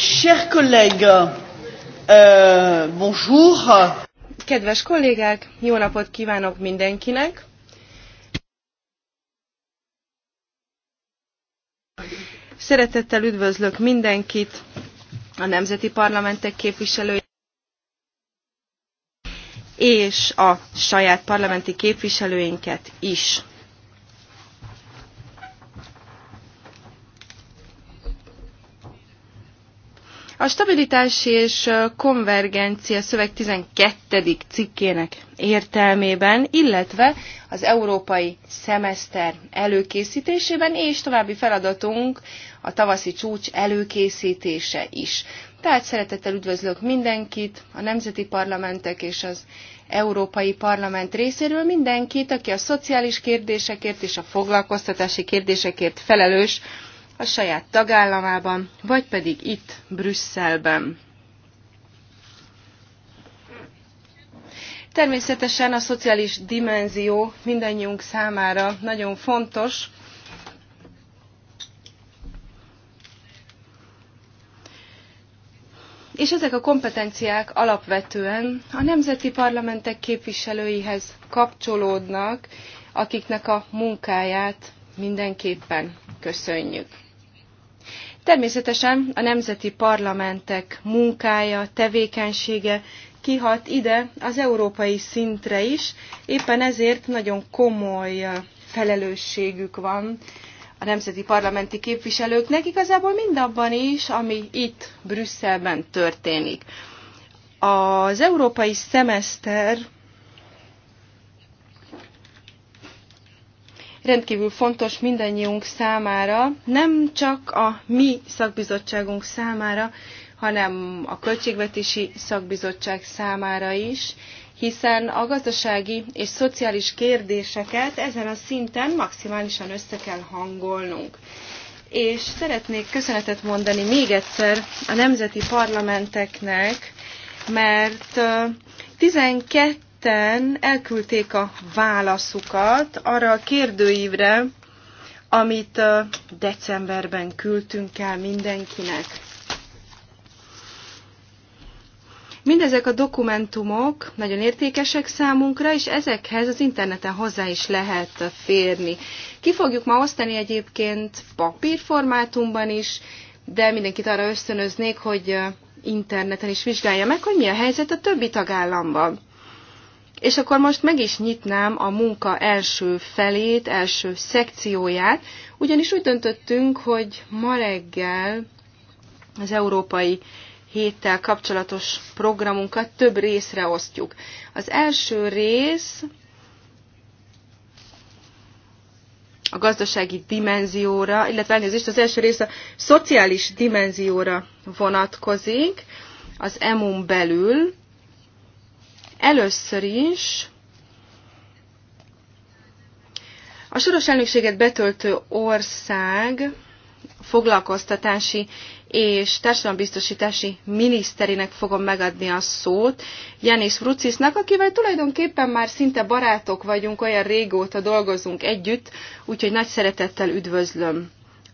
Chers collègues, euh, bonjour. Kedves kollégák, jó napot kívánok mindenkinek. Szeretettel üdvözlök mindenkit, a nemzeti parlamentek képviselői és a saját parlamenti képviselőinket is. A stabilitás és konvergencia szöveg 12. cikkének értelmében, illetve az európai szemeszter előkészítésében, és további feladatunk a tavaszi csúcs előkészítése is. Tehát szeretettel üdvözlök mindenkit, a nemzeti parlamentek és az Európai Parlament részéről mindenkit, aki a szociális kérdésekért és a foglalkoztatási kérdésekért felelős, a saját tagállamában, vagy pedig itt, Brüsszelben. Természetesen a szociális dimenzió mindannyiunk számára nagyon fontos, és ezek a kompetenciák alapvetően a nemzeti parlamentek képviselőihez kapcsolódnak, akiknek a munkáját mindenképpen köszönjük. Természetesen a nemzeti parlamentek munkája, tevékenysége kihat ide az európai szintre is, éppen ezért nagyon komoly felelősségük van a nemzeti parlamenti képviselőknek igazából mindabban is, ami itt Brüsszelben történik. Az európai szemeszter rendkívül fontos mindannyiunk számára, nem csak a mi szakbizottságunk számára, hanem a Költségvetési Szakbizottság számára is, hiszen a gazdasági és szociális kérdéseket ezen a szinten maximálisan össze kell hangolnunk. És szeretnék köszönetet mondani még egyszer a nemzeti parlamenteknek, mert 12 ketten elküldték a válaszukat arra a kérdőívre, amit decemberben küldtünk el mindenkinek. Mindezek a dokumentumok nagyon értékesek számunkra, és ezekhez az interneten hozzá is lehet férni. Ki fogjuk ma osztani egyébként papírformátumban is, de mindenkit arra ösztönöznék, hogy interneten is vizsgálja meg, hogy mi a helyzet a többi tagállamban. És akkor most meg is nyitnám a munka első felét, első szekcióját, ugyanis úgy döntöttünk, hogy ma reggel az Európai Héttel kapcsolatos programunkat több részre osztjuk. Az első rész a gazdasági dimenzióra, illetve elnézést, az első rész a szociális dimenzióra vonatkozik az EMU-n belül, Először is a soros elnökséget betöltő ország foglalkoztatási és társadalombiztosítási miniszterének fogom megadni a szót, Janis Vrucisnak, akivel tulajdonképpen már szinte barátok vagyunk, olyan régóta dolgozunk együtt, úgyhogy nagy szeretettel üdvözlöm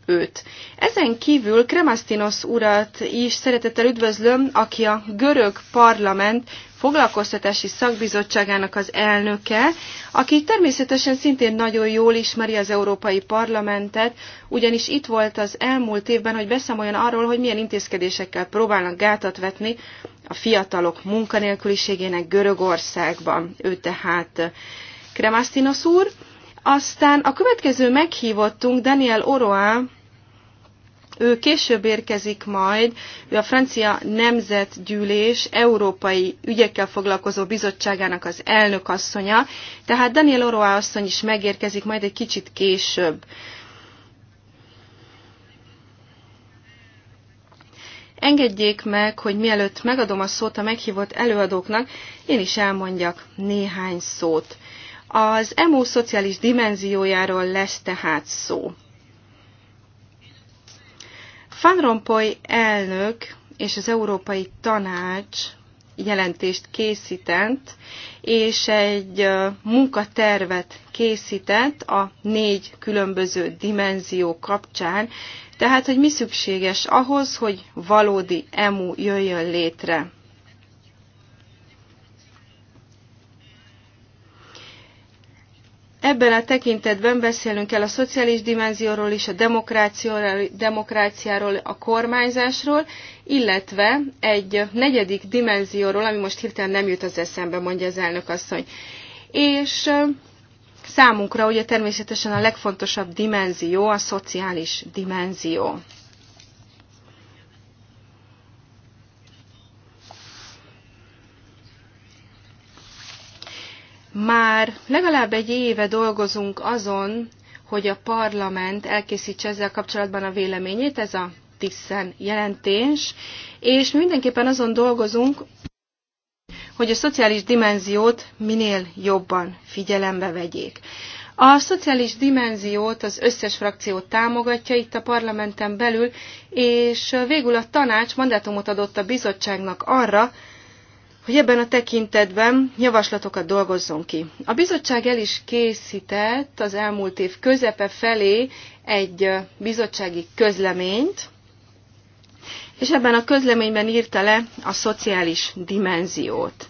őt. Ezen kívül Kremasztinos urat is szeretettel üdvözlöm, aki a görög parlament foglalkoztatási szakbizottságának az elnöke, aki természetesen szintén nagyon jól ismeri az Európai Parlamentet, ugyanis itt volt az elmúlt évben, hogy beszámoljon arról, hogy milyen intézkedésekkel próbálnak gátat vetni a fiatalok munkanélküliségének Görögországban. Ő tehát Kremasztinos úr. Aztán a következő meghívottunk Daniel Oroa, ő később érkezik majd, ő a francia nemzetgyűlés európai ügyekkel foglalkozó bizottságának az asszonya, tehát Daniel Oroa asszony is megérkezik majd egy kicsit később. Engedjék meg, hogy mielőtt megadom a szót a meghívott előadóknak, én is elmondjak néhány szót. Az EMU szociális dimenziójáról lesz tehát szó. Van Rompuy elnök és az Európai Tanács jelentést készített, és egy munkatervet készített a négy különböző dimenzió kapcsán, tehát, hogy mi szükséges ahhoz, hogy valódi EMU jöjjön létre. Ebben a tekintetben beszélünk el a szociális dimenzióról is, a demokráciáról, a kormányzásról, illetve egy negyedik dimenzióról, ami most hirtelen nem jut az eszembe, mondja az elnök asszony. És számunkra ugye természetesen a legfontosabb dimenzió a szociális dimenzió. Már legalább egy éve dolgozunk azon, hogy a parlament elkészítse ezzel kapcsolatban a véleményét, ez a Tiszen jelentés, és mi mindenképpen azon dolgozunk, hogy a szociális dimenziót minél jobban figyelembe vegyék. A szociális dimenziót az összes frakció támogatja itt a parlamenten belül, és végül a tanács mandátumot adott a bizottságnak arra, hogy ebben a tekintetben javaslatokat dolgozzon ki. A bizottság el is készített az elmúlt év közepe felé egy bizottsági közleményt, és ebben a közleményben írta le a szociális dimenziót.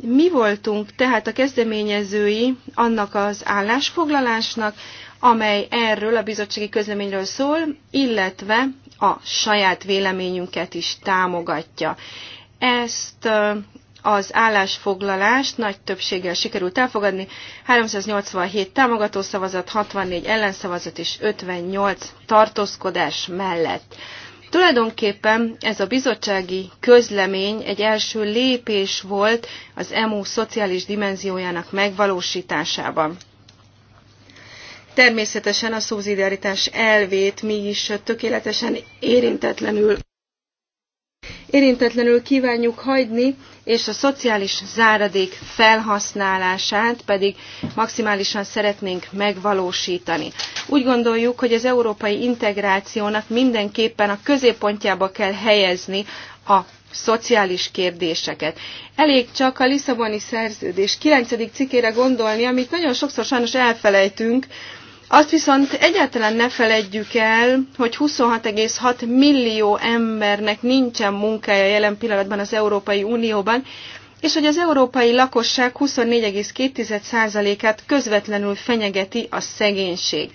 Mi voltunk tehát a kezdeményezői annak az állásfoglalásnak, amely erről a bizottsági közleményről szól, illetve a saját véleményünket is támogatja. Ezt az állásfoglalást nagy többséggel sikerült elfogadni, 387 támogató szavazat, 64 ellenszavazat és 58 tartózkodás mellett. Tulajdonképpen ez a bizottsági közlemény egy első lépés volt az EMU szociális dimenziójának megvalósításában. Természetesen a szubszidiaritás elvét mi is tökéletesen érintetlenül érintetlenül kívánjuk hagyni, és a szociális záradék felhasználását pedig maximálisan szeretnénk megvalósítani. Úgy gondoljuk, hogy az európai integrációnak mindenképpen a középpontjába kell helyezni a szociális kérdéseket. Elég csak a Lisszaboni szerződés 9. cikkére gondolni, amit nagyon sokszor sajnos elfelejtünk, azt viszont egyáltalán ne feledjük el, hogy 26,6 millió embernek nincsen munkája jelen pillanatban az Európai Unióban, és hogy az európai lakosság 24,2%-át közvetlenül fenyegeti a szegénység.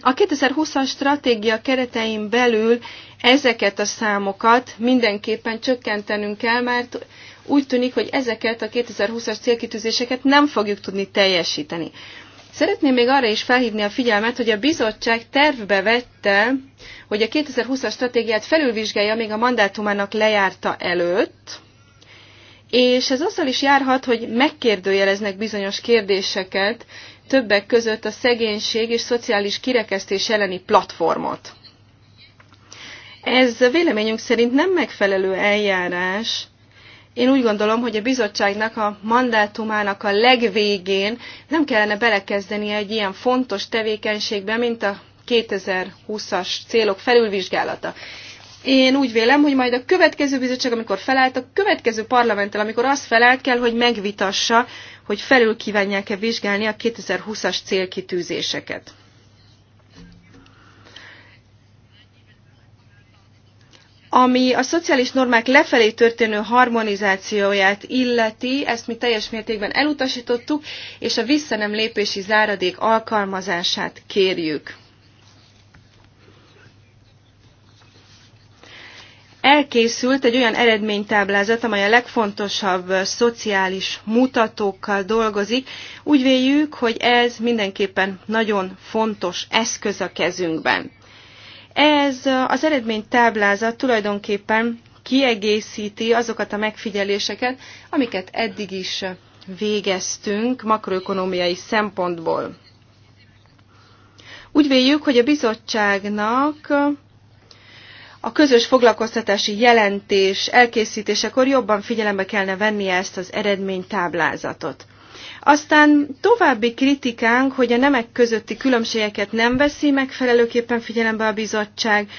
A 2020-as stratégia keretein belül ezeket a számokat mindenképpen csökkentenünk kell, mert úgy tűnik, hogy ezeket a 2020-as célkitűzéseket nem fogjuk tudni teljesíteni. Szeretném még arra is felhívni a figyelmet, hogy a bizottság tervbe vette, hogy a 2020-as stratégiát felülvizsgálja még a mandátumának lejárta előtt, és ez azzal is járhat, hogy megkérdőjeleznek bizonyos kérdéseket, többek között a szegénység és szociális kirekesztés elleni platformot. Ez véleményünk szerint nem megfelelő eljárás, én úgy gondolom, hogy a bizottságnak a mandátumának a legvégén nem kellene belekezdeni egy ilyen fontos tevékenységbe, mint a 2020-as célok felülvizsgálata. Én úgy vélem, hogy majd a következő bizottság, amikor felállt, a következő parlamenttel, amikor azt felállt kell, hogy megvitassa, hogy felül kívánják-e vizsgálni a 2020-as célkitűzéseket. Ami a szociális normák lefelé történő harmonizációját illeti, ezt mi teljes mértékben elutasítottuk, és a visszanem lépési záradék alkalmazását kérjük. Elkészült egy olyan eredménytáblázat, amely a legfontosabb szociális mutatókkal dolgozik. Úgy véljük, hogy ez mindenképpen nagyon fontos eszköz a kezünkben. Ez az eredménytáblázat tulajdonképpen kiegészíti azokat a megfigyeléseket, amiket eddig is végeztünk makroökonomiai szempontból. Úgy véljük, hogy a bizottságnak a közös foglalkoztatási jelentés elkészítésekor jobban figyelembe kellene vennie ezt az eredménytáblázatot. Aztán további kritikánk, hogy a nemek közötti különbségeket nem veszi megfelelőképpen figyelembe a bizottság,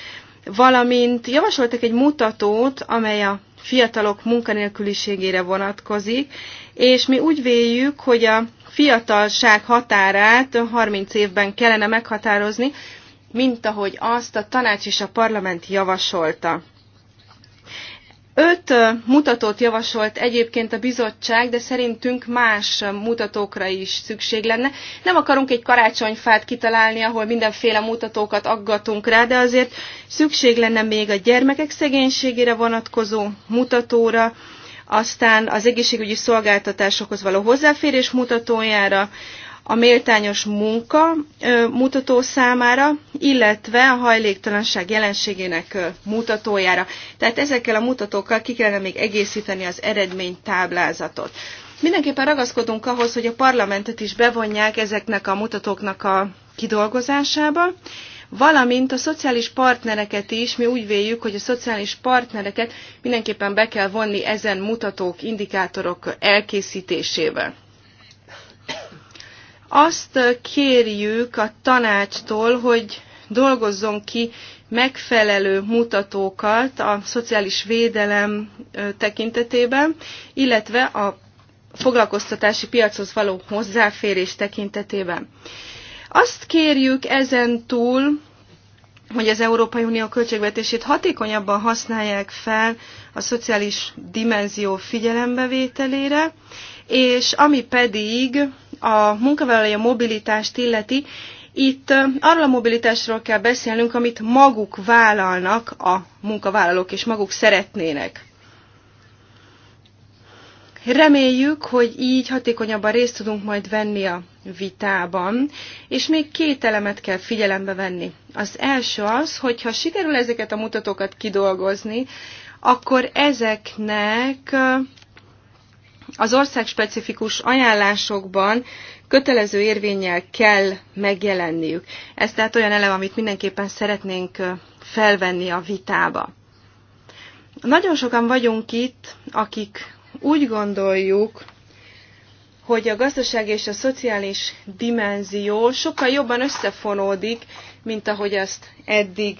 valamint javasoltak egy mutatót, amely a fiatalok munkanélküliségére vonatkozik, és mi úgy véljük, hogy a fiatalság határát 30 évben kellene meghatározni, mint ahogy azt a tanács és a parlament javasolta. Öt mutatót javasolt egyébként a bizottság, de szerintünk más mutatókra is szükség lenne. Nem akarunk egy karácsonyfát kitalálni, ahol mindenféle mutatókat aggatunk rá, de azért szükség lenne még a gyermekek szegénységére vonatkozó mutatóra, aztán az egészségügyi szolgáltatásokhoz való hozzáférés mutatójára, a méltányos munka mutató számára, illetve a hajléktalanság jelenségének mutatójára. Tehát ezekkel a mutatókkal ki kellene még egészíteni az eredménytáblázatot. Mindenképpen ragaszkodunk ahhoz, hogy a parlamentet is bevonják ezeknek a mutatóknak a kidolgozásába, valamint a szociális partnereket is, mi úgy véljük, hogy a szociális partnereket mindenképpen be kell vonni ezen mutatók, indikátorok elkészítésével. Azt kérjük a tanácstól, hogy dolgozzon ki megfelelő mutatókat a szociális védelem tekintetében, illetve a foglalkoztatási piachoz való hozzáférés tekintetében. Azt kérjük ezen túl, hogy az Európai Unió költségvetését hatékonyabban használják fel a szociális dimenzió figyelembevételére, és ami pedig a munkavállalói mobilitást illeti, itt arról a mobilitásról kell beszélnünk, amit maguk vállalnak a munkavállalók, és maguk szeretnének. Reméljük, hogy így hatékonyabban részt tudunk majd venni a vitában, és még két elemet kell figyelembe venni. Az első az, hogy ha sikerül ezeket a mutatókat kidolgozni, akkor ezeknek az országspecifikus ajánlásokban kötelező érvényel kell megjelenniük. Ez tehát olyan elem, amit mindenképpen szeretnénk felvenni a vitába. Nagyon sokan vagyunk itt, akik úgy gondoljuk, hogy a gazdaság és a szociális dimenzió sokkal jobban összefonódik, mint ahogy azt eddig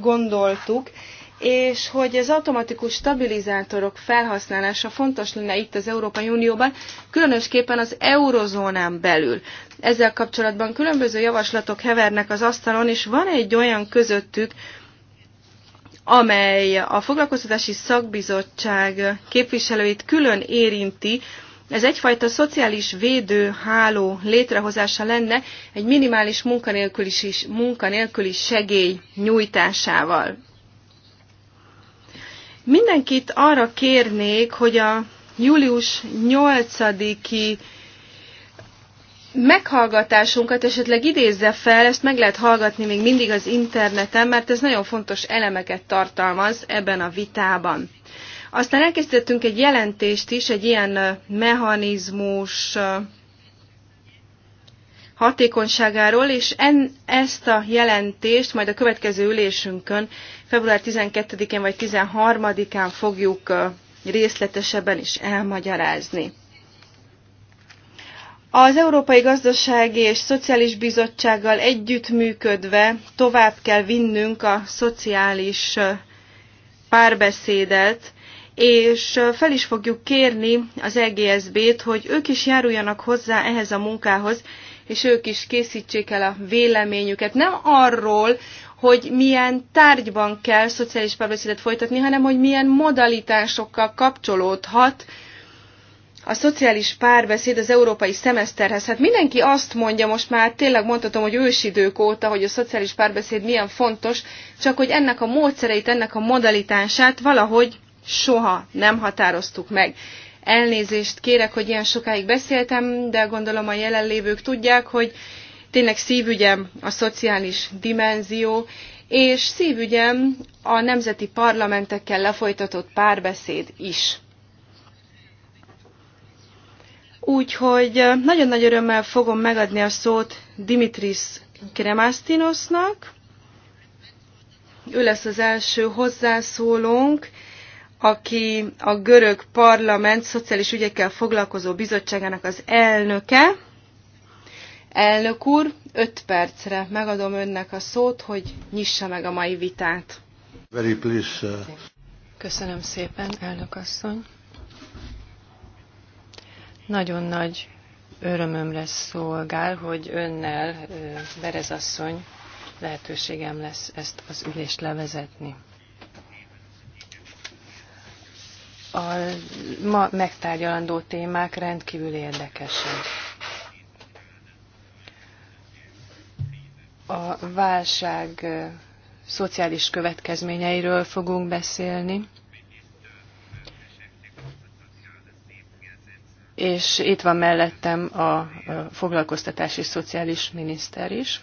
gondoltuk, és hogy az automatikus stabilizátorok felhasználása fontos lenne itt az Európai Unióban, különösképpen az eurozónán belül. Ezzel kapcsolatban különböző javaslatok hevernek az asztalon, és van egy olyan közöttük, amely a foglalkoztatási szakbizottság képviselőit külön érinti, ez egyfajta szociális védőháló létrehozása lenne egy minimális munkanélküli, munkanélküli segély nyújtásával. Mindenkit arra kérnék, hogy a július 8-i meghallgatásunkat esetleg idézze fel, ezt meg lehet hallgatni még mindig az interneten, mert ez nagyon fontos elemeket tartalmaz ebben a vitában. Aztán elkészítettünk egy jelentést is, egy ilyen mechanizmus hatékonyságáról, és en, ezt a jelentést majd a következő ülésünkön, február 12-én vagy 13-án fogjuk részletesebben is elmagyarázni. Az Európai Gazdasági és Szociális Bizottsággal együttműködve tovább kell vinnünk a szociális párbeszédet, és fel is fogjuk kérni az EGSB-t, hogy ők is járuljanak hozzá ehhez a munkához, és ők is készítsék el a véleményüket. Nem arról, hogy milyen tárgyban kell szociális párbeszédet folytatni, hanem hogy milyen modalitásokkal kapcsolódhat a szociális párbeszéd az európai szemeszterhez. Hát mindenki azt mondja, most már tényleg mondhatom, hogy ősidők óta, hogy a szociális párbeszéd milyen fontos, csak hogy ennek a módszereit, ennek a modalitását valahogy soha nem határoztuk meg. Elnézést kérek, hogy ilyen sokáig beszéltem, de gondolom a jelenlévők tudják, hogy tényleg szívügyem a szociális dimenzió, és szívügyem a nemzeti parlamentekkel lefolytatott párbeszéd is. Úgyhogy eh, nagyon nagy örömmel fogom megadni a szót Dimitris Kremastinosnak. Ő lesz az első hozzászólónk, aki a görög parlament szociális ügyekkel foglalkozó bizottságának az elnöke. Elnök úr, öt percre megadom önnek a szót, hogy nyissa meg a mai vitát. Very please. Uh, Köszönöm szépen, elnök asszony. Nagyon nagy örömömre szolgál, hogy önnel, uh, Berez asszony, lehetőségem lesz ezt az ülést levezetni. a ma megtárgyalandó témák rendkívül érdekesek. A válság szociális következményeiről fogunk beszélni. És itt van mellettem a foglalkoztatási szociális miniszter is.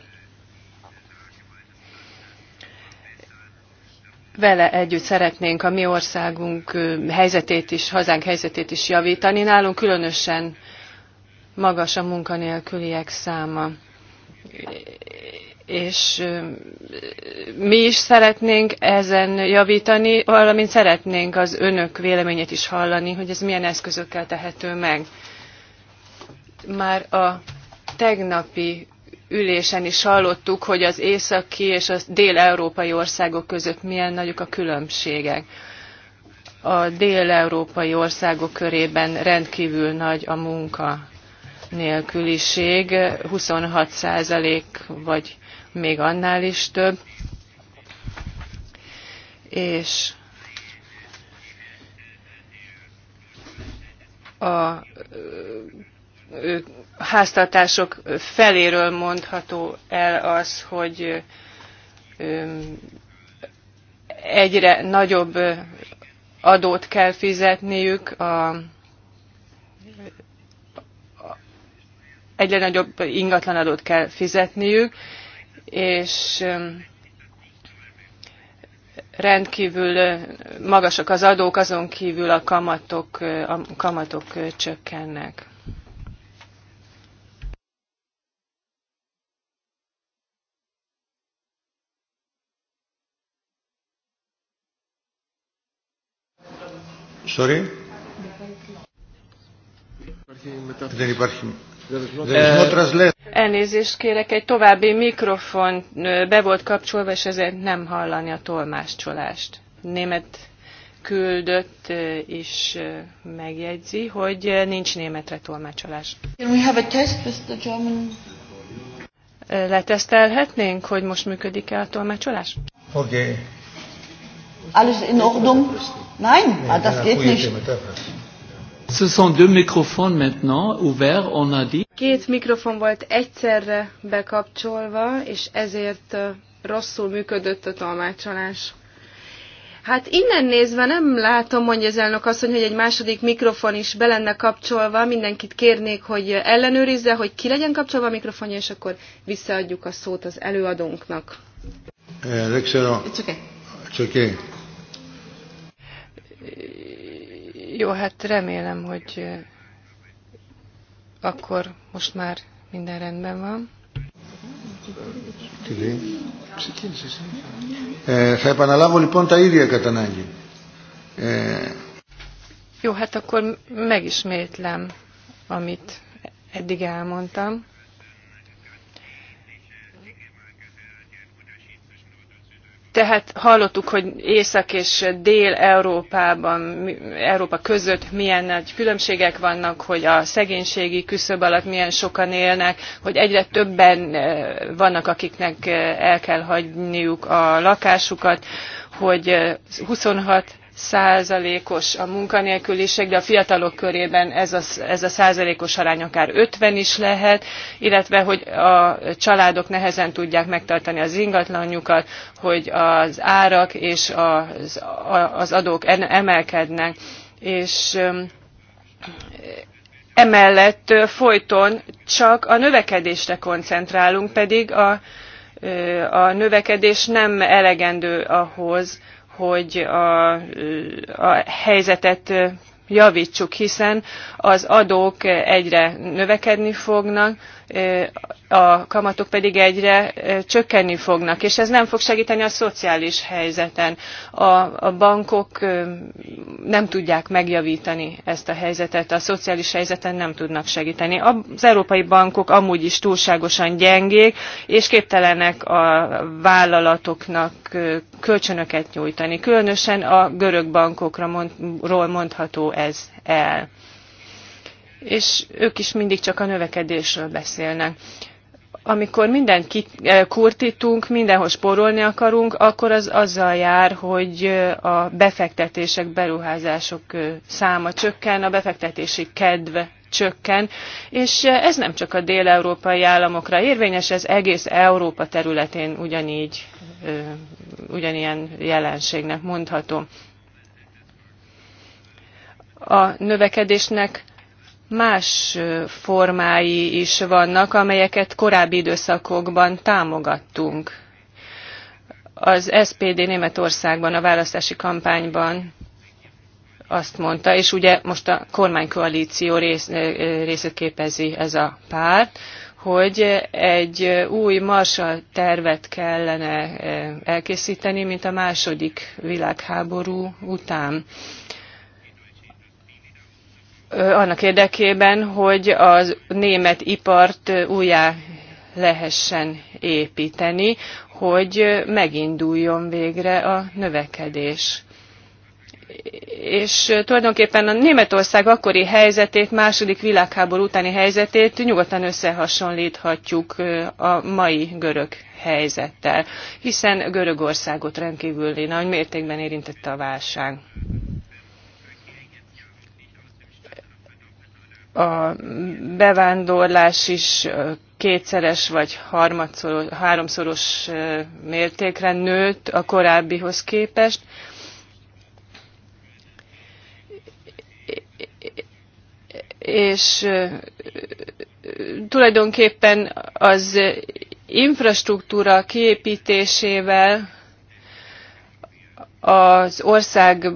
vele együtt szeretnénk a mi országunk helyzetét is, hazánk helyzetét is javítani. Nálunk különösen magas a munkanélküliek száma. És mi is szeretnénk ezen javítani, valamint szeretnénk az önök véleményét is hallani, hogy ez milyen eszközökkel tehető meg. Már a tegnapi ülésen is hallottuk, hogy az északi és a dél-európai országok között milyen nagyok a különbségek. A dél-európai országok körében rendkívül nagy a munka nélküliség, 26 százalék vagy még annál is több. És a háztartások feléről mondható el az, hogy egyre nagyobb adót kell fizetniük, a, egyre nagyobb ingatlanadót kell fizetniük, és rendkívül magasak az adók, azon kívül a kamatok, a kamatok csökkennek. Sorry? Δεν υπάρχει. Elnézést kérek, egy további mikrofon be volt kapcsolva, és ezért nem hallani a tolmácsolást. Német küldött is megjegyzi, hogy nincs németre tolmácsolás. Can we have a test with the German? Letesztelhetnénk, hogy most működik-e a tolmácsolás? Oké. Okay. Alles in Ordnung? Nein, ah, das geht nicht. Ce sont deux microphones maintenant ouverts, on a dit. Két mikrofon volt egyszerre bekapcsolva, és ezért rosszul működött a tolmácsolás. Hát innen nézve nem látom, mondja az elnök asszony, hogy egy második mikrofon is be lenne kapcsolva. Mindenkit kérnék, hogy ellenőrizze, hogy ki legyen kapcsolva a mikrofonja, és akkor visszaadjuk a szót az előadónknak. Eh, It's okay. Csak Jó, hát remélem, hogy akkor most már minden rendben van. Θα επαναλάβω λοιπόν τα ίδια κατά ανάγκη. Jó, hát akkor megismétlem, amit eddig elmondtam. Tehát hallottuk, hogy Észak és Dél-Európában, Európa között milyen nagy különbségek vannak, hogy a szegénységi küszöb alatt milyen sokan élnek, hogy egyre többen eh, vannak, akiknek eh, el kell hagyniuk a lakásukat, hogy 26 eh, százalékos a munkanélküliség, de a fiatalok körében ez a, ez a százalékos arány akár 50 is lehet, illetve hogy a családok nehezen tudják megtartani az ingatlanjukat, hogy az árak és az, az adók emelkednek. És emellett folyton csak a növekedésre koncentrálunk, pedig a, a növekedés nem elegendő ahhoz, hogy a, a helyzetet javítsuk, hiszen az adók egyre növekedni fognak, a kamatok pedig egyre csökkenni fognak, és ez nem fog segíteni a szociális helyzeten. A, a bankok nem tudják megjavítani ezt a helyzetet, a szociális helyzeten nem tudnak segíteni. Az európai bankok amúgy is túlságosan gyengék, és képtelenek a vállalatoknak kölcsönöket nyújtani. Különösen a görög bankokról mondható ez el és ők is mindig csak a növekedésről beszélnek. Amikor mindent eh, kurtítunk, mindenhol spórolni akarunk, akkor az azzal jár, hogy eh, a befektetések, beruházások eh, száma csökken, a befektetési kedv csökken, és ez nem csak a Dél-Európai államokra érvényes, ez egész Európa területén ugyanígy, ugyanilyen jelenségnek mondható. A növekedésnek más formái is vannak, amelyeket korábbi időszakokban támogattunk. Az SPD Németországban a választási kampányban azt mondta, és ugye most a kormánykoalíció rész, részét képezi ez a párt, hogy egy új Marshall tervet kellene elkészíteni, mint a második világháború után annak érdekében, hogy a német ipart újjá lehessen építeni, hogy meginduljon végre a növekedés. És tulajdonképpen a Németország akkori helyzetét, második világháború utáni helyzetét nyugodtan összehasonlíthatjuk a mai görög helyzettel, hiszen Görögországot rendkívül nagy mértékben érintette a válság. a bevándorlás is kétszeres vagy háromszoros mértékre nőtt a korábbihoz képest. És tulajdonképpen az infrastruktúra kiépítésével az ország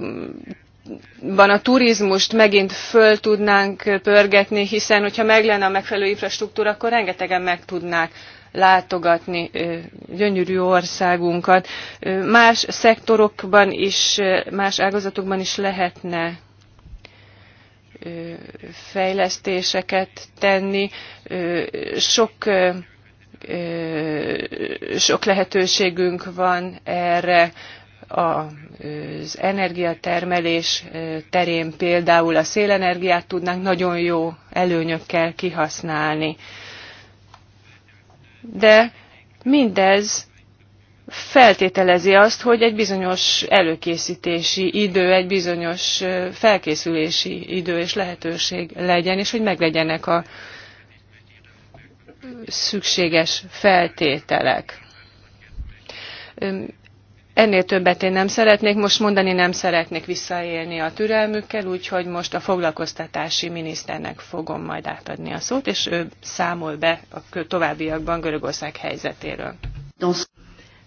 ban a turizmust megint föl tudnánk pörgetni, hiszen hogyha meg lenne a megfelelő infrastruktúra, akkor rengetegen meg tudnák látogatni gyönyörű országunkat. Más szektorokban is, más ágazatokban is lehetne fejlesztéseket tenni. Sok, sok lehetőségünk van erre a az energiatermelés terén például a szélenergiát tudnánk nagyon jó előnyökkel kihasználni. De mindez feltételezi azt, hogy egy bizonyos előkészítési idő, egy bizonyos felkészülési idő és lehetőség legyen, és hogy meglegyenek a szükséges feltételek Ennél többet én nem szeretnék most mondani, nem szeretnék visszaélni a türelmükkel, úgyhogy most a foglalkoztatási miniszternek fogom majd átadni a szót, és ő számol be a továbbiakban Görögország helyzetéről.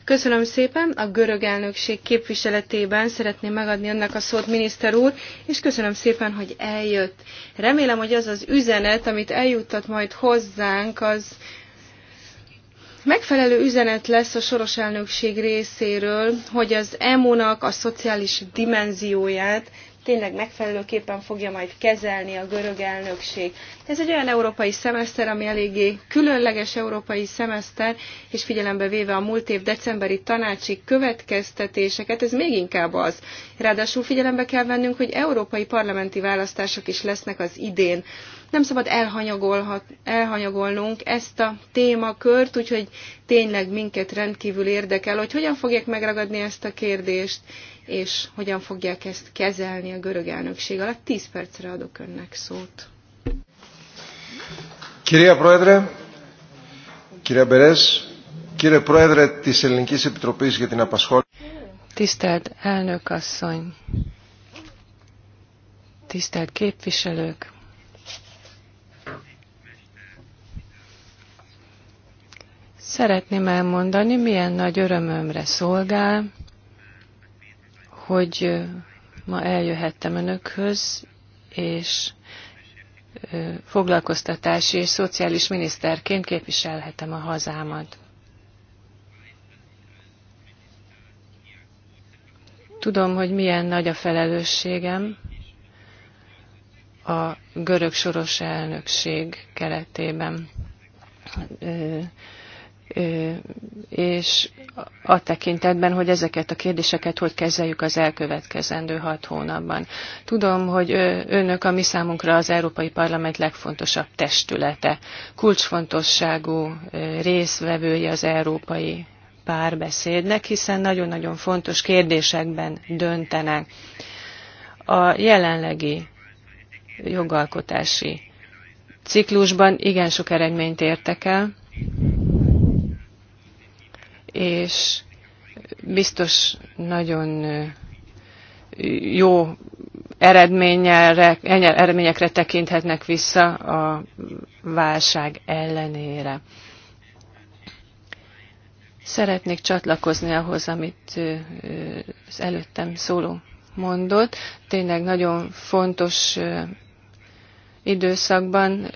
Köszönöm szépen, a görög elnökség képviseletében szeretném megadni ennek a szót, miniszter úr, és köszönöm szépen, hogy eljött. Remélem, hogy az az üzenet, amit eljuttat majd hozzánk, az megfelelő üzenet lesz a soros elnökség részéről, hogy az EMU-nak a szociális dimenzióját tényleg megfelelőképpen fogja majd kezelni a görög elnökség. Ez egy olyan európai szemeszter, ami eléggé különleges európai szemeszter, és figyelembe véve a múlt év decemberi tanácsi következtetéseket, ez még inkább az. Ráadásul figyelembe kell vennünk, hogy európai parlamenti választások is lesznek az idén nem szabad elhanyagolhat, elhanyagolnunk ezt a témakört, úgyhogy tényleg minket rendkívül érdekel, hogy hogyan fogják megragadni ezt a kérdést, és hogyan fogják ezt kezelni a görög elnökség alatt. Tíz percre adok önnek szót. Κυρία Πρόεδρε, κυρία Μπερές, κύριε Πρόεδρε της Ελληνικής Επιτροπής για την Απασχόληση. Tisztelt elnök asszony, tisztelt képviselők, Szeretném elmondani, milyen nagy örömömre szolgál, hogy ma eljöhettem önökhöz, és foglalkoztatási és szociális miniszterként képviselhetem a hazámat. Tudom, hogy milyen nagy a felelősségem a görög soros elnökség keretében és a tekintetben, hogy ezeket a kérdéseket hogy kezeljük az elkövetkezendő hat hónapban. Tudom, hogy önök a mi számunkra az Európai Parlament legfontosabb testülete, kulcsfontosságú részvevője az európai párbeszédnek, hiszen nagyon-nagyon fontos kérdésekben döntenek. A jelenlegi jogalkotási ciklusban igen sok eredményt értek el, és biztos nagyon jó eredményekre, eredményekre tekinthetnek vissza a válság ellenére. Szeretnék csatlakozni ahhoz, amit az előttem szóló mondott. Tényleg nagyon fontos időszakban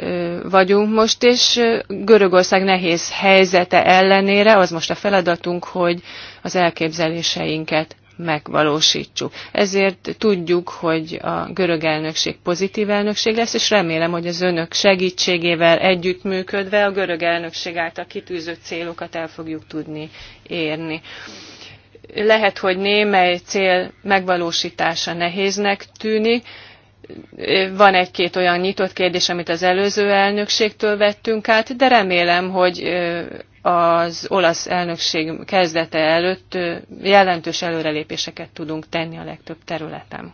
vagyunk most, és Görögország nehéz helyzete ellenére az most a feladatunk, hogy az elképzeléseinket megvalósítsuk. Ezért tudjuk, hogy a görög elnökség pozitív elnökség lesz, és remélem, hogy az önök segítségével együttműködve a görög elnökség által kitűzött célokat el fogjuk tudni érni. Lehet, hogy némely cél megvalósítása nehéznek tűnik, van egy-két olyan nyitott kérdés, amit az előző elnökségtől vettünk át, de remélem, hogy az olasz elnökség kezdete előtt jelentős előrelépéseket tudunk tenni a legtöbb területen.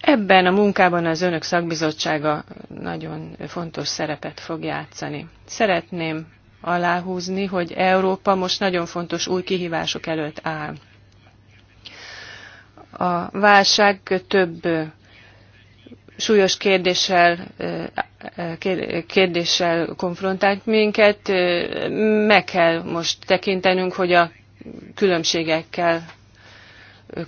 Ebben a munkában az önök szakbizottsága nagyon fontos szerepet fog játszani. Szeretném aláhúzni, hogy Európa most nagyon fontos új kihívások előtt áll. A válság több súlyos kérdéssel, kérdéssel konfrontált minket. Meg kell most tekintenünk, hogy a különbségekkel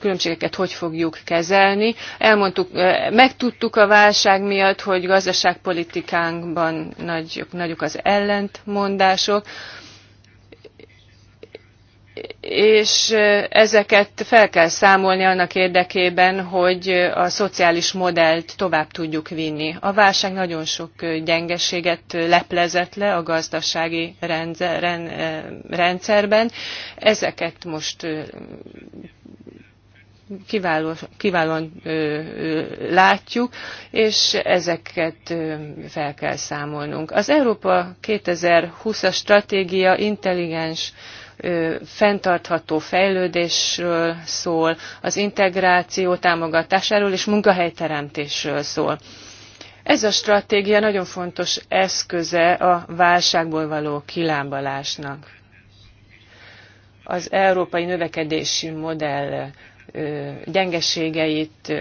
különbségeket hogy fogjuk kezelni. Elmondtuk, megtudtuk a válság miatt, hogy gazdaságpolitikánkban nagyok, nagyok az ellentmondások, és ezeket fel kell számolni annak érdekében, hogy a szociális modellt tovább tudjuk vinni. A válság nagyon sok gyengeséget leplezett le a gazdasági rendszerben. Ezeket most kiváló, kiválóan látjuk, és ezeket fel kell számolnunk. Az Európa 2020-as stratégia intelligens, fenntartható fejlődésről szól, az integráció támogatásáról és munkahelyteremtésről szól. Ez a stratégia nagyon fontos eszköze a válságból való kilábalásnak. Az európai növekedési modell gyengeségeit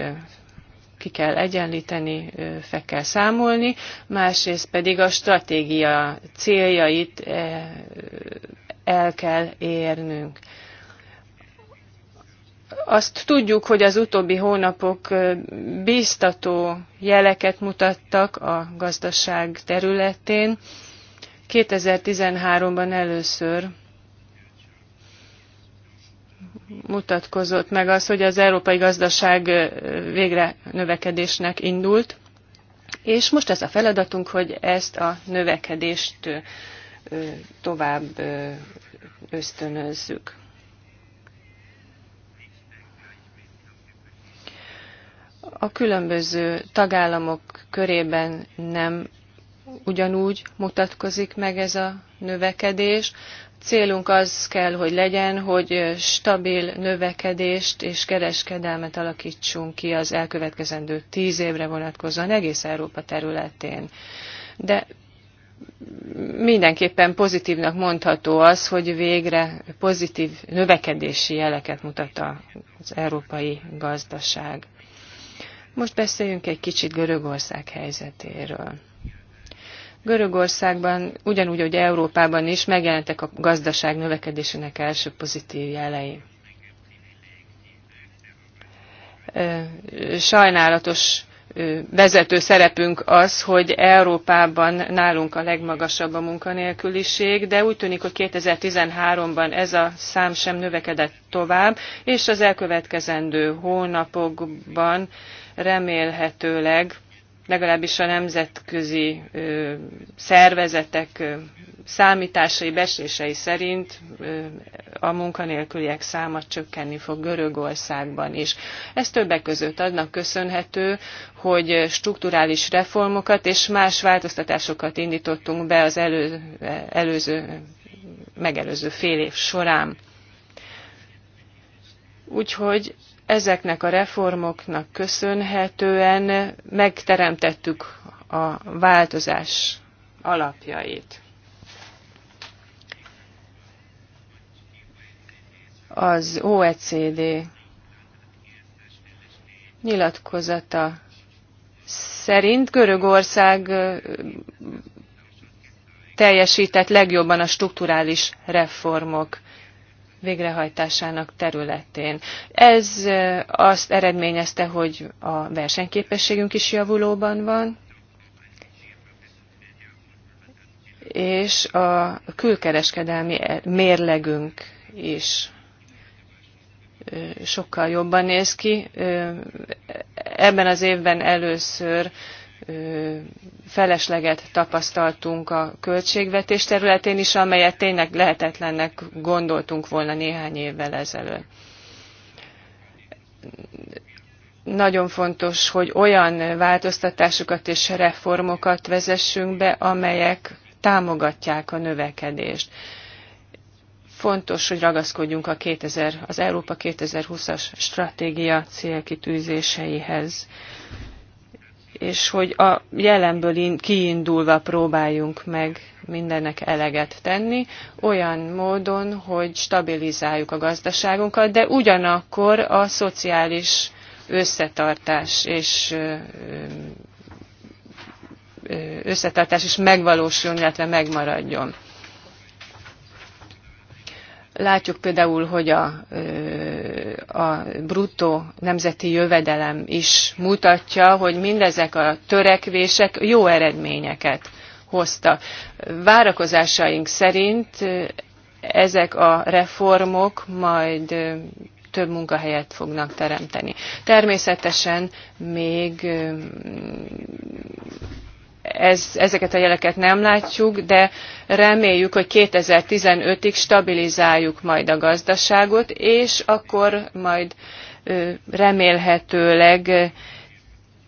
ki kell egyenlíteni, fel kell számolni, másrészt pedig a stratégia céljait e, el kell érnünk. Azt tudjuk, hogy az utóbbi hónapok bíztató jeleket mutattak a gazdaság területén. 2013-ban először mutatkozott meg az, hogy az európai gazdaság végre növekedésnek indult, és most ez a feladatunk, hogy ezt a növekedést tovább ösztönözzük. A különböző tagállamok körében nem ugyanúgy mutatkozik meg ez a növekedés. Célunk az kell, hogy legyen, hogy stabil növekedést és kereskedelmet alakítsunk ki az elkövetkezendő tíz évre vonatkozóan egész Európa területén. De mindenképpen pozitívnak mondható az, hogy végre pozitív növekedési jeleket mutat az európai gazdaság. Most beszéljünk egy kicsit Görögország helyzetéről. Görögországban, ugyanúgy, hogy Európában is megjelentek a gazdaság növekedésének első pozitív jelei. Sajnálatos vezető szerepünk az, hogy Európában nálunk a legmagasabb a munkanélküliség, de úgy tűnik, hogy 2013-ban ez a szám sem növekedett tovább, és az elkövetkezendő hónapokban remélhetőleg legalábbis a nemzetközi szervezetek számításai, beszései szerint a munkanélküliek száma csökkenni fog Görögországban is. Ez többek között adnak köszönhető, hogy strukturális reformokat és más változtatásokat indítottunk be az elő, előző, megelőző fél év során. Úgyhogy Ezeknek a reformoknak köszönhetően megteremtettük a változás alapjait. Az OECD nyilatkozata szerint Görögország teljesített legjobban a strukturális reformok végrehajtásának területén. Ez azt eredményezte, hogy a versenyképességünk is javulóban van, és a külkereskedelmi mérlegünk is sokkal jobban néz ki. Ebben az évben először felesleget tapasztaltunk a költségvetés területén is, amelyet tényleg lehetetlennek gondoltunk volna néhány évvel ezelőtt. Nagyon fontos, hogy olyan változtatásokat és reformokat vezessünk be, amelyek támogatják a növekedést. Fontos, hogy ragaszkodjunk a 2000, az Európa 2020-as stratégia célkitűzéseihez és hogy a jelenből kiindulva próbáljunk meg mindennek eleget tenni, olyan módon, hogy stabilizáljuk a gazdaságunkat, de ugyanakkor a szociális összetartás és összetartás is megvalósuljon, illetve megmaradjon. Látjuk például, hogy a, a bruttó nemzeti jövedelem is mutatja, hogy mindezek a törekvések jó eredményeket hoztak. Várakozásaink szerint ezek a reformok majd több munkahelyet fognak teremteni. Természetesen még ez, ezeket a jeleket nem látjuk, de reméljük, hogy 2015-ig stabilizáljuk majd a gazdaságot, és akkor majd remélhetőleg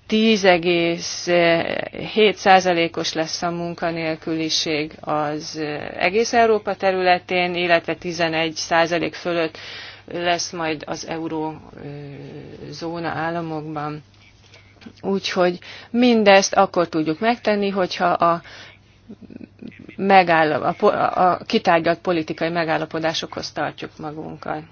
10,7%-os lesz a munkanélküliség az egész Európa területén, illetve 11% fölött lesz majd az eurózóna államokban. Úgyhogy mindezt akkor tudjuk megtenni, hogyha a, megáll a, a kitárgyalt politikai megállapodásokhoz tartjuk magunkat.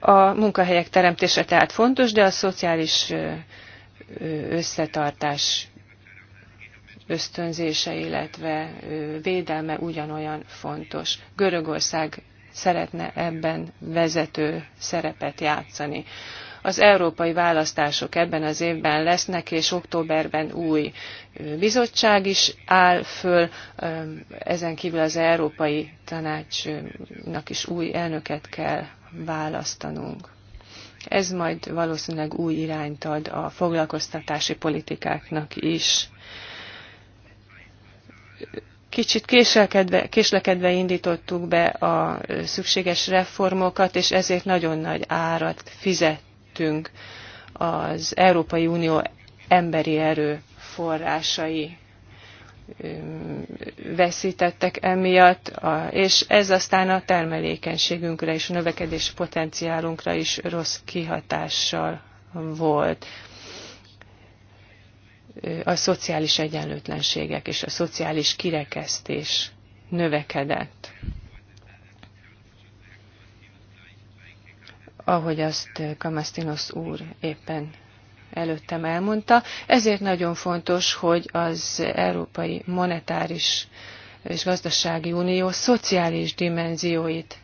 A munkahelyek teremtése tehát fontos, de a szociális összetartás ösztönzése, illetve védelme ugyanolyan fontos. Görögország szeretne ebben vezető szerepet játszani. Az európai választások ebben az évben lesznek, és októberben új bizottság is áll föl, ezen kívül az Európai Tanácsnak is új elnöket kell választanunk. Ez majd valószínűleg új irányt ad a foglalkoztatási politikáknak is Kicsit késlekedve, késlekedve indítottuk be a szükséges reformokat, és ezért nagyon nagy árat fizettünk az Európai Unió emberi erő forrásai veszítettek emiatt, és ez aztán a termelékenységünkre és a növekedés potenciálunkra is rossz kihatással volt a szociális egyenlőtlenségek és a szociális kirekesztés növekedett. Ahogy azt Kamasztinos úr éppen előttem elmondta. Ezért nagyon fontos, hogy az Európai Monetáris és Gazdasági Unió szociális dimenzióit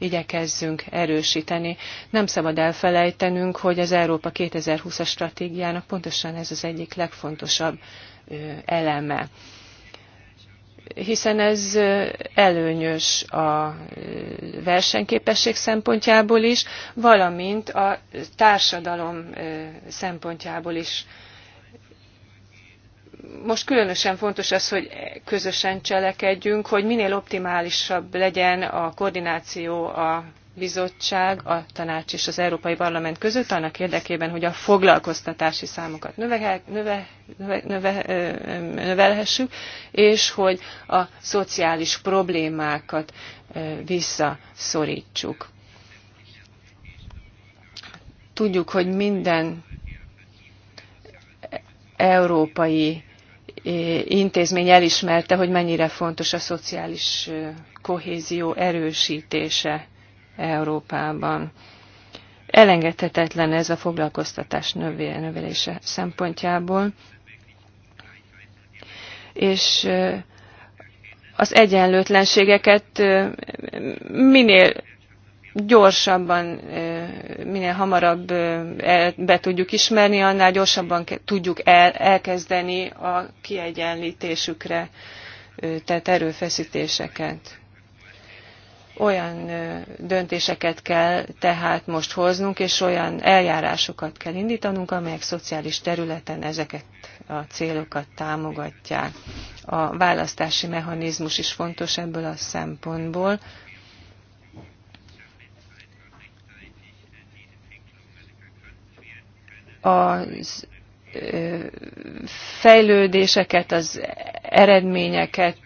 igyekezzünk erősíteni. Nem szabad elfelejtenünk, hogy az Európa 2020-as stratégiának pontosan ez az egyik legfontosabb eleme hiszen ez előnyös a versenyképesség szempontjából is, valamint a társadalom szempontjából is most különösen fontos az, hogy közösen cselekedjünk, hogy minél optimálisabb legyen a koordináció a bizottság, a tanács és az Európai Parlament között annak érdekében, hogy a foglalkoztatási számokat növelhessük, növe, növe, növelhessük, és hogy a szociális problémákat visszaszorítsuk. Tudjuk, hogy minden európai intézmény elismerte, hogy mennyire fontos a szociális kohézió erősítése Európában. Elengedhetetlen ez a foglalkoztatás növelése szempontjából. És az egyenlőtlenségeket minél gyorsabban, minél hamarabb be tudjuk ismerni, annál gyorsabban tudjuk elkezdeni a kiegyenlítésükre tett erőfeszítéseket. Olyan döntéseket kell tehát most hoznunk, és olyan eljárásokat kell indítanunk, amelyek szociális területen ezeket a célokat támogatják. A választási mechanizmus is fontos ebből a szempontból, az fejlődéseket, az eredményeket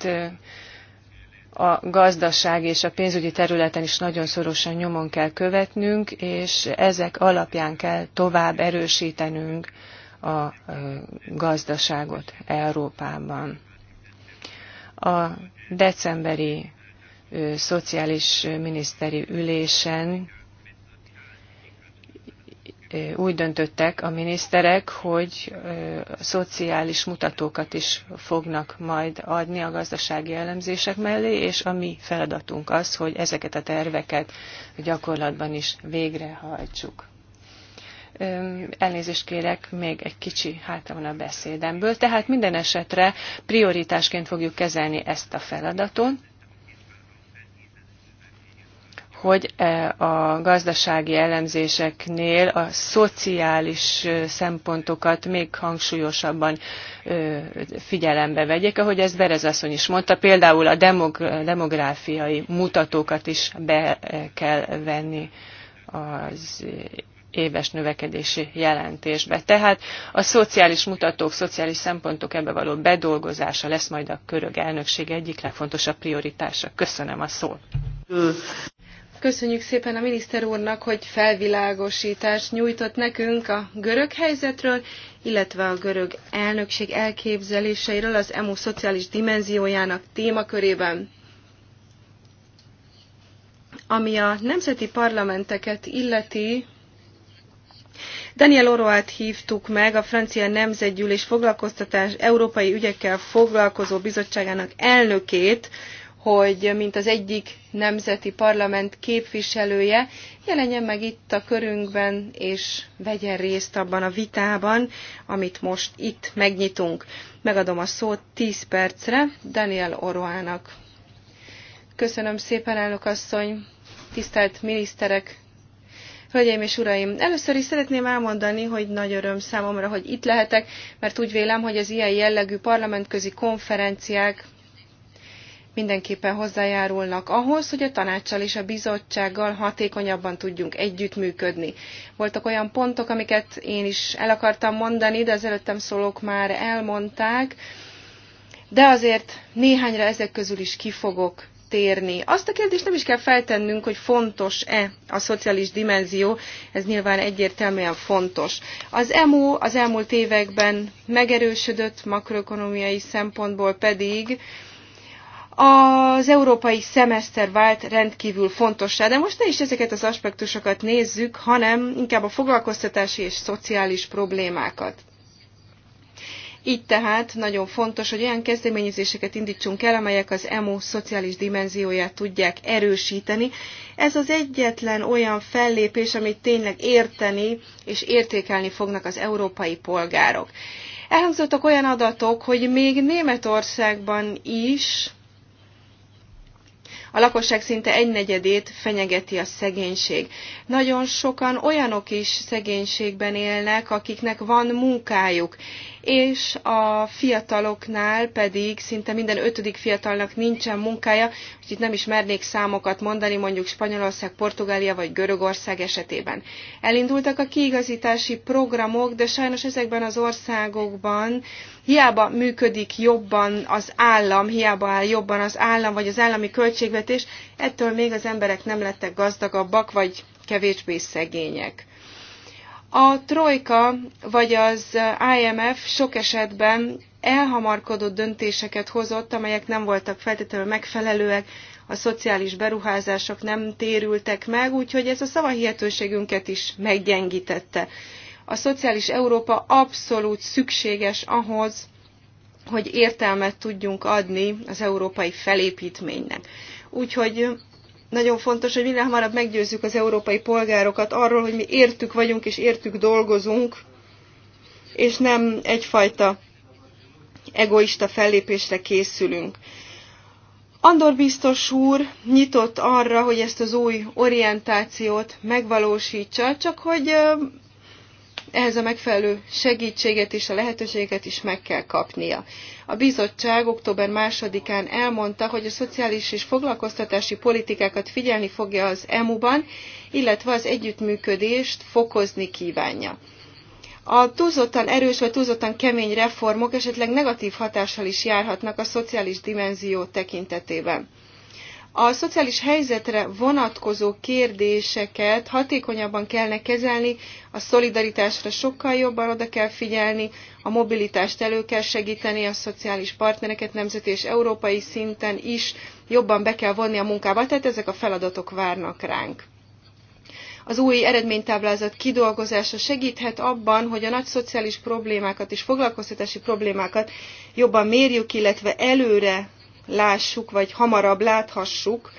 a gazdaság és a pénzügyi területen is nagyon szorosan nyomon kell követnünk, és ezek alapján kell tovább erősítenünk a gazdaságot Európában. A decemberi szociális miniszteri ülésen úgy döntöttek a miniszterek, hogy szociális mutatókat is fognak majd adni a gazdasági elemzések mellé, és a mi feladatunk az, hogy ezeket a terveket gyakorlatban is végrehajtsuk. Elnézést kérek, még egy kicsi hátra van a beszédemből. Tehát minden esetre prioritásként fogjuk kezelni ezt a feladatot, hogy e, a gazdasági elemzéseknél a szociális szempontokat még hangsúlyosabban figyelembe vegyék, ahogy ezt Berez asszony is mondta, például a demográfiai mutatókat is be e, kell venni az éves növekedési jelentésbe. Tehát a szociális mutatók, szociális szempontok ebbe való bedolgozása lesz majd a körög elnökség egyik legfontosabb prioritása. Köszönöm a szót köszönjük szépen a miniszter úrnak, hogy felvilágosítást nyújtott nekünk a görög helyzetről, illetve a görög elnökség elképzeléseiről az EMU szociális dimenziójának témakörében. Ami a nemzeti parlamenteket illeti, Daniel Oroát hívtuk meg, a francia nemzetgyűlés foglalkoztatás európai ügyekkel foglalkozó bizottságának elnökét, hogy mint az egyik nemzeti parlament képviselője jelenjen meg itt a körünkben, és vegyen részt abban a vitában, amit most itt megnyitunk. Megadom a szót 10 percre Daniel Oroának. Köszönöm szépen, elnök asszony, tisztelt miniszterek, Hölgyeim és uraim, először is szeretném elmondani, hogy nagy öröm számomra, hogy itt lehetek, mert úgy vélem, hogy az ilyen jellegű parlamentközi konferenciák mindenképpen hozzájárulnak ahhoz, hogy a tanácssal és a bizottsággal hatékonyabban tudjunk együttműködni. Voltak olyan pontok, amiket én is el akartam mondani, de az előttem szólók már elmondták, de azért néhányra ezek közül is kifogok térni. Azt a kérdést nem is kell feltennünk, hogy fontos-e a szociális dimenzió, ez nyilván egyértelműen fontos. Az EMU az elmúlt években megerősödött, makroekonomiai szempontból pedig az európai szemeszter vált rendkívül fontossá, de most ne is ezeket az aspektusokat nézzük, hanem inkább a foglalkoztatási és szociális problémákat. Így tehát nagyon fontos, hogy olyan kezdeményezéseket indítsunk el, amelyek az EMU szociális dimenzióját tudják erősíteni. Ez az egyetlen olyan fellépés, amit tényleg érteni és értékelni fognak az európai polgárok. Elhangzottak olyan adatok, hogy még Németországban is a lakosság szinte egynegyedét fenyegeti a szegénység. Nagyon sokan olyanok is szegénységben élnek, akiknek van munkájuk, és a fiataloknál pedig szinte minden ötödik fiatalnak nincsen munkája, úgyhogy itt nem is mernék számokat mondani, mondjuk Spanyolország, Portugália vagy Görögország esetében. Elindultak a kiigazítási programok, de sajnos ezekben az országokban hiába működik jobban az állam, hiába áll jobban az állam vagy az állami költségvetés, ettől még az emberek nem lettek gazdagabbak vagy kevésbé szegények. A trojka vagy az IMF sok esetben elhamarkodott döntéseket hozott, amelyek nem voltak feltétlenül megfelelőek, a szociális beruházások nem térültek meg, úgyhogy ez a szavahihetőségünket is meggyengítette. A szociális Európa abszolút szükséges ahhoz, hogy értelmet tudjunk adni az európai felépítménynek. Úgyhogy nagyon fontos, hogy minél hamarabb meggyőzzük az európai polgárokat arról, hogy mi értük vagyunk és értük dolgozunk, és nem egyfajta egoista fellépésre készülünk. Andor biztos úr nyitott arra, hogy ezt az új orientációt megvalósítsa, csak hogy ehhez a megfelelő segítséget és a lehetőséget is meg kell kapnia. A bizottság október 2-án elmondta, hogy a szociális és foglalkoztatási politikákat figyelni fogja az EMU-ban, illetve az együttműködést fokozni kívánja. A túlzottan erős vagy túlzottan kemény reformok esetleg negatív hatással is járhatnak a szociális dimenzió tekintetében a szociális helyzetre vonatkozó kérdéseket hatékonyabban kellene kezelni, a szolidaritásra sokkal jobban oda kell figyelni, a mobilitást elő kell segíteni, a szociális partnereket nemzeti és európai szinten is jobban be kell vonni a munkába, tehát ezek a feladatok várnak ránk. Az új eredménytáblázat kidolgozása segíthet abban, hogy a nagy szociális problémákat és foglalkoztatási problémákat jobban mérjük, illetve előre lássuk, vagy hamarabb láthassuk,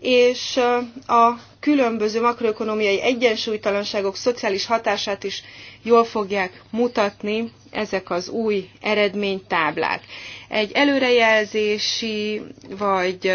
és a különböző makroekonomiai egyensúlytalanságok szociális hatását is jól fogják mutatni ezek az új eredménytáblák. Egy előrejelzési vagy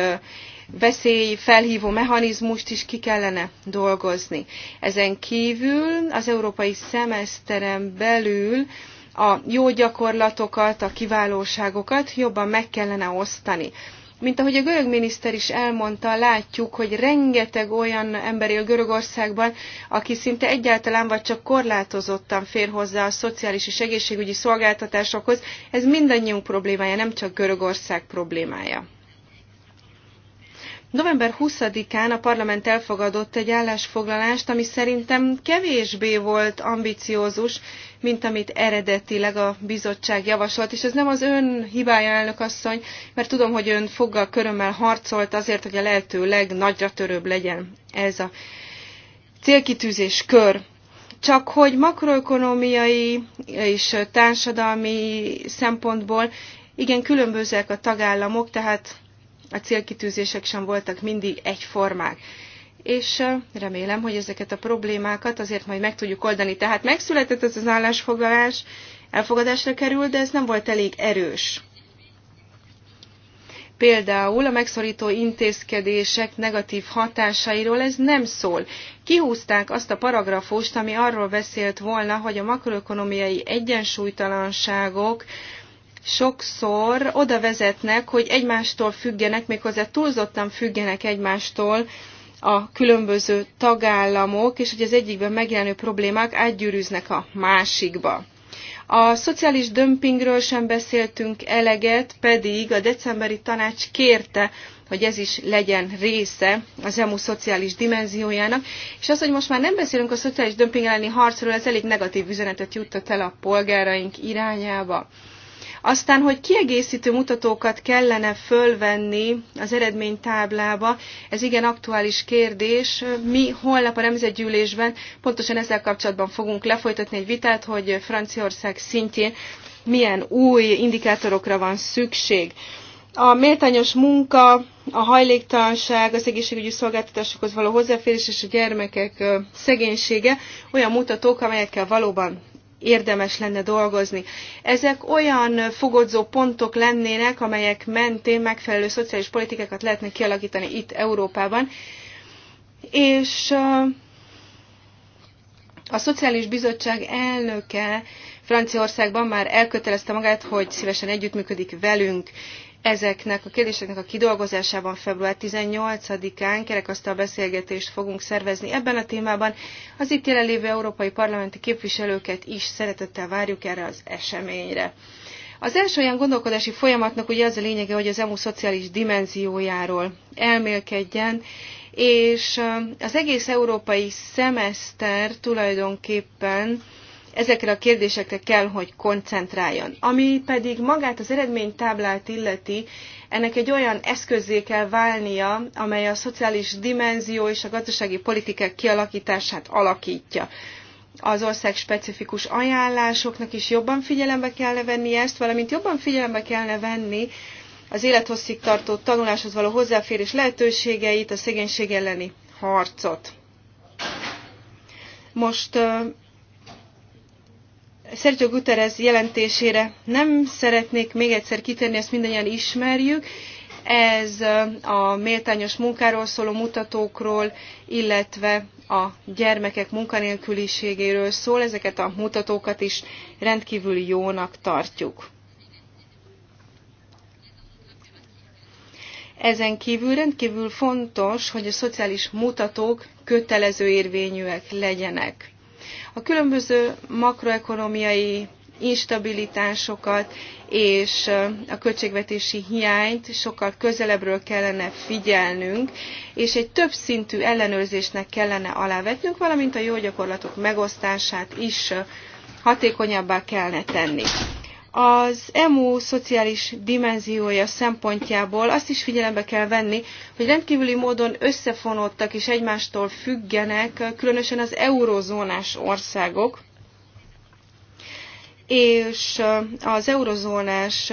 veszély felhívó mechanizmust is ki kellene dolgozni. Ezen kívül az európai szemeszteren belül a jó gyakorlatokat, a kiválóságokat jobban meg kellene osztani. Mint ahogy a görög miniszter is elmondta, látjuk, hogy rengeteg olyan ember él Görögországban, aki szinte egyáltalán vagy csak korlátozottan fér hozzá a szociális és egészségügyi szolgáltatásokhoz. Ez mindannyiunk problémája, nem csak Görögország problémája. November 20-án a parlament elfogadott egy állásfoglalást, ami szerintem kevésbé volt ambiciózus, mint amit eredetileg a bizottság javasolt. És ez nem az ön hibája, elnök asszony, mert tudom, hogy ön foggal körömmel harcolt azért, hogy a lehető legnagyra törőbb legyen ez a célkitűzés kör. Csak hogy makroökonomiai és társadalmi szempontból igen különbözőek a tagállamok, tehát a célkitűzések sem voltak mindig egyformák. És remélem, hogy ezeket a problémákat azért majd meg tudjuk oldani. Tehát megszületett ez az állásfoglalás, elfogadásra került, de ez nem volt elég erős. Például a megszorító intézkedések negatív hatásairól ez nem szól. Kihúzták azt a paragrafust, ami arról beszélt volna, hogy a makroökonomiai egyensúlytalanságok sokszor oda vezetnek, hogy egymástól függenek, méghozzá túlzottan függenek egymástól a különböző tagállamok, és hogy az egyikben megjelenő problémák átgyűrűznek a másikba. A szociális dömpingről sem beszéltünk eleget, pedig a decemberi tanács kérte, hogy ez is legyen része az EMU szociális dimenziójának, és az, hogy most már nem beszélünk a szociális dömping elleni harcról, ez elég negatív üzenetet juttat el a polgáraink irányába. Aztán, hogy kiegészítő mutatókat kellene fölvenni az eredménytáblába, ez igen aktuális kérdés. Mi holnap a nemzetgyűlésben pontosan ezzel kapcsolatban fogunk lefolytatni egy vitát, hogy Franciaország szintjén milyen új indikátorokra van szükség. A méltányos munka, a hajléktalanság, az egészségügyi szolgáltatásokhoz való hozzáférés és a gyermekek szegénysége olyan mutatók, amelyekkel valóban érdemes lenne dolgozni. Ezek olyan fogodzó pontok lennének, amelyek mentén megfelelő szociális politikákat lehetne kialakítani itt Európában. És a Szociális Bizottság elnöke Franciaországban már elkötelezte magát, hogy szívesen együttműködik velünk, Ezeknek a kérdéseknek a kidolgozásában február 18-án kerekasztal beszélgetést fogunk szervezni ebben a témában. Az itt jelenlévő európai parlamenti képviselőket is szeretettel várjuk erre az eseményre. Az első olyan gondolkodási folyamatnak ugye az a lényege, hogy az EMU szociális dimenziójáról elmélkedjen, és az egész európai szemeszter tulajdonképpen ezekre a kérdésekre kell, hogy koncentráljon. Ami pedig magát az eredménytáblát illeti, ennek egy olyan eszközé kell válnia, amely a szociális dimenzió és a gazdasági politikák kialakítását alakítja az ország specifikus ajánlásoknak is jobban figyelembe kellene venni ezt, valamint jobban figyelembe kellene venni az élethosszig tartó tanuláshoz való hozzáférés lehetőségeit, a szegénység elleni harcot. Most Sergio Guterres jelentésére nem szeretnék még egyszer kitérni, ezt mindannyian ismerjük. Ez a méltányos munkáról szóló mutatókról, illetve a gyermekek munkanélküliségéről szól. Ezeket a mutatókat is rendkívül jónak tartjuk. Ezen kívül rendkívül fontos, hogy a szociális mutatók kötelező érvényűek legyenek a különböző makroekonomiai instabilitásokat és a költségvetési hiányt sokkal közelebbről kellene figyelnünk, és egy több szintű ellenőrzésnek kellene alávetnünk, valamint a jó gyakorlatok megosztását is hatékonyabbá kellene tenni. Az EMU szociális dimenziója szempontjából azt is figyelembe kell venni, hogy rendkívüli módon összefonódtak és egymástól függenek, különösen az eurozónás országok, és az eurozónás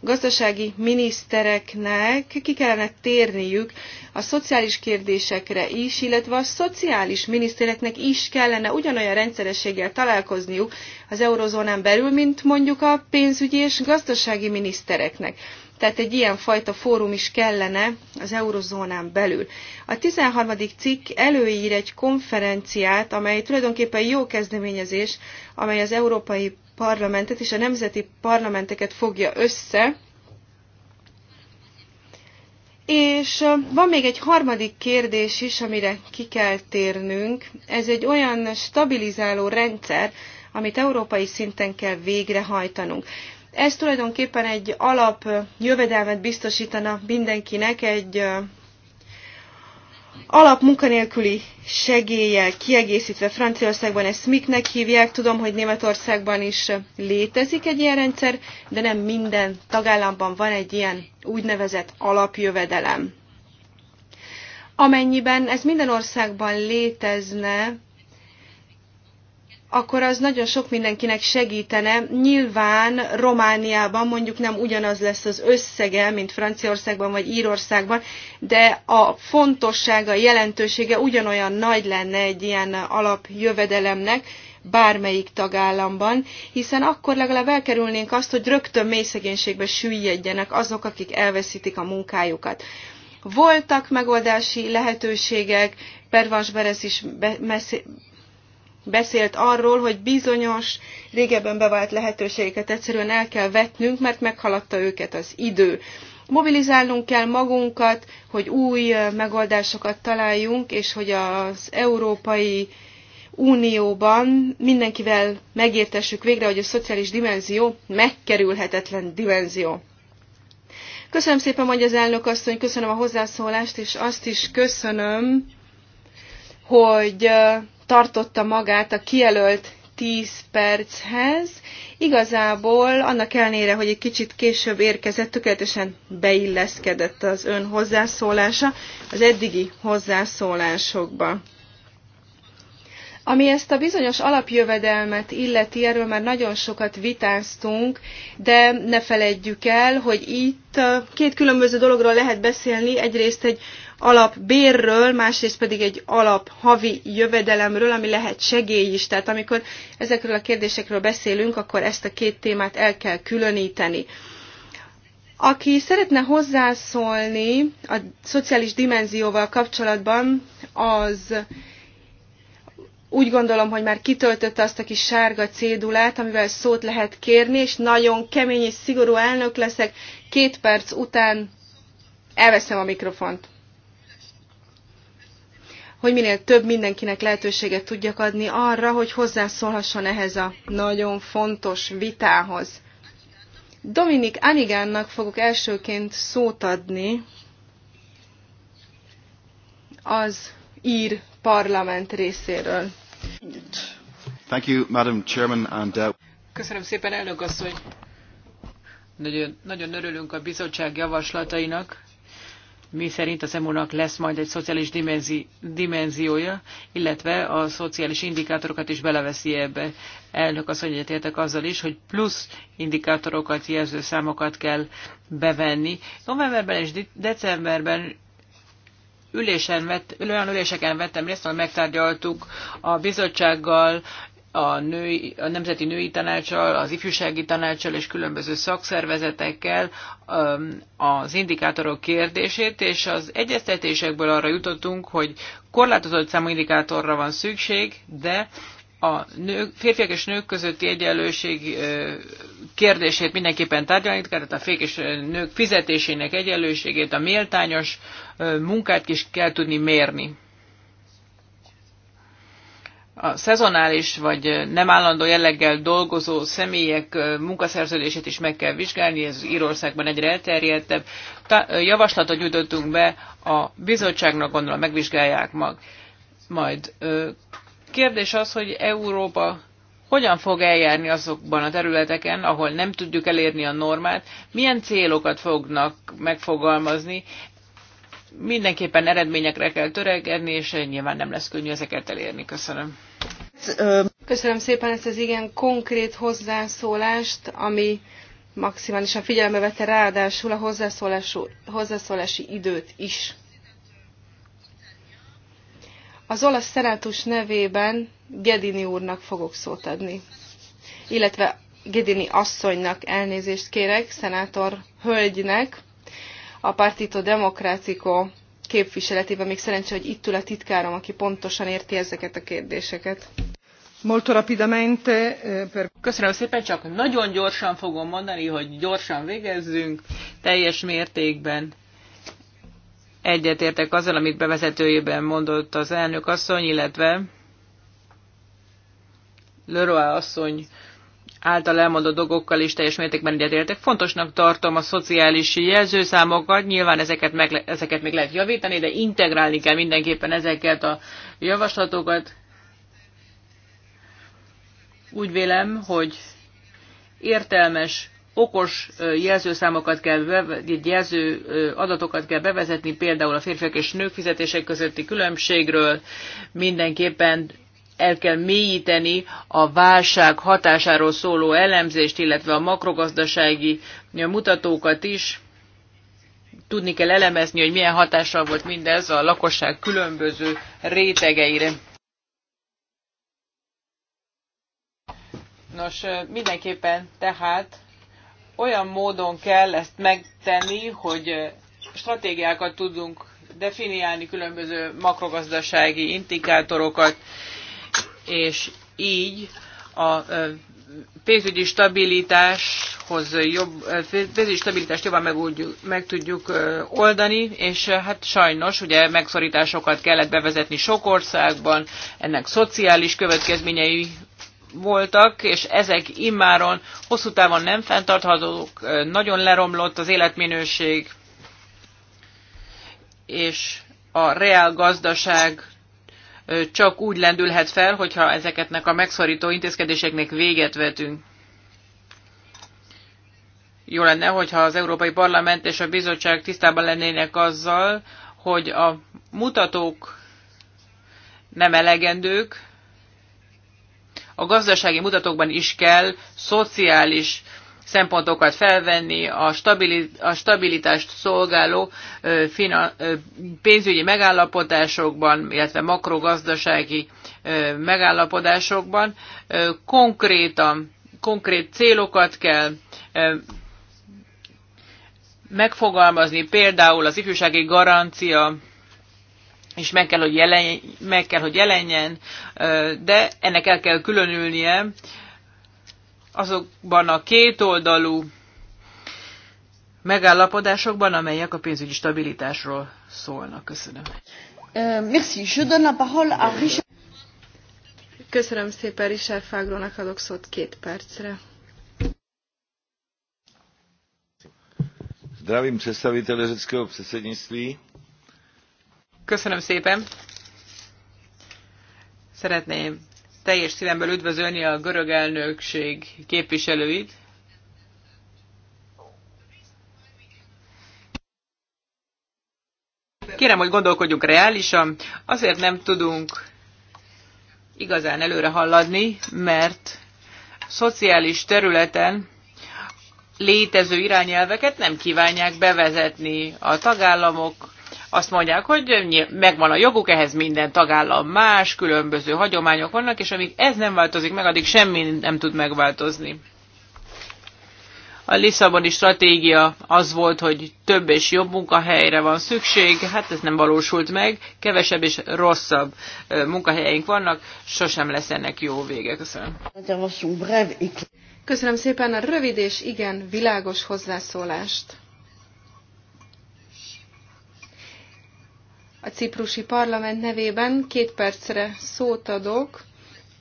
gazdasági minisztereknek ki kellene térniük a szociális kérdésekre is, illetve a szociális minisztereknek is kellene ugyanolyan rendszerességgel találkozniuk az eurozónán belül, mint mondjuk a pénzügyi és gazdasági minisztereknek. Tehát egy ilyen fajta fórum is kellene az eurozónán belül. A 13. cikk előír egy konferenciát, amely tulajdonképpen jó kezdeményezés, amely az Európai parlamentet és a nemzeti parlamenteket fogja össze. És van még egy harmadik kérdés is, amire ki kell térnünk. Ez egy olyan stabilizáló rendszer, amit európai szinten kell végrehajtanunk. Ez tulajdonképpen egy alap jövedelmet biztosítana mindenkinek, egy alapmunkanélküli segéllyel kiegészítve Franciaországban ezt miknek hívják, tudom, hogy Németországban is létezik egy ilyen rendszer, de nem minden tagállamban van egy ilyen úgynevezett alapjövedelem. Amennyiben ez minden országban létezne, akkor az nagyon sok mindenkinek segítene. Nyilván Romániában mondjuk nem ugyanaz lesz az összege, mint Franciaországban vagy Írországban, de a fontossága, jelentősége ugyanolyan nagy lenne egy ilyen alapjövedelemnek, bármelyik tagállamban, hiszen akkor legalább elkerülnénk azt, hogy rögtön mélyszegénységbe süllyedjenek azok, akik elveszítik a munkájukat. Voltak megoldási lehetőségek, Pervans Beres is beszélt arról, hogy bizonyos régebben bevált lehetőségeket egyszerűen el kell vetnünk, mert meghaladta őket az idő. Mobilizálnunk kell magunkat, hogy új eh, megoldásokat találjunk, és hogy az európai Unióban mindenkivel megértessük végre, hogy a szociális dimenzió megkerülhetetlen dimenzió. Köszönöm szépen, hogy az elnök asszony, köszönöm a hozzászólást, és azt is köszönöm, hogy eh, tartotta magát a kijelölt 10 perchez. Igazából annak ellenére, hogy egy kicsit később érkezett, tökéletesen beilleszkedett az ön hozzászólása az eddigi hozzászólásokba. Ami ezt a bizonyos alapjövedelmet illeti, erről már nagyon sokat vitáztunk, de ne feledjük el, hogy itt két különböző dologról lehet beszélni, egyrészt egy alapbérről, másrészt pedig egy alap havi jövedelemről, ami lehet segély is. Tehát amikor ezekről a kérdésekről beszélünk, akkor ezt a két témát el kell különíteni. Aki szeretne hozzászólni a szociális dimenzióval kapcsolatban, az úgy gondolom, hogy már kitöltött azt a kis sárga cédulát, amivel szót lehet kérni, és nagyon kemény és szigorú elnök leszek. Két perc után elveszem a mikrofont. Hogy minél több mindenkinek lehetőséget tudjak adni arra, hogy hozzászólhasson ehhez a nagyon fontos vitához. Dominik Anigánnak fogok elsőként szót adni az ír parlament részéről. Thank you, Madam Chairman, and, uh... Köszönöm szépen, elnök asszony. Nagyon, nagyon örülünk a bizottság javaslatainak mi szerint a szemónak lesz majd egy szociális dimenzi, dimenziója, illetve a szociális indikátorokat is beleveszi ebbe. Elnök azt mondja, értek azzal is, hogy plusz indikátorokat, jelző számokat kell bevenni. Novemberben és decemberben ülésen vett, olyan üléseken vettem részt, ahol megtárgyaltuk a bizottsággal, a, női, a Nemzeti Női Tanácssal, az Ifjúsági Tanácssal és különböző szakszervezetekkel az indikátorok kérdését, és az egyeztetésekből arra jutottunk, hogy korlátozott számú indikátorra van szükség, de a nők, férfiak és nők közötti egyenlőség kérdését mindenképpen tárgyalni, tehát a férfiak és nők fizetésének egyenlőségét, a méltányos munkát is kell tudni mérni. A szezonális vagy nem állandó jelleggel dolgozó személyek munkaszerződését is meg kell vizsgálni, ez Írországban egyre elterjedtebb. javaslatot gyűjtöttünk be a bizottságnak, gondolom megvizsgálják mag. majd. Kérdés az, hogy Európa hogyan fog eljárni azokban a területeken, ahol nem tudjuk elérni a normát, milyen célokat fognak megfogalmazni, mindenképpen eredményekre kell törekedni, és nyilván nem lesz könnyű ezeket elérni. Köszönöm. Köszönöm szépen ezt az igen konkrét hozzászólást, ami maximálisan figyelembe vette ráadásul a hozzászólási időt is. Az olasz szenátus nevében Gedini úrnak fogok szót adni, illetve Gedini asszonynak elnézést kérek, szenátor hölgynek, a Partito Democratico képviseletében. Még szerencsé, hogy itt ül a titkárom, aki pontosan érti ezeket a kérdéseket. Molto rapidamente, eh, per... Köszönöm szépen, csak nagyon gyorsan fogom mondani, hogy gyorsan végezzünk, teljes mértékben egyetértek azzal, amit bevezetőjében mondott az elnök asszony, illetve Leroy asszony által elmondott dolgokkal is teljes mértékben egyetértek. Fontosnak tartom a szociális jelzőszámokat, nyilván ezeket, meg, ezeket még lehet javítani, de integrálni kell mindenképpen ezeket a javaslatokat. Úgy vélem, hogy értelmes, okos jelzőszámokat kell, jelző adatokat kell bevezetni, például a férfiak és nők fizetések közötti különbségről mindenképpen el kell mélyíteni a válság hatásáról szóló elemzést, illetve a makrogazdasági mutatókat is. Tudni kell elemezni, hogy milyen hatással volt mindez a lakosság különböző rétegeire. Nos, mindenképpen tehát olyan módon kell ezt megtenni, hogy stratégiákat tudunk definiálni, különböző makrogazdasági indikátorokat, és így a pénzügyi stabilitáshoz jobb, pénzügyi stabilitást jobban meg, úgy, meg tudjuk oldani, és hát sajnos ugye megszorításokat kellett bevezetni sok országban, ennek szociális következményei voltak, és ezek immáron hosszú távon nem fenntarthatók, nagyon leromlott az életminőség, és a reál gazdaság csak úgy lendülhet fel, hogyha ezeketnek a megszorító intézkedéseknek véget vetünk. Jó lenne, hogyha az Európai Parlament és a Bizottság tisztában lennének azzal, hogy a mutatók nem elegendők, a gazdasági mutatókban is kell szociális szempontokat felvenni, a, stabilit a stabilitást szolgáló pénzügyi megállapodásokban, illetve makrogazdasági megállapodásokban konkrétan, konkrét célokat kell megfogalmazni, például az ifjúsági garancia és meg kell, hogy jelenjen, meg kell, hogy jelenjen de ennek el kell különülnie azokban a kétoldalú megállapodásokban, amelyek a pénzügyi stabilitásról szólnak. Köszönöm. Euh, merci. Je donne la parole à Richard. Köszönöm szépen, Richard Fágrónak adok szót két percre. Zdravím představitele řeckého předsednictví. Köszönöm szépen. Szeretném teljes szívemből üdvözölni a görög elnökség képviselőit. Kérem, hogy gondolkodjunk reálisan. Azért nem tudunk igazán előre haladni, mert szociális területen létező irányelveket nem kívánják bevezetni a tagállamok, azt mondják, hogy megvan a joguk, ehhez minden tagállam más, különböző hagyományok vannak, és amíg ez nem változik meg, addig semmi nem tud megváltozni. A Lisszaboni stratégia az volt, hogy több és jobb munkahelyre van szükség, hát ez nem valósult meg, kevesebb és rosszabb munkahelyeink vannak, sosem lesz ennek jó vége. Köszönöm. Köszönöm szépen a rövid és igen világos hozzászólást. a ciprusi parlament nevében két percre szót adok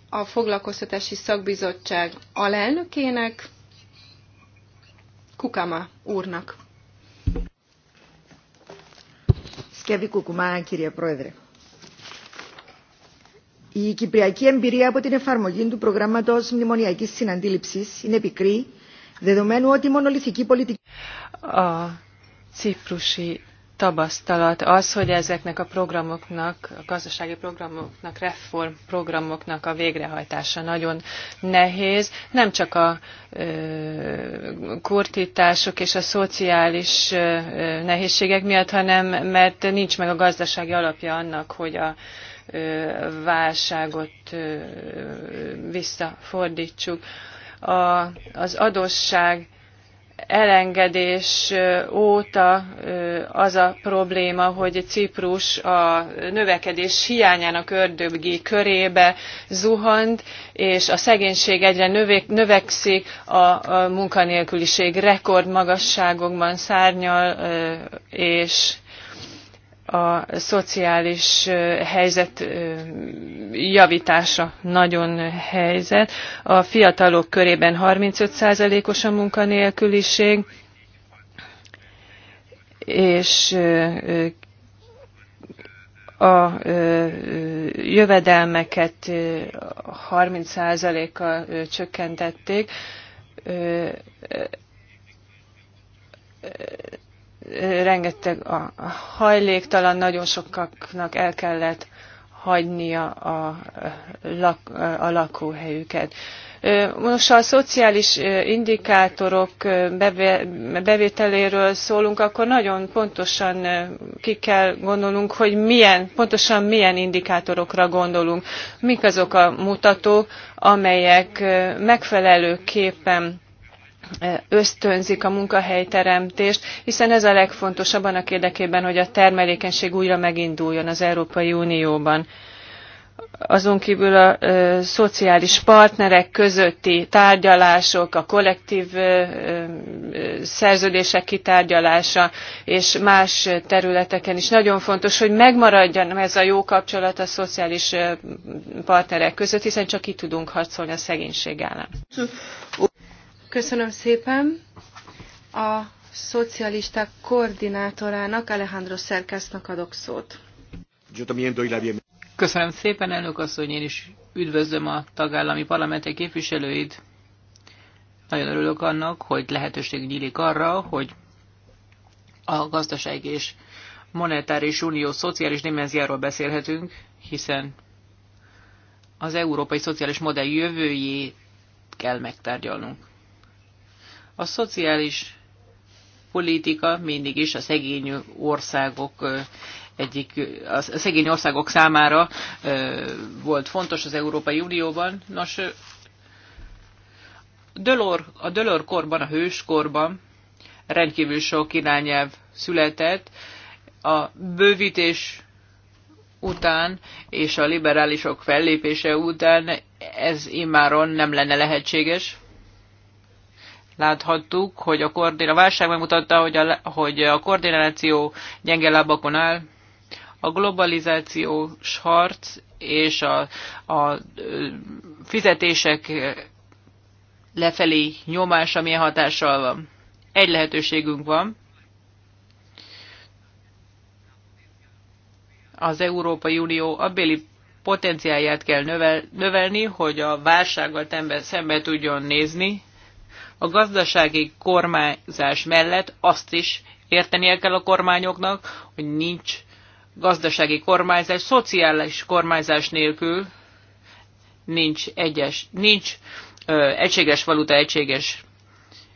a foglalkoztatási szakbizottság alelnökének, Kukama úrnak. Szkevi Kukumán, kirje Proedre. Η κυπριακή εμπειρία από την εφαρμογή του προγράμματο μνημονιακή συναντήληψη είναι πικρή, δεδομένου ότι η μονολυθική πολιτική... A ciprusi tapasztalat az, hogy ezeknek a programoknak, a gazdasági programoknak, reform programoknak a végrehajtása nagyon nehéz. Nem csak a ö, kurtítások és a szociális ö, nehézségek miatt, hanem mert nincs meg a gazdasági alapja annak, hogy a ö, válságot ö, visszafordítsuk. A, az adósság elengedés óta az a probléma, hogy Ciprus a növekedés hiányának ördögi körébe zuhant, és a szegénység egyre növekszik, a munkanélküliség rekordmagasságokban szárnyal, és a szociális helyzet javítása nagyon helyzet. A fiatalok körében 35%-os a munkanélküliség, és a jövedelmeket 30%-kal csökkentették rengeteg a hajléktalan, nagyon sokaknak el kellett hagynia a, lak, a lakóhelyüket. Most ha a szociális indikátorok bevételéről szólunk, akkor nagyon pontosan ki kell gondolnunk, hogy milyen, pontosan milyen indikátorokra gondolunk, mik azok a mutatók, amelyek megfelelőképpen ösztönzik a munkahelyteremtést, hiszen ez a legfontosabb annak érdekében, hogy a termelékenység újra meginduljon az Európai Unióban. Azon kívül a ö, szociális partnerek közötti tárgyalások, a kollektív ö, ö, szerződések kitárgyalása és más területeken is nagyon fontos, hogy megmaradjon ez a jó kapcsolat a szociális ö, partnerek között, hiszen csak ki tudunk harcolni a szegénység ellen. Köszönöm szépen. A szocialisták koordinátorának, Alejandro Szerkesznek adok szót. Köszönöm szépen, elnök asszony, én is üdvözlöm a tagállami parlamenti képviselőit. Nagyon örülök annak, hogy lehetőség nyílik arra, hogy a gazdaság és monetáris unió szociális dimenziáról beszélhetünk, hiszen az európai szociális modell jövőjét kell megtárgyalnunk. A szociális politika mindig is a szegény országok egyik, a szegény országok számára volt fontos az Európai Unióban. Nos, Dölor, a Dölor korban, a hőskorban rendkívül sok irányelv született. A bővítés után és a liberálisok fellépése után ez immáron nem lenne lehetséges láthattuk, hogy a, koordin- a válság megmutatta, hogy a, hogy a koordináció gyenge lábakon áll, a globalizációs harc és a, a fizetések lefelé nyomása milyen hatással van. Egy lehetőségünk van, az Európai Unió abbéli potenciáját kell növel, növelni, hogy a válsággal szembe tudjon nézni, a gazdasági kormányzás mellett azt is értenie kell a kormányoknak, hogy nincs gazdasági kormányzás, szociális kormányzás nélkül nincs egyes, nincs ö, egységes valuta, egységes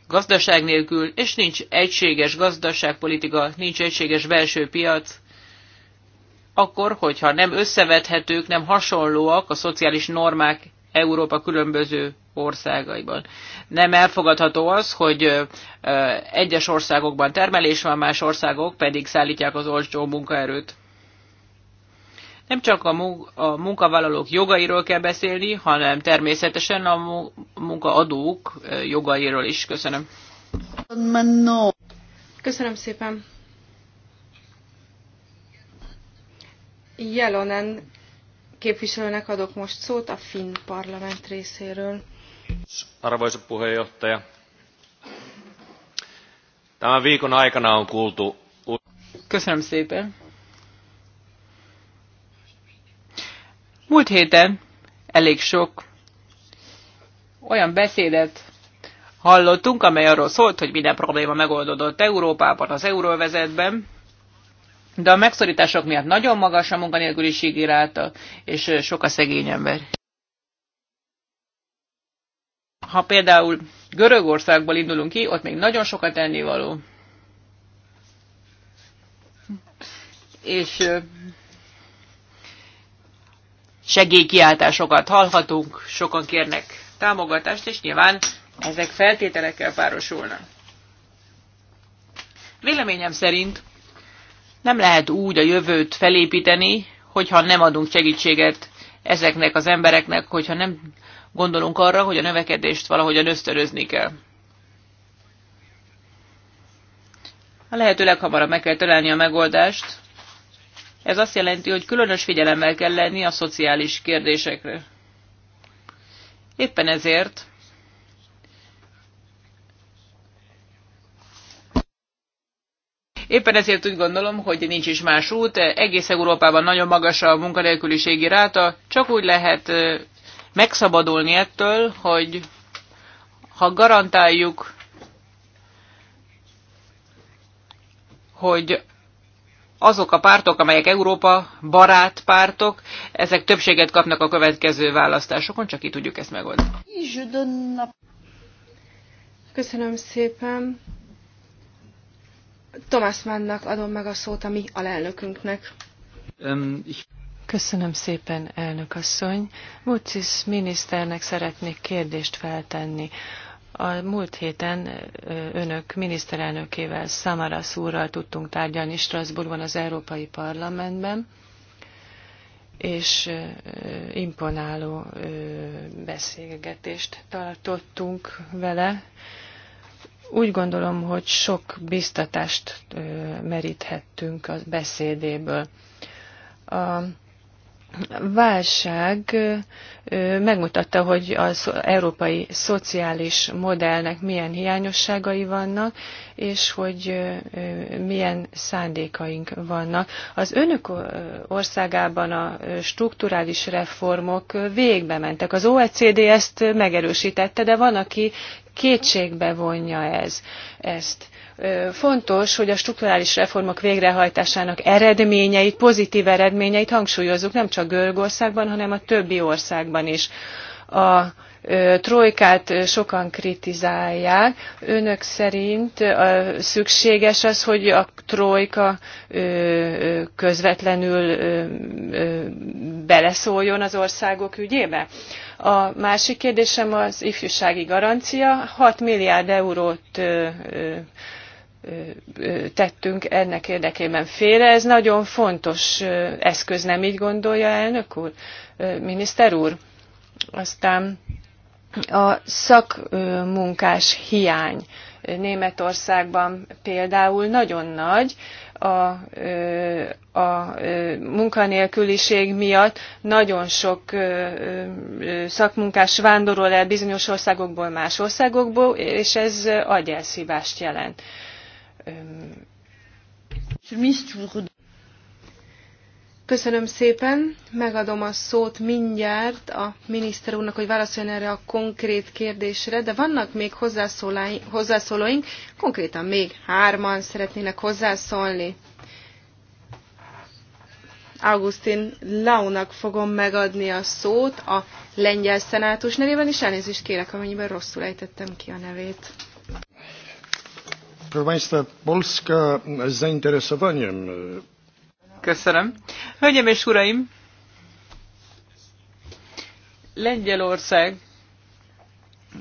gazdaság nélkül, és nincs egységes gazdaságpolitika, nincs egységes belső piac, akkor, hogyha nem összevethetők, nem hasonlóak a szociális normák Európa különböző országaiban. Nem elfogadható az, hogy egyes országokban termelés van, más országok pedig szállítják az olcsó munkaerőt. Nem csak a munkavállalók jogairól kell beszélni, hanem természetesen a munkaadók jogairól is. Köszönöm. Köszönöm szépen. Jelonen képviselőnek adok most szót a Finn parlament részéről. Arvoisa puhemies tämän viikon aikana on kuultu... Köszönöm szépen. Múlt héten elég sok olyan beszédet hallottunk, amely arról szólt, hogy minden probléma megoldódott Európában, az euróvezetben, de a megszorítások miatt nagyon magas a munkanélküliség iráta, és sok a szegény ember ha például Görögországból indulunk ki, ott még nagyon sokat ennivaló. És segélykiáltásokat hallhatunk, sokan kérnek támogatást, és nyilván ezek feltételekkel párosulnak. Véleményem szerint nem lehet úgy a jövőt felépíteni, hogyha nem adunk segítséget ezeknek az embereknek, hogyha nem gondolunk arra, hogy a növekedést valahogyan ösztörözni kell. A lehető leghamarabb meg kell találni a megoldást. Ez azt jelenti, hogy különös figyelemmel kell lenni a szociális kérdésekre. Éppen ezért Éppen ezért úgy gondolom, hogy nincs is más út. Egész Európában nagyon magas a munkanélküliségi ráta, csak úgy lehet megszabadulni ettől, hogy ha garantáljuk, hogy azok a pártok, amelyek Európa barát pártok, ezek többséget kapnak a következő választásokon, csak így tudjuk ezt megoldani. Köszönöm szépen. Tomás Mannnak adom meg a szót a mi alelnökünknek. Köszönöm szépen, elnök asszony. Mucis miniszternek szeretnék kérdést feltenni. A múlt héten önök miniszterelnökével, Samaras úrral tudtunk tárgyalni Strasbourgban az Európai Parlamentben, és imponáló beszélgetést tartottunk vele. Úgy gondolom, hogy sok biztatást meríthettünk a beszédéből. A válság megmutatta, hogy az európai szociális modellnek milyen hiányosságai vannak, és hogy milyen szándékaink vannak. Az önök országában a strukturális reformok végbe mentek. Az OECD ezt megerősítette, de van, aki kétségbe vonja ez, ezt fontos, hogy a strukturális reformok végrehajtásának eredményeit, pozitív eredményeit hangsúlyozzuk nem csak Görögországban, hanem a többi országban is. A trojkát sokan kritizálják. Önök szerint szükséges az, hogy a trojka közvetlenül beleszóljon az országok ügyébe? A másik kérdésem az ifjúsági garancia. 6 milliárd eurót tettünk ennek érdekében félre. Ez nagyon fontos eszköz, nem így gondolja elnök úr, miniszter úr? Aztán a szakmunkás hiány Németországban például nagyon nagy, a, a munkanélküliség miatt nagyon sok szakmunkás vándorol el bizonyos országokból más országokból, és ez agyelszívást jelent. Köszönöm szépen, megadom a szót mindjárt a miniszter úrnak, hogy válaszoljon erre a konkrét kérdésre, de vannak még hozzászólóink, konkrétan még hárman szeretnének hozzászólni. Augustin Launak fogom megadni a szót a lengyel szenátus nevében, és elnézést kérek, amennyiben rosszul ejtettem ki a nevét. Proszę Państwa, Polska z zainteresowaniem. Köszönöm. Hölgyeim és Uraim! Lengyelország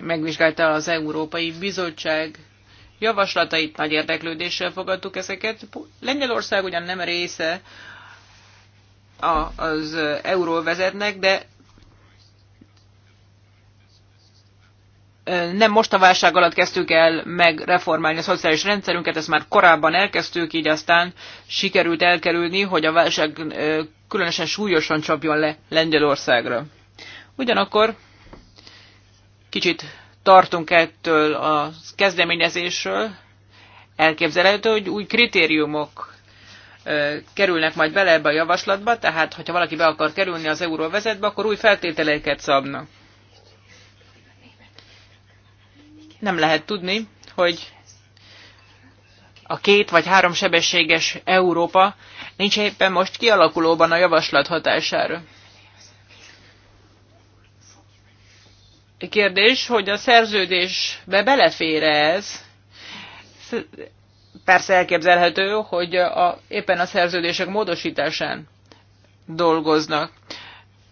megvizsgálta az Európai Bizottság javaslatait, nagy érdeklődéssel fogadtuk ezeket. Lengyelország ugyan nem része az euróvezetnek, de nem most a válság alatt kezdtük el megreformálni a szociális rendszerünket, ezt már korábban elkezdtük, így aztán sikerült elkerülni, hogy a válság különösen súlyosan csapjon le Lengyelországra. Ugyanakkor kicsit tartunk ettől a kezdeményezésről, elképzelhető, hogy új kritériumok kerülnek majd bele ebbe a javaslatba, tehát hogyha valaki be akar kerülni az euróvezetbe, akkor új feltételeket szabnak. nem lehet tudni, hogy a két vagy három sebességes Európa nincs éppen most kialakulóban a javaslat hatására. Kérdés, hogy a szerződésbe belefér -e ez? Persze elképzelhető, hogy a, éppen a szerződések módosításán dolgoznak.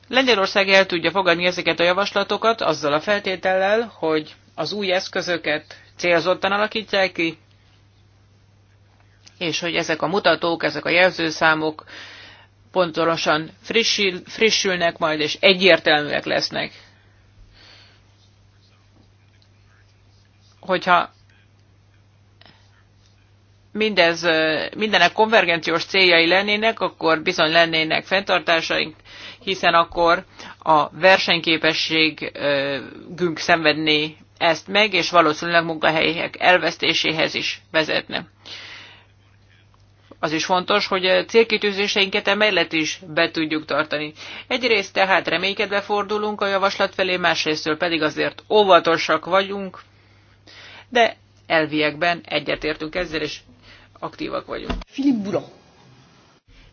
Lengyelország el tudja fogadni ezeket a javaslatokat azzal a feltétellel, hogy az új eszközöket célzottan alakítják ki, és hogy ezek a mutatók, ezek a jelzőszámok pontosan frissül, frissülnek majd, és egyértelműek lesznek. Hogyha mindez, mindenek konvergenciós céljai lennének, akkor bizony lennének fenntartásaink, hiszen akkor a versenyképességünk szenvedné ezt meg, és valószínűleg munkahelyek elvesztéséhez is vezetne. Az is fontos, hogy a célkitűzéseinket emellett is be tudjuk tartani. Egyrészt tehát reménykedve fordulunk a javaslat felé, másrésztől pedig azért óvatosak vagyunk, de elviekben egyetértünk ezzel, és aktívak vagyunk. Filip Bulan.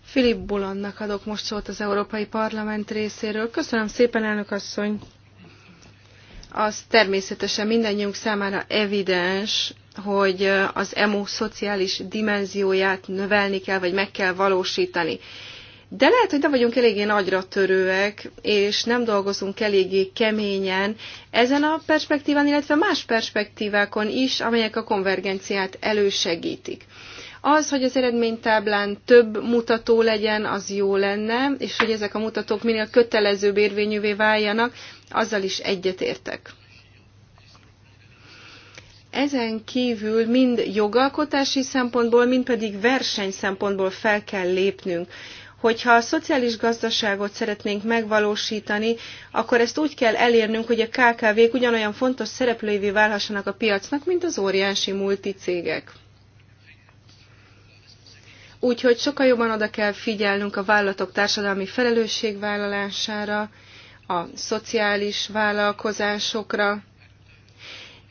Filip Bulannak adok most szót az Európai Parlament részéről. Köszönöm szépen, elnök asszony! az természetesen mindannyiunk számára evidens, hogy az emo szociális dimenzióját növelni kell, vagy meg kell valósítani. De lehet, hogy nem vagyunk eléggé nagyra törőek, és nem dolgozunk eléggé keményen ezen a perspektíván, illetve más perspektívákon is, amelyek a konvergenciát elősegítik. Az, hogy az eredménytáblán több mutató legyen, az jó lenne, és hogy ezek a mutatók minél kötelezőbb érvényűvé váljanak, azzal is egyetértek. Ezen kívül mind jogalkotási szempontból, mind pedig verseny szempontból fel kell lépnünk. Hogyha a szociális gazdaságot szeretnénk megvalósítani, akkor ezt úgy kell elérnünk, hogy a KKV-k ugyanolyan fontos szereplőivé válhassanak a piacnak, mint az óriási multicégek. Úgyhogy sokkal jobban oda kell figyelnünk a vállalatok társadalmi felelősségvállalására, a szociális vállalkozásokra,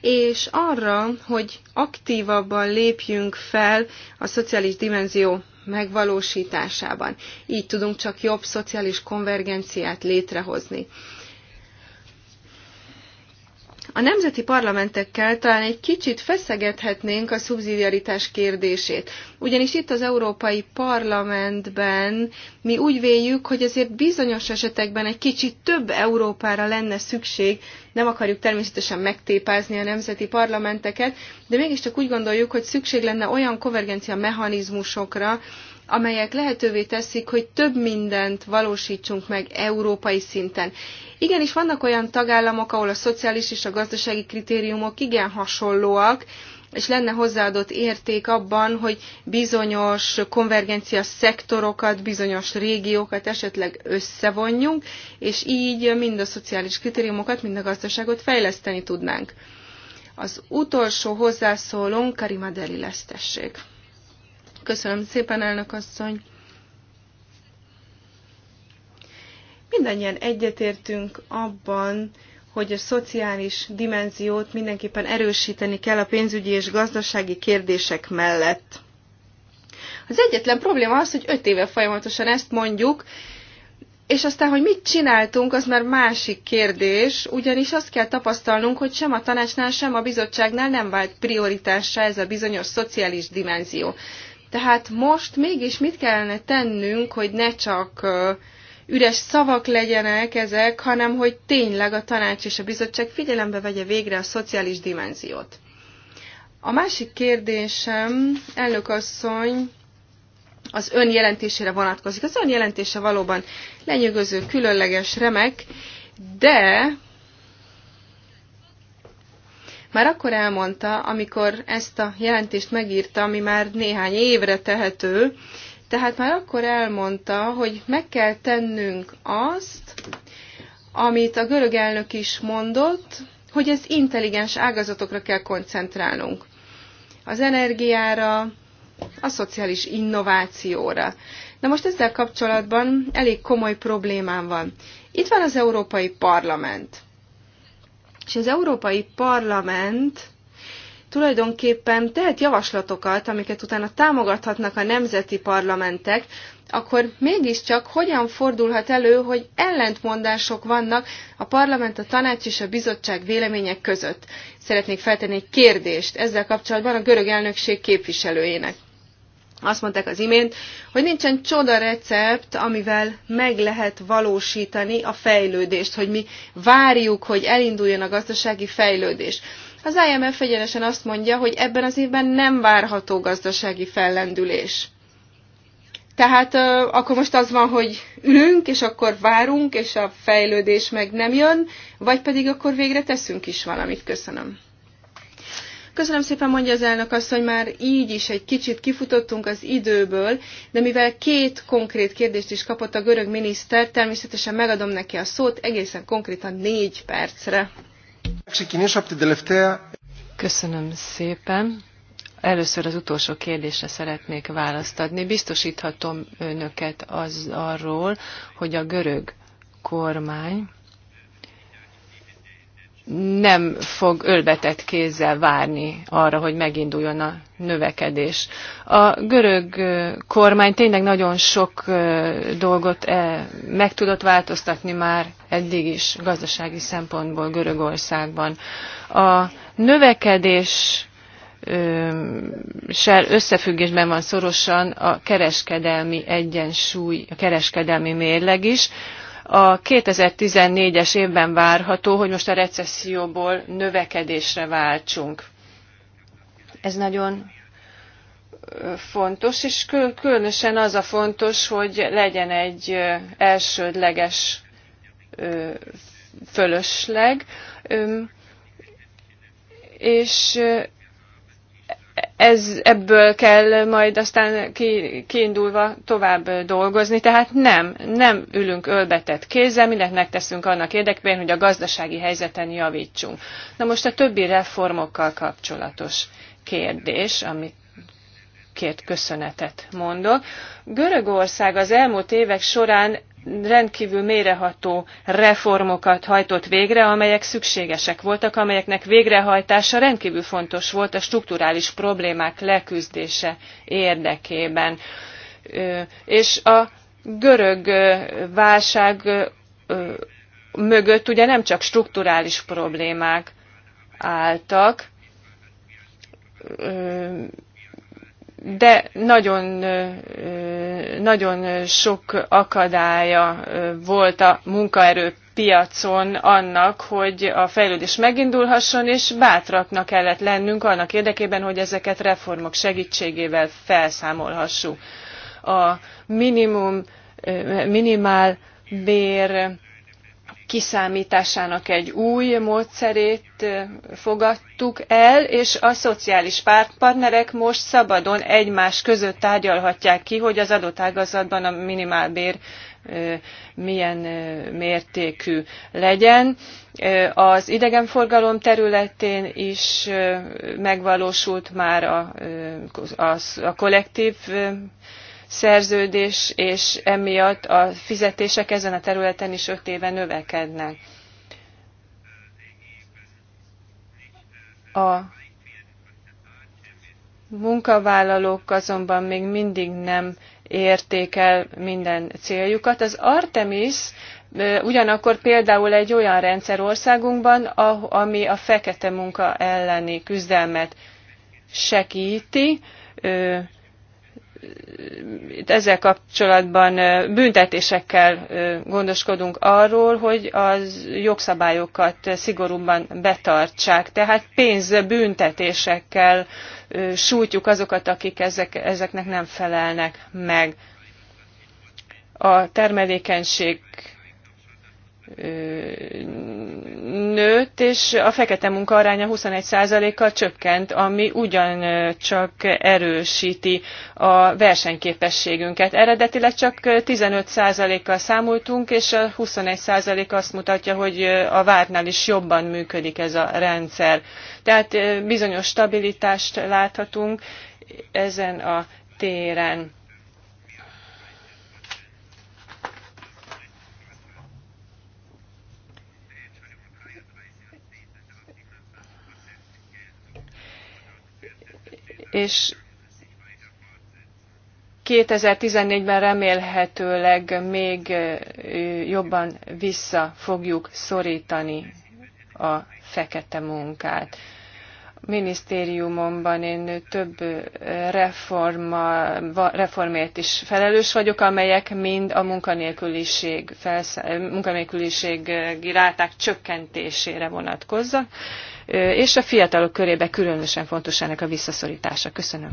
és arra, hogy aktívabban lépjünk fel a szociális dimenzió megvalósításában. Így tudunk csak jobb szociális konvergenciát létrehozni. A nemzeti parlamentekkel talán egy kicsit feszegethetnénk a szubszidiaritás kérdését. Ugyanis itt az Európai Parlamentben mi úgy véljük, hogy azért bizonyos esetekben egy kicsit több Európára lenne szükség. Nem akarjuk természetesen megtépázni a nemzeti parlamenteket, de mégiscsak úgy gondoljuk, hogy szükség lenne olyan konvergencia mechanizmusokra, amelyek lehetővé teszik, hogy több mindent valósítsunk meg európai szinten. Igenis vannak olyan tagállamok, ahol a szociális és a gazdasági kritériumok igen hasonlóak, és lenne hozzáadott érték abban, hogy bizonyos konvergencia szektorokat, bizonyos régiókat esetleg összevonjunk, és így mind a szociális kritériumokat, mind a gazdaságot fejleszteni tudnánk. Az utolsó hozzászólónk Karima Deli lesz, tessék. Köszönöm szépen, elnök asszony. Mindannyian egyetértünk abban, hogy a szociális dimenziót mindenképpen erősíteni kell a pénzügyi és gazdasági kérdések mellett. Az egyetlen probléma az, hogy öt éve folyamatosan ezt mondjuk, és aztán, hogy mit csináltunk, az már másik kérdés, ugyanis azt kell tapasztalnunk, hogy sem a tanácsnál, sem a bizottságnál nem vált prioritásra ez a bizonyos szociális dimenzió. Tehát most mégis mit kellene tennünk, hogy ne csak üres szavak legyenek ezek, hanem hogy tényleg a tanács és a bizottság figyelembe vegye végre a szociális dimenziót. A másik kérdésem, elnök asszony, az ön jelentésére vonatkozik. Az ön jelentése valóban lenyűgöző, különleges, remek, de már akkor elmondta, amikor ezt a jelentést megírta, ami már néhány évre tehető, tehát már akkor elmondta, hogy meg kell tennünk azt, amit a görög elnök is mondott, hogy ez intelligens ágazatokra kell koncentrálnunk. Az energiára, a szociális innovációra. Na most ezzel kapcsolatban elég komoly problémám van. Itt van az Európai Parlament. És az Európai Parlament tulajdonképpen tehet javaslatokat, amiket utána támogathatnak a nemzeti parlamentek, akkor mégiscsak hogyan fordulhat elő, hogy ellentmondások vannak a parlament, a tanács és a bizottság vélemények között? Szeretnék feltenni egy kérdést ezzel kapcsolatban a görög elnökség képviselőjének azt mondták az imént, hogy nincsen csoda recept, amivel meg lehet valósítani a fejlődést, hogy mi várjuk, hogy elinduljon a gazdasági fejlődés. Az IMF egyenesen azt mondja, hogy ebben az évben nem várható gazdasági fellendülés. Tehát euh, akkor most az van, hogy ülünk, és akkor várunk, és a fejlődés meg nem jön, vagy pedig akkor végre teszünk is valamit. Köszönöm. Köszönöm szépen, mondja az elnök azt, hogy már így is egy kicsit kifutottunk az időből, de mivel két konkrét kérdést is kapott a görög miniszter, természetesen megadom neki a szót egészen konkrétan négy percre. Köszönöm szépen. Először az utolsó kérdésre szeretnék választ adni. Biztosíthatom önöket az arról, hogy a görög kormány nem fog ölbetett kézzel várni arra, hogy meginduljon a növekedés. A görög kormány tényleg nagyon sok dolgot meg tudott változtatni már eddig is gazdasági szempontból Görögországban. A növekedés sel összefüggésben van szorosan a kereskedelmi egyensúly, a kereskedelmi mérleg is a 2014-es évben várható, hogy most a recesszióból növekedésre váltsunk. Ez nagyon fontos, és különösen az a fontos, hogy legyen egy elsődleges fölösleg, és ez, ebből kell majd aztán ki, kiindulva tovább dolgozni. Tehát nem, nem ülünk ölbetett kézzel, mindent megteszünk annak érdekében, hogy a gazdasági helyzeten javítsunk. Na most a többi reformokkal kapcsolatos kérdés, amit kért köszönetet mondok. Görögország az elmúlt évek során rendkívül méreható reformokat hajtott végre, amelyek szükségesek voltak, amelyeknek végrehajtása rendkívül fontos volt a strukturális problémák leküzdése érdekében. És a görög válság mögött ugye nem csak strukturális problémák álltak, de nagyon, nagyon sok akadálya volt a munkaerő piacon annak, hogy a fejlődés megindulhasson, és bátraknak kellett lennünk annak érdekében, hogy ezeket reformok segítségével felszámolhassuk. A minimum, minimál bér kiszámításának egy új módszerét fogadtuk el, és a szociális partnerek most szabadon egymás között tárgyalhatják ki, hogy az adott ágazatban a minimálbér milyen mértékű legyen. Az idegenforgalom területén is megvalósult már a, a, a kollektív szerződés, és emiatt a fizetések ezen a területen is öt éve növekednek. A munkavállalók azonban még mindig nem érték el minden céljukat. Az Artemis ugyanakkor például egy olyan rendszer országunkban, ah, ami a fekete munka elleni küzdelmet segíti, ezzel kapcsolatban büntetésekkel gondoskodunk arról, hogy az jogszabályokat szigorúban betartsák. Tehát pénzbüntetésekkel sújtjuk azokat, akik ezek, ezeknek nem felelnek meg. A termelékenység nőtt, és a fekete munka aránya 21%-kal csökkent, ami ugyancsak erősíti a versenyképességünket. Eredetileg csak 15%-kal számoltunk, és a 21% azt mutatja, hogy a vártnál is jobban működik ez a rendszer. Tehát bizonyos stabilitást láthatunk ezen a téren és 2014-ben remélhetőleg még jobban vissza fogjuk szorítani a fekete munkát. Minisztériumomban én több reforma, reformért is felelős vagyok, amelyek mind a munkanélküliség, felszá, munkanélküliség ráták csökkentésére vonatkoznak és a fiatalok körébe különösen fontos ennek a visszaszorítása. Köszönöm.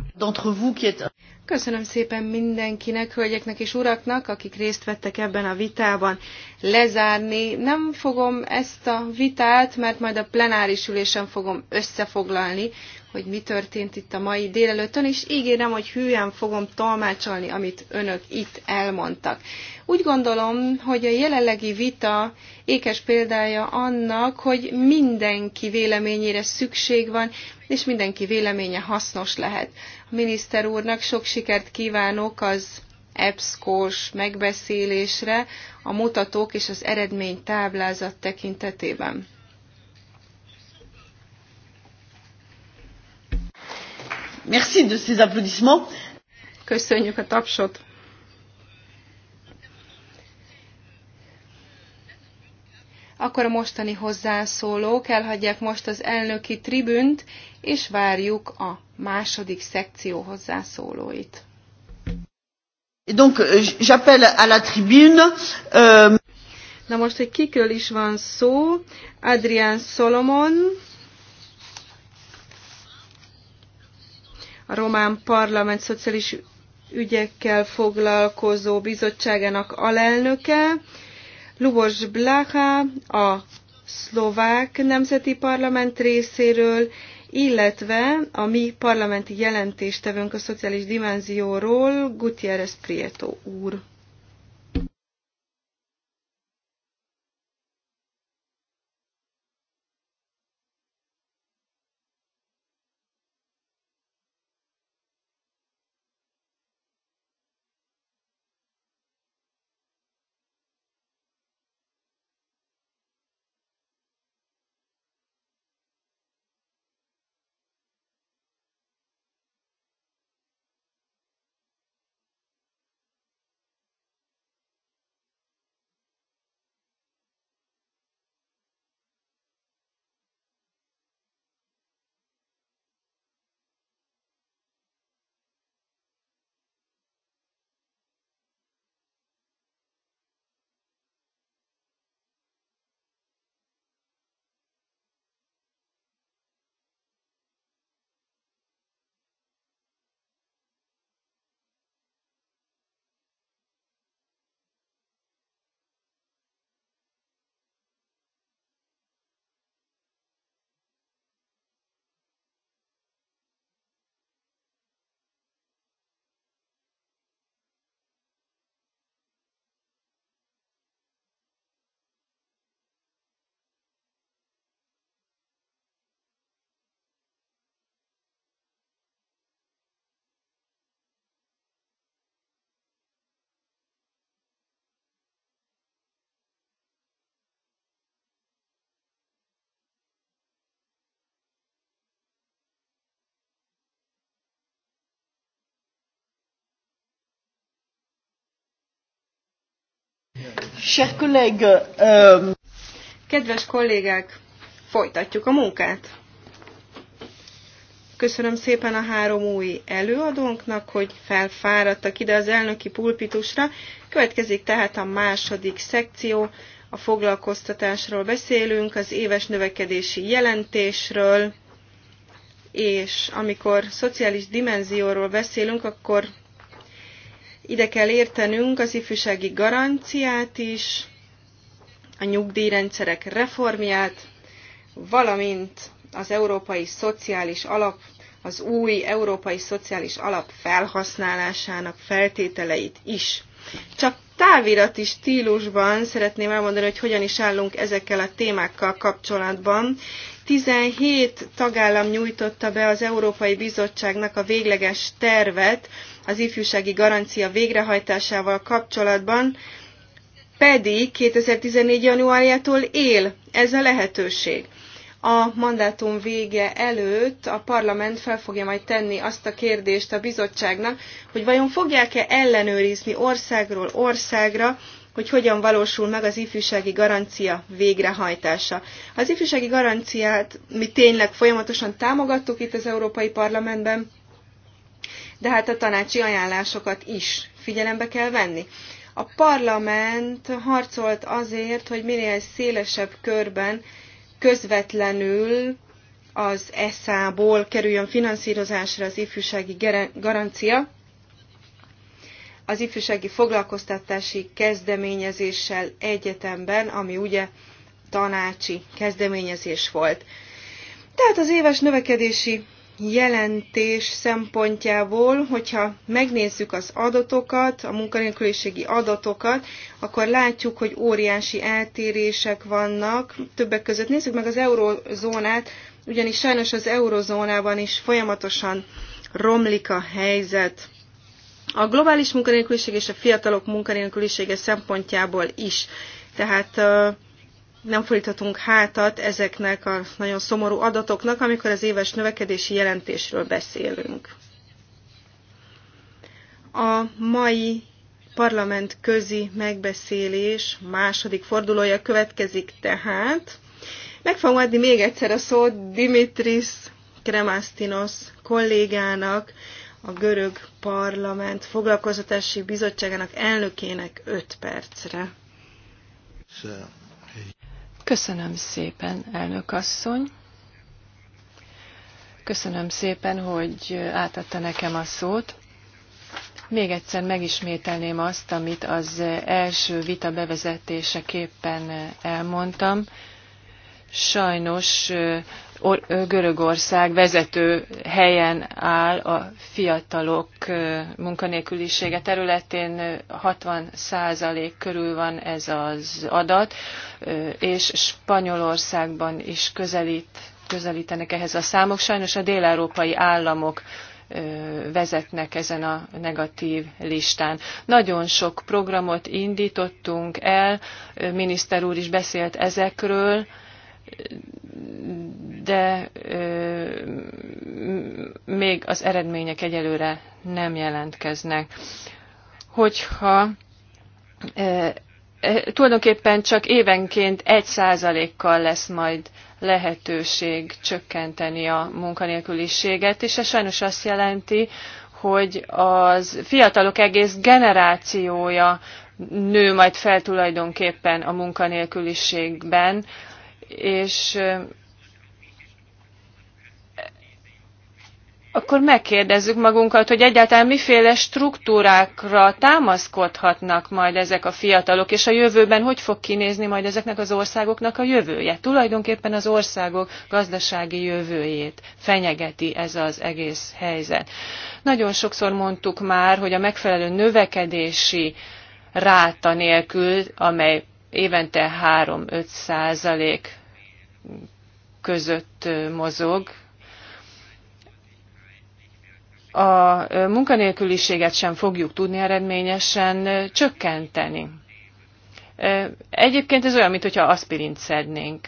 Köszönöm szépen mindenkinek, hölgyeknek és uraknak, akik részt vettek ebben a vitában lezárni. Nem fogom ezt a vitát, mert majd a plenáris ülésen fogom összefoglalni, hogy mi történt itt a mai délelőttön, és ígérem, hogy hülyen fogom tolmácsolni, amit önök itt elmondtak. Úgy gondolom, hogy a jelenlegi vita ékes példája annak, hogy mindenki véleményére szükség van, és mindenki véleménye hasznos lehet. A miniszter úrnak sok sikert kívánok az EBSZKÓS megbeszélésre a mutatók és az eredmény táblázat tekintetében. Merci de ces applaudissements. Köszönjük a tapsot. Akkor a mostani hozzászólók elhagyják most az elnöki tribünt, és várjuk a második szekció hozzászólóit. Et donc, euh, j'appelle à la tribune. Euh... Na most, hogy kikről is van szó, Adrián Solomon, a Román Parlament Szociális Ügyekkel foglalkozó bizottságának alelnöke, Lubos Blaha a szlovák nemzeti parlament részéről, illetve a mi parlamenti jelentéstevőnk a szociális dimenzióról, Gutierrez Prieto úr. Chers collègues, euh... Kedves kollégák, folytatjuk a munkát. Köszönöm szépen a három új előadónknak, hogy felfáradtak ide az elnöki pulpitusra. Következik tehát a második szekció, a foglalkoztatásról beszélünk, az éves növekedési jelentésről, és amikor szociális dimenzióról beszélünk, akkor ide kell értenünk az ifjúsági garanciát is, a nyugdíjrendszerek reformját, valamint az Európai Szociális Alap, az új Európai Szociális Alap felhasználásának feltételeit is. Csak távirati stílusban szeretném elmondani, hogy hogyan is állunk ezekkel a témákkal kapcsolatban. 17 tagállam nyújtotta be az Európai Bizottságnak a végleges tervet az ifjúsági garancia végrehajtásával kapcsolatban, pedig 2014. januárjától él ez a lehetőség. A mandátum vége előtt a parlament fel fogja majd tenni azt a kérdést a bizottságnak, hogy vajon fogják-e ellenőrizni országról országra, hogy hogyan valósul meg az ifjúsági garancia végrehajtása. Az ifjúsági garanciát mi tényleg folyamatosan támogattuk itt az Európai Parlamentben, de hát a tanácsi ajánlásokat is figyelembe kell venni. A parlament harcolt azért, hogy minél szélesebb körben közvetlenül az ESZA-ból kerüljön finanszírozásra az ifjúsági garancia, az ifjúsági foglalkoztatási kezdeményezéssel egyetemben, ami ugye tanácsi kezdeményezés volt. Tehát az éves növekedési jelentés szempontjából, hogyha megnézzük az adatokat, a munkanélküliségi adatokat, akkor látjuk, hogy óriási eltérések vannak. Többek között nézzük meg az eurozónát, ugyanis sajnos az eurozónában is folyamatosan romlik a helyzet. A globális munkanélküliség és a fiatalok munkanélkülisége szempontjából is. Tehát nem fordíthatunk hátat ezeknek a nagyon szomorú adatoknak, amikor az éves növekedési jelentésről beszélünk. A mai parlament közi megbeszélés második fordulója következik tehát. Meg fogom adni még egyszer a szót Dimitris Kremastinos kollégának, a görög parlament foglalkoztatási bizottságának elnökének 5 percre. Sure. Köszönöm szépen, elnök asszony. Köszönöm szépen, hogy átadta nekem a szót. Még egyszer megismételném azt, amit az első vita bevezetéseképpen elmondtam. Sajnos Görögország vezető helyen áll a fiatalok munkanélkülisége területén, 60 százalék körül van ez az adat, és Spanyolországban is közelít, közelítenek ehhez a számok. Sajnos a déleurópai államok vezetnek ezen a negatív listán. Nagyon sok programot indítottunk el, miniszter úr is beszélt ezekről, de még az eredmények egyelőre nem jelentkeznek. Hogyha tulajdonképpen csak évenként egy százalékkal lesz majd lehetőség csökkenteni a munkanélküliséget, és ez sajnos azt jelenti, hogy az fiatalok egész generációja nő majd fel tulajdonképpen a munkanélküliségben, és akkor megkérdezzük magunkat, hogy egyáltalán miféle struktúrákra támaszkodhatnak majd ezek a fiatalok, és a jövőben hogy fog kinézni majd ezeknek az országoknak a jövője. Tulajdonképpen az országok gazdasági jövőjét fenyegeti ez az egész helyzet. Nagyon sokszor mondtuk már, hogy a megfelelő növekedési ráta nélkül, amely évente 3-5 százalék között mozog. A munkanélküliséget sem fogjuk tudni eredményesen csökkenteni. Egyébként ez olyan, mintha aspirint szednénk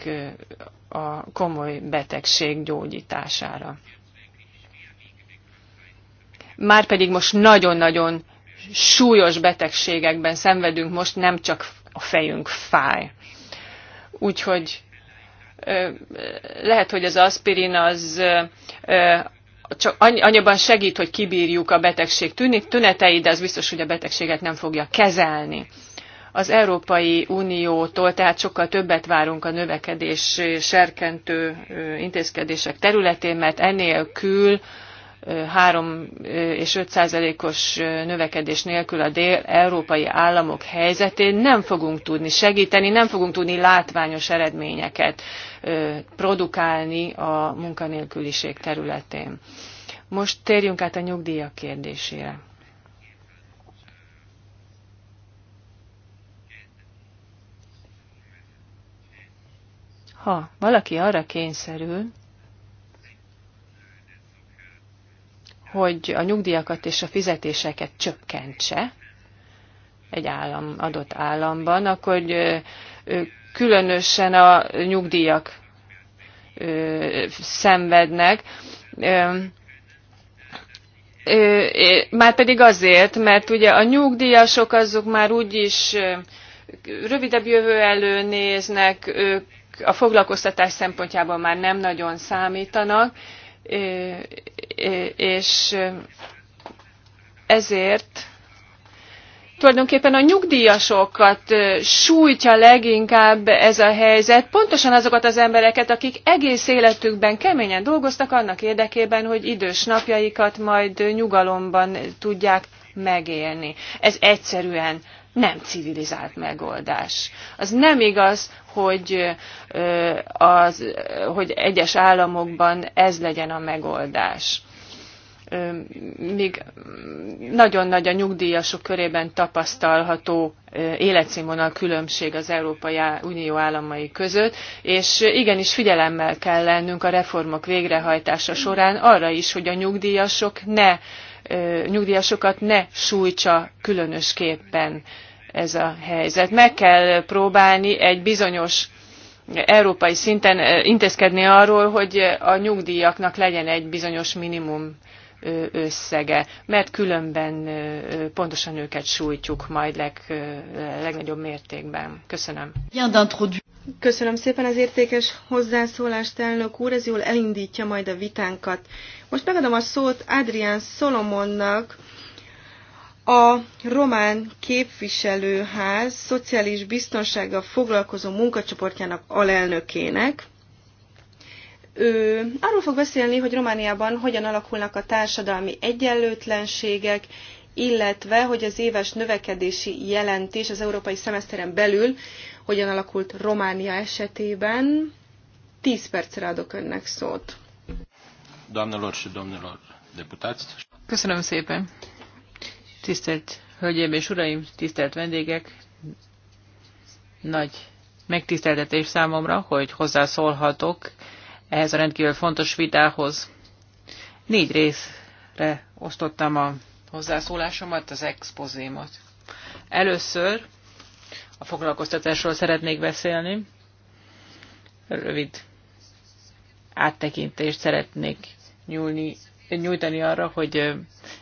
a komoly betegség gyógyítására. Márpedig most nagyon-nagyon súlyos betegségekben szenvedünk, most nem csak a fejünk fáj. Úgyhogy lehet, hogy az aspirin az csak annyiban segít, hogy kibírjuk a betegség tüneteit, de az biztos, hogy a betegséget nem fogja kezelni. Az Európai Uniótól tehát sokkal többet várunk a növekedés serkentő intézkedések területén, mert enélkül 3 és 5 százalékos növekedés nélkül a dél-európai államok helyzetén nem fogunk tudni segíteni, nem fogunk tudni látványos eredményeket produkálni a munkanélküliség területén. Most térjünk át a nyugdíjak kérdésére. Ha valaki arra kényszerül, hogy a nyugdíjakat és a fizetéseket csökkentse egy állam, adott államban, akkor különösen a nyugdíjak szenvednek. Már pedig azért, mert ugye a nyugdíjasok azok már úgyis rövidebb jövő elő néznek, ők a foglalkoztatás szempontjából már nem nagyon számítanak, és ezért tulajdonképpen a nyugdíjasokat sújtja leginkább ez a helyzet, pontosan azokat az embereket, akik egész életükben keményen dolgoztak annak érdekében, hogy idős napjaikat majd nyugalomban tudják megélni. Ez egyszerűen nem civilizált megoldás. Az nem igaz, hogy, az, hogy egyes államokban ez legyen a megoldás még nagyon nagy a nyugdíjasok körében tapasztalható életszínvonal különbség az Európai Unió államai között, és igenis figyelemmel kell lennünk a reformok végrehajtása során arra is, hogy a nyugdíjasok ne nyugdíjasokat ne sújtsa különösképpen ez a helyzet. Meg kell próbálni egy bizonyos európai szinten intézkedni arról, hogy a nyugdíjaknak legyen egy bizonyos minimum összege, mert különben pontosan őket sújtjuk majd leg, legnagyobb mértékben. Köszönöm. Köszönöm szépen az értékes hozzászólást, elnök úr, ez jól elindítja majd a vitánkat. Most megadom a szót Adrián Szolomonnak, a román képviselőház szociális biztonsággal foglalkozó munkacsoportjának alelnökének ő arról fog beszélni, hogy Romániában hogyan alakulnak a társadalmi egyenlőtlenségek, illetve hogy az éves növekedési jelentés az európai szemeszteren belül hogyan alakult Románia esetében. Tíz percre adok önnek szót. Domnilor, și domnilor Köszönöm szépen. Tisztelt Hölgyeim és Uraim, tisztelt vendégek, nagy megtiszteltetés számomra, hogy hozzászólhatok ehhez a rendkívül fontos vitához. Négy részre osztottam a hozzászólásomat, az expozémat. Először a foglalkoztatásról szeretnék beszélni. Rövid áttekintést szeretnék nyúlni nyújtani arra, hogy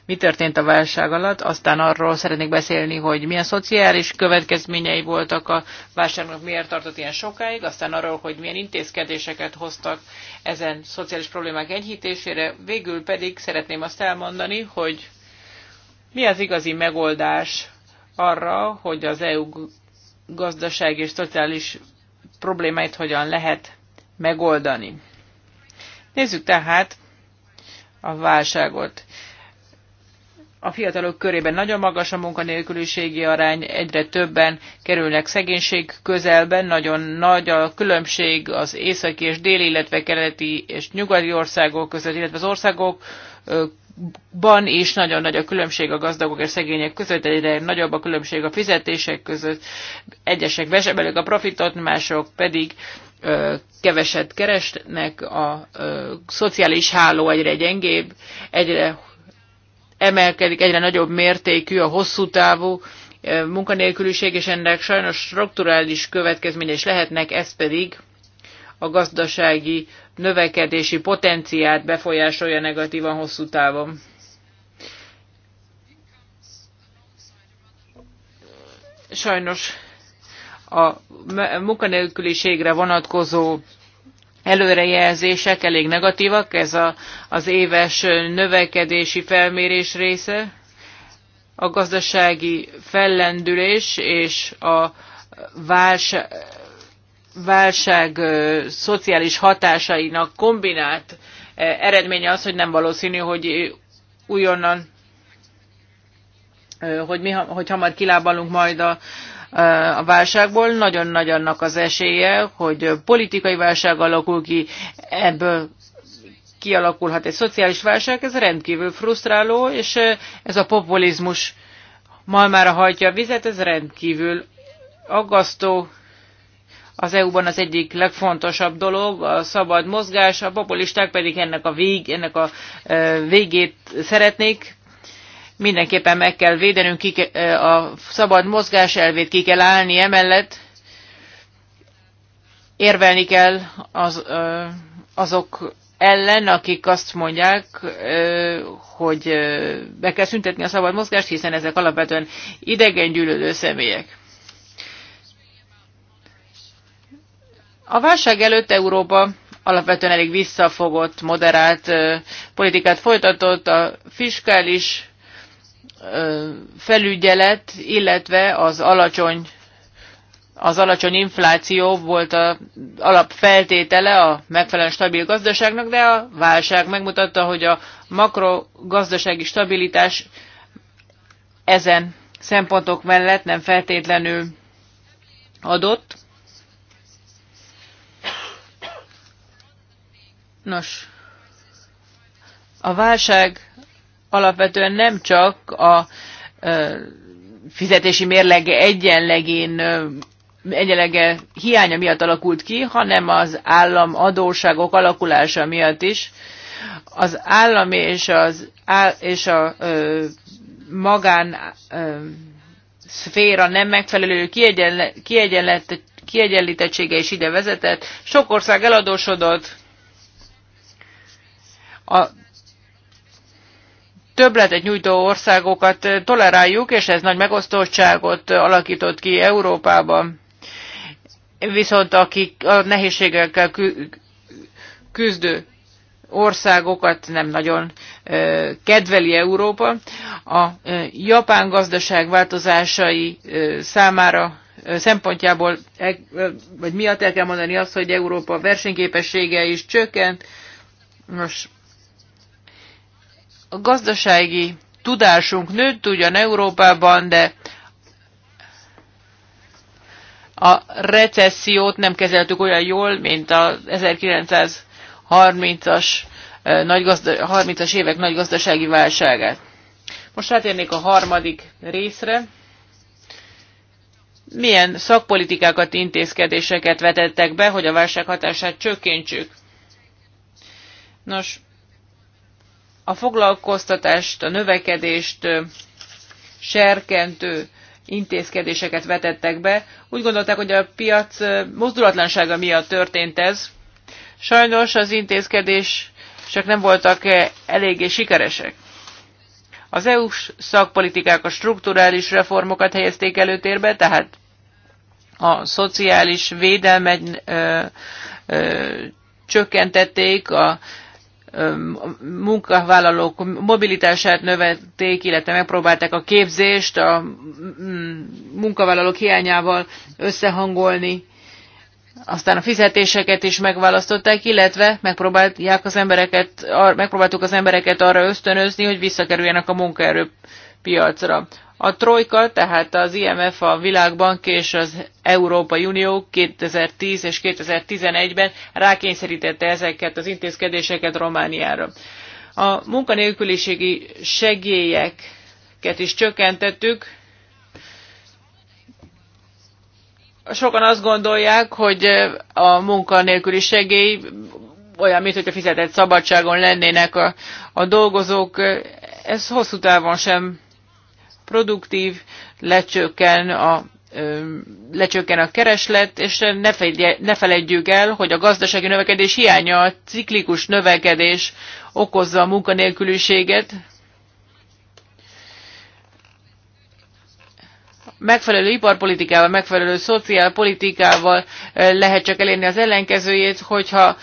mi történt a válság alatt, aztán arról szeretnék beszélni, hogy milyen szociális következményei voltak a válságnak, miért tartott ilyen sokáig, aztán arról, hogy milyen intézkedéseket hoztak ezen szociális problémák enyhítésére, végül pedig szeretném azt elmondani, hogy mi az igazi megoldás arra, hogy az EU gazdaság és szociális problémáit hogyan lehet megoldani. Nézzük tehát a válságot. A fiatalok körében nagyon magas a munkanélküliségi arány, egyre többen kerülnek szegénység közelben, nagyon nagy a különbség az északi és déli, illetve keleti és nyugati országok között, illetve az országok ban és nagyon nagy a különbség a gazdagok és szegények között, egyre nagyobb a különbség a fizetések között, egyesek vesebelők a profitot, mások pedig ö, keveset keresnek, a ö, szociális háló egyre gyengébb, egyre emelkedik, egyre nagyobb mértékű a hosszú távú ö, munkanélküliség, és ennek sajnos strukturális következménye is lehetnek, ez pedig a gazdasági növekedési potenciát befolyásolja negatívan hosszú távon. Sajnos a munkanélküliségre vonatkozó előrejelzések elég negatívak, ez a, az éves növekedési felmérés része. A gazdasági fellendülés és a válság, válság szociális hatásainak kombinált eredménye az, hogy nem valószínű, hogy újonnan, hogy, mi, hogy hamar kilábalunk majd a, a válságból. Nagyon nagy annak az esélye, hogy politikai válság alakul ki, ebből kialakulhat egy szociális válság, ez rendkívül frusztráló, és ez a populizmus malmára hajtja a vizet, ez rendkívül aggasztó az EU-ban az egyik legfontosabb dolog, a szabad mozgás, a populisták pedig ennek a, vég, ennek a végét szeretnék. Mindenképpen meg kell védenünk, ki, a szabad mozgás elvét ki kell állni emellett, érvelni kell az, azok ellen, akik azt mondják, hogy be kell szüntetni a szabad mozgást, hiszen ezek alapvetően idegen gyűlölő személyek. A válság előtt Európa alapvetően elég visszafogott, moderált politikát folytatott, a fiskális felügyelet, illetve az alacsony az alacsony infláció volt az alapfeltétele a megfelelően stabil gazdaságnak, de a válság megmutatta, hogy a makrogazdasági stabilitás ezen szempontok mellett nem feltétlenül adott. Nos, a válság alapvetően nem csak a fizetési mérlege egyenlegén egyenlege hiánya miatt alakult ki, hanem az állam adóságok alakulása miatt is. Az állam és, az, és a ö, magán ö, szféra nem megfelelő kiegyenlítettsége is ide vezetett. Sok ország eladósodott, a többletet nyújtó országokat eh, toleráljuk, és ez nagy megosztottságot alakított ki Európában. Viszont akik a nehézségekkel küzdő országokat nem nagyon eh, kedveli Európa. A eh, japán gazdaság változásai számára szempontjából, e-, vagy miatt el kell mondani azt, hogy Európa versenyképessége is csökkent. Most a gazdasági tudásunk nőtt ugyan Európában, de a recessziót nem kezeltük olyan jól, mint a 1930-as 30 évek nagy gazdasági válságát. Most átérnék a harmadik részre. Milyen szakpolitikákat, intézkedéseket vetettek be, hogy a válság hatását csökkentsük? Nos, a foglalkoztatást, a növekedést serkentő intézkedéseket vetettek be. Úgy gondolták, hogy a piac mozdulatlansága miatt történt ez. Sajnos az intézkedés csak nem voltak eléggé sikeresek. Az EU-s szakpolitikák a strukturális reformokat helyezték előtérbe, tehát a szociális védelmet ö, ö, csökkentették, a munkavállalók mobilitását növelték, illetve megpróbálták a képzést a mm, munkavállalók hiányával összehangolni. Aztán a fizetéseket is megválasztották, illetve megpróbálták az embereket, megpróbáltuk az embereket arra ösztönözni, hogy visszakerüljenek a munkaerőpiacra. A trojka, tehát az IMF, a Világbank és az Európai Unió 2010 és 2011-ben rákényszerítette ezeket az intézkedéseket Romániára. A munkanélküliségi segélyeket is csökkentettük. Sokan azt gondolják, hogy a munkanélküli segély olyan, mint hogy a fizetett szabadságon lennének a, a dolgozók. Ez hosszú távon sem produktív, lecsökken a lecsökken a kereslet, és ne, fegye, ne feledjük el, hogy a gazdasági növekedés hiánya, a ciklikus növekedés okozza a munkanélküliséget. Megfelelő iparpolitikával, megfelelő szociálpolitikával lehet csak elérni az ellenkezőjét, hogyha,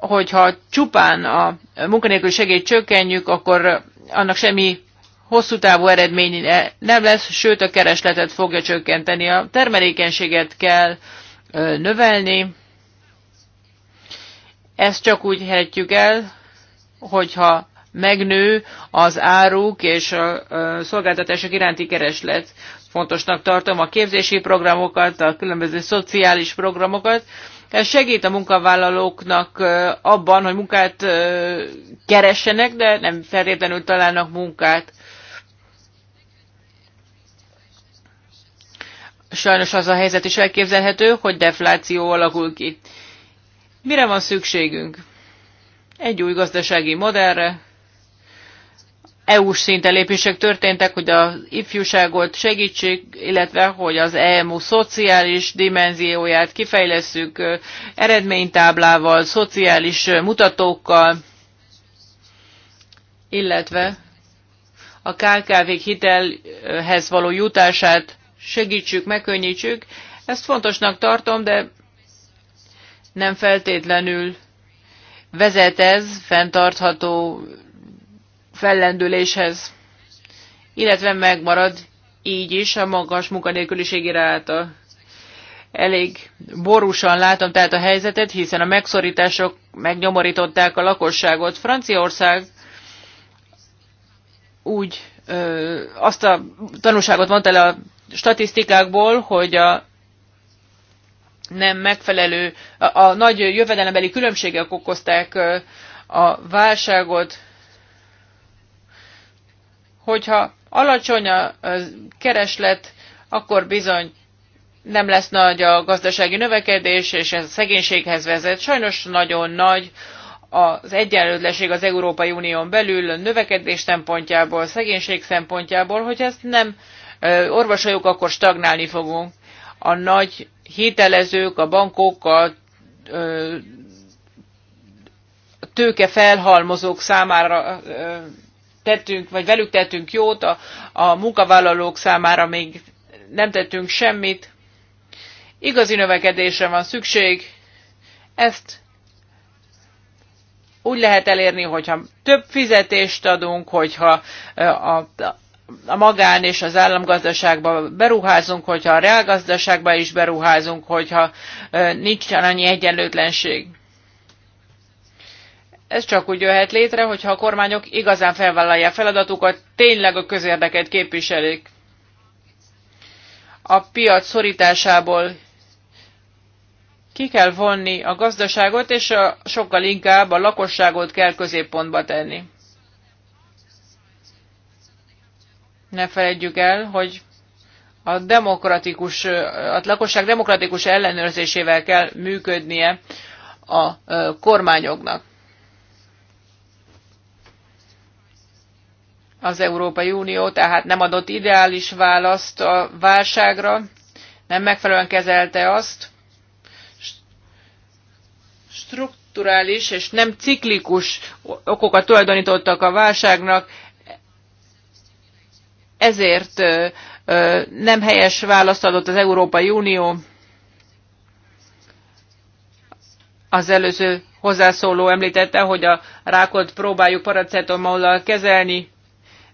hogyha csupán a munkanélküliségét csökkenjük, akkor annak semmi hosszú távú eredmény eh, nem lesz, sőt a keresletet fogja csökkenteni. A termelékenységet kell növelni. Ezt csak úgy hetjük el, hogyha megnő az áruk és a szolgáltatások iránti kereslet. Fontosnak tartom a képzési programokat, a különböző szociális programokat. Ez segít a munkavállalóknak abban, hogy munkát keressenek, de nem feltétlenül találnak munkát. sajnos az a helyzet is elképzelhető, hogy defláció alakul ki. Mire van szükségünk? Egy új gazdasági modellre. EU-s szinten lépések történtek, hogy az ifjúságot segítsük, illetve hogy az EMU szociális dimenzióját kifejlesszük eredménytáblával, szociális mutatókkal, illetve a KKV-k hitelhez való jutását segítsük, megkönnyítsük. Ezt fontosnak tartom, de nem feltétlenül vezet ez fenntartható fellendüléshez, illetve megmarad így is a magas munkanélküliség iráta. Elég borúsan látom tehát a helyzetet, hiszen a megszorítások megnyomorították a lakosságot. Franciaország úgy ö, azt a tanúságot mondta le a statisztikákból, hogy a nem megfelelő, a, a nagy jövedelembeli különbségek okozták a válságot, hogyha alacsony a kereslet, akkor bizony nem lesz nagy a gazdasági növekedés, és ez a szegénységhez vezet. Sajnos nagyon nagy az egyenlőtlenség az Európai Unión belül növekedés szempontjából, szegénység szempontjából, hogy ezt nem orvosoljuk, akkor stagnálni fogunk. A nagy hitelezők, a bankok, a tőke felhalmozók számára tettünk, vagy velük tettünk jót, a, a munkavállalók számára még nem tettünk semmit. Igazi növekedésre van szükség. Ezt úgy lehet elérni, hogyha több fizetést adunk, hogyha a a magán és az államgazdaságba beruházunk, hogyha a reálgazdaságba is beruházunk, hogyha nincs annyi egyenlőtlenség. Ez csak úgy jöhet létre, hogyha a kormányok igazán felvállalják feladatukat, tényleg a közérdeket képviselik. A piac szorításából ki kell vonni a gazdaságot, és a, sokkal inkább a lakosságot kell középpontba tenni. ne feledjük el, hogy a demokratikus, a lakosság demokratikus ellenőrzésével kell működnie a kormányoknak. Az Európai Unió tehát nem adott ideális választ a válságra, nem megfelelően kezelte azt, strukturális és nem ciklikus okokat tulajdonítottak a válságnak, ezért nem helyes választ adott az Európai Unió. Az előző hozzászóló említette, hogy a rákot próbáljuk paracetamollal kezelni,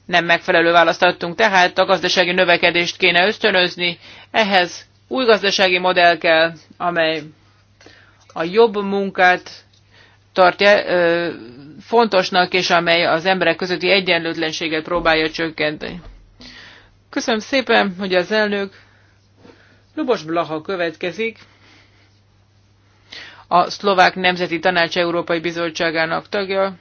nem megfelelő választ adtunk, tehát a gazdasági növekedést kéne ösztönözni, ehhez új gazdasági modell kell, amely a jobb munkát tartja fontosnak, és amely az emberek közötti egyenlőtlenséget próbálja csökkenteni. Köszönöm szépen, hogy az elnök Lubos Blaha következik, a Szlovák Nemzeti Tanács Európai Bizottságának tagja.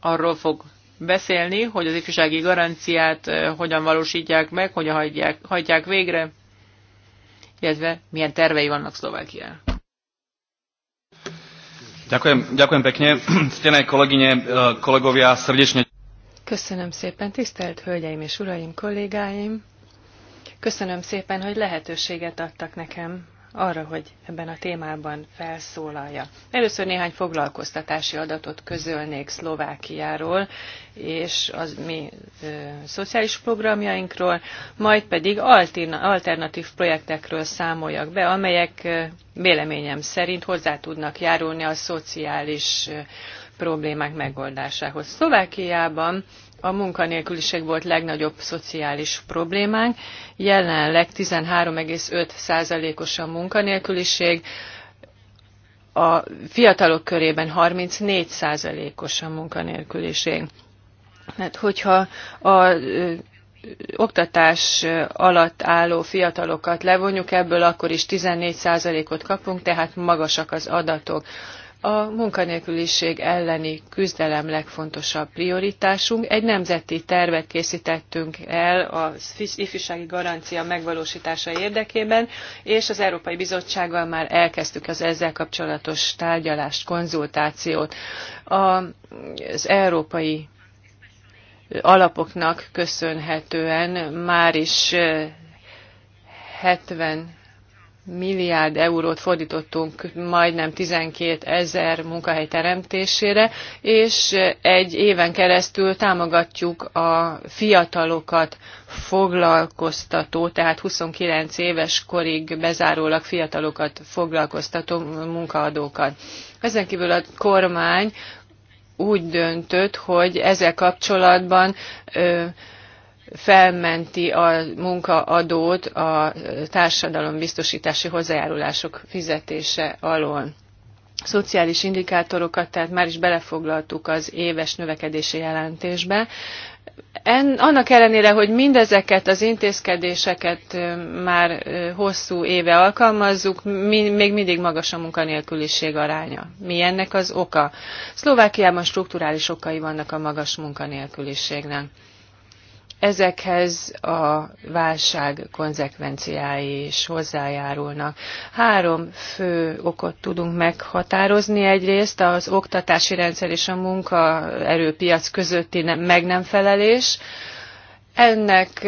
Arról fog beszélni, hogy az ifjúsági garanciát eh, hogyan valósítják meg, hogyan hagyják, hagyják végre, illetve milyen tervei vannak Szlovákiának. Ďakujem, ďakujem pekne. Stené kolegyne, eh, kolegovia, srdečne Köszönöm szépen, tisztelt Hölgyeim és Uraim, kollégáim! Köszönöm szépen, hogy lehetőséget adtak nekem arra, hogy ebben a témában felszólalja. Először néhány foglalkoztatási adatot közölnék Szlovákiáról és az mi ö, szociális programjainkról, majd pedig alternatív projektekről számoljak be, amelyek ö, véleményem szerint hozzá tudnak járulni a szociális ö, problémák megoldásához. Szlovákiában a munkanélküliség volt legnagyobb szociális problémánk, jelenleg 13,5%-os a munkanélküliség, a fiatalok körében 34%-os a munkanélküliség. Hát, hogyha a oktatás alatt álló fiatalokat levonjuk ebből, akkor is 14%-ot kapunk, tehát magasak az adatok a munkanélküliség elleni küzdelem legfontosabb prioritásunk. Egy nemzeti tervet készítettünk el az ifjúsági garancia megvalósítása érdekében, és az Európai Bizottsággal már elkezdtük az ezzel kapcsolatos tárgyalást, konzultációt. Az európai alapoknak köszönhetően már is 70 milliárd eurót fordítottunk majdnem 12 ezer munkahely teremtésére, és egy éven keresztül támogatjuk a fiatalokat foglalkoztató, tehát 29 éves korig bezárólag fiatalokat foglalkoztató munkaadókat. Ezen kívül a kormány úgy döntött, hogy ezzel kapcsolatban ö, felmenti a munkaadót a biztosítási hozzájárulások fizetése alól. Szociális indikátorokat tehát már is belefoglaltuk az éves növekedési jelentésbe. En, annak ellenére, hogy mindezeket az intézkedéseket már hosszú éve alkalmazzuk, mi, még mindig magas a munkanélküliség aránya. Mi ennek az oka? Szlovákiában strukturális okai vannak a magas munkanélküliségnek ezekhez a válság konzekvenciái is hozzájárulnak. Három fő okot tudunk meghatározni. Egyrészt az oktatási rendszer és a munkaerőpiac közötti meg nem felelés. Ennek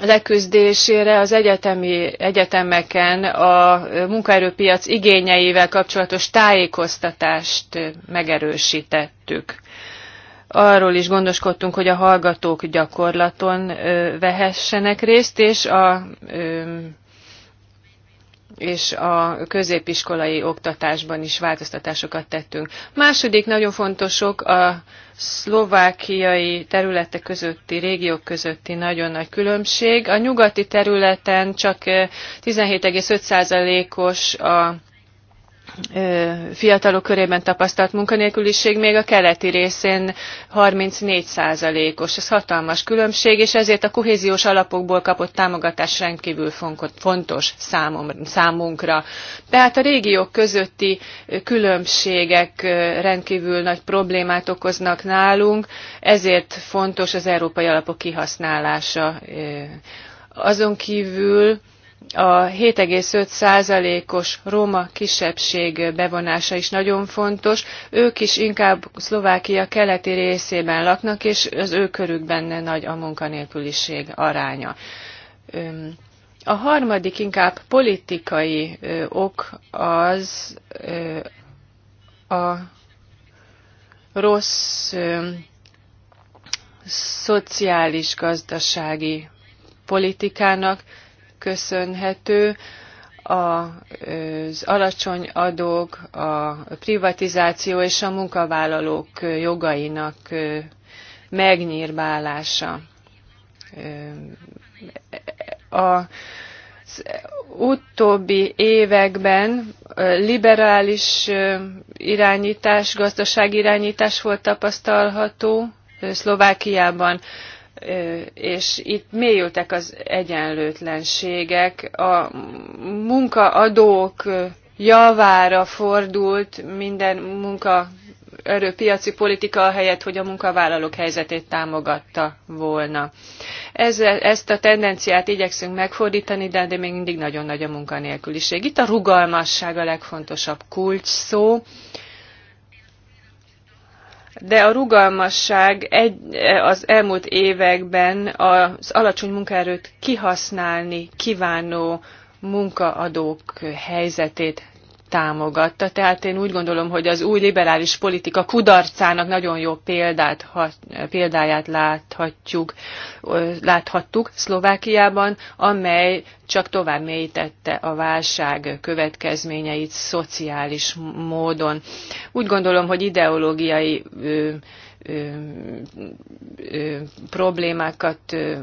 leküzdésére az egyetemi egyetemeken a munkaerőpiac igényeivel kapcsolatos tájékoztatást megerősítettük arról is gondoskodtunk, hogy a hallgatók gyakorlaton vehessenek részt, és a és a középiskolai oktatásban is változtatásokat tettünk. Második nagyon fontosok a szlovákiai területek közötti, régiók közötti nagyon nagy különbség. A nyugati területen csak 17,5%-os a fiatalok körében tapasztalt munkanélküliség még a keleti részén 34 os Ez hatalmas különbség, és ezért a kohéziós alapokból kapott támogatás rendkívül fontos számunkra. Tehát a régiók közötti különbségek rendkívül nagy problémát okoznak nálunk, ezért fontos az európai alapok kihasználása. Azon kívül a 7,5%-os roma kisebbség bevonása is nagyon fontos. Ők is inkább Szlovákia keleti részében laknak, és az ő körükben nagy a munkanélküliség aránya. A harmadik inkább politikai ok az a rossz szociális-gazdasági politikának köszönhető az alacsony adók, a privatizáció és a munkavállalók jogainak megnyírbálása. A utóbbi években liberális irányítás, gazdaságirányítás volt tapasztalható Szlovákiában és itt mélyültek az egyenlőtlenségek. A munkaadók javára fordult minden munka erőpiaci politika helyett, hogy a munkavállalók helyzetét támogatta volna. Ezzel, ezt a tendenciát igyekszünk megfordítani, de, de még mindig nagyon nagy a munkanélküliség. Itt a rugalmasság a legfontosabb kulcs szó de a rugalmasság egy, az elmúlt években az alacsony munkaerőt kihasználni kívánó munkaadók helyzetét támogatta. Tehát én úgy gondolom, hogy az új liberális politika kudarcának nagyon jó példát, hat, példáját láthatjuk, láthattuk Szlovákiában, amely csak tovább mélyítette a válság következményeit szociális módon. Úgy gondolom, hogy ideológiai ö, ö, problémákat ö,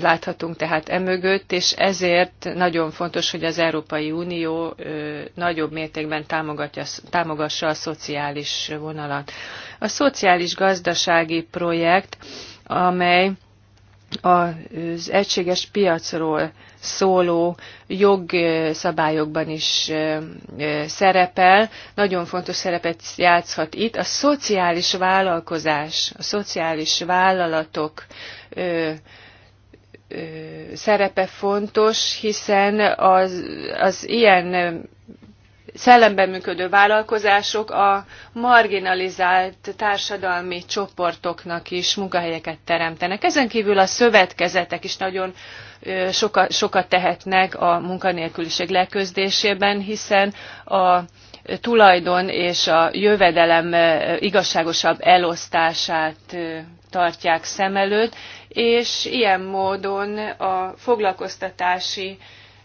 láthatunk tehát emögött, és ezért nagyon fontos, hogy az Európai Unió ö, nagyobb mértékben támogatja, támogassa a szociális vonalat. A szociális gazdasági projekt, amely az egységes piacról szóló jogszabályokban is szerepel. Nagyon fontos szerepet játszhat itt a szociális vállalkozás, a szociális vállalatok szerepe fontos, hiszen az, az ilyen szellemben működő vállalkozások a marginalizált társadalmi csoportoknak is munkahelyeket teremtenek. Ezen kívül a szövetkezetek is nagyon sokat, sokat tehetnek a munkanélküliség leküzdésében, hiszen a tulajdon és a jövedelem igazságosabb elosztását tartják szem előtt, és ilyen módon a foglalkoztatási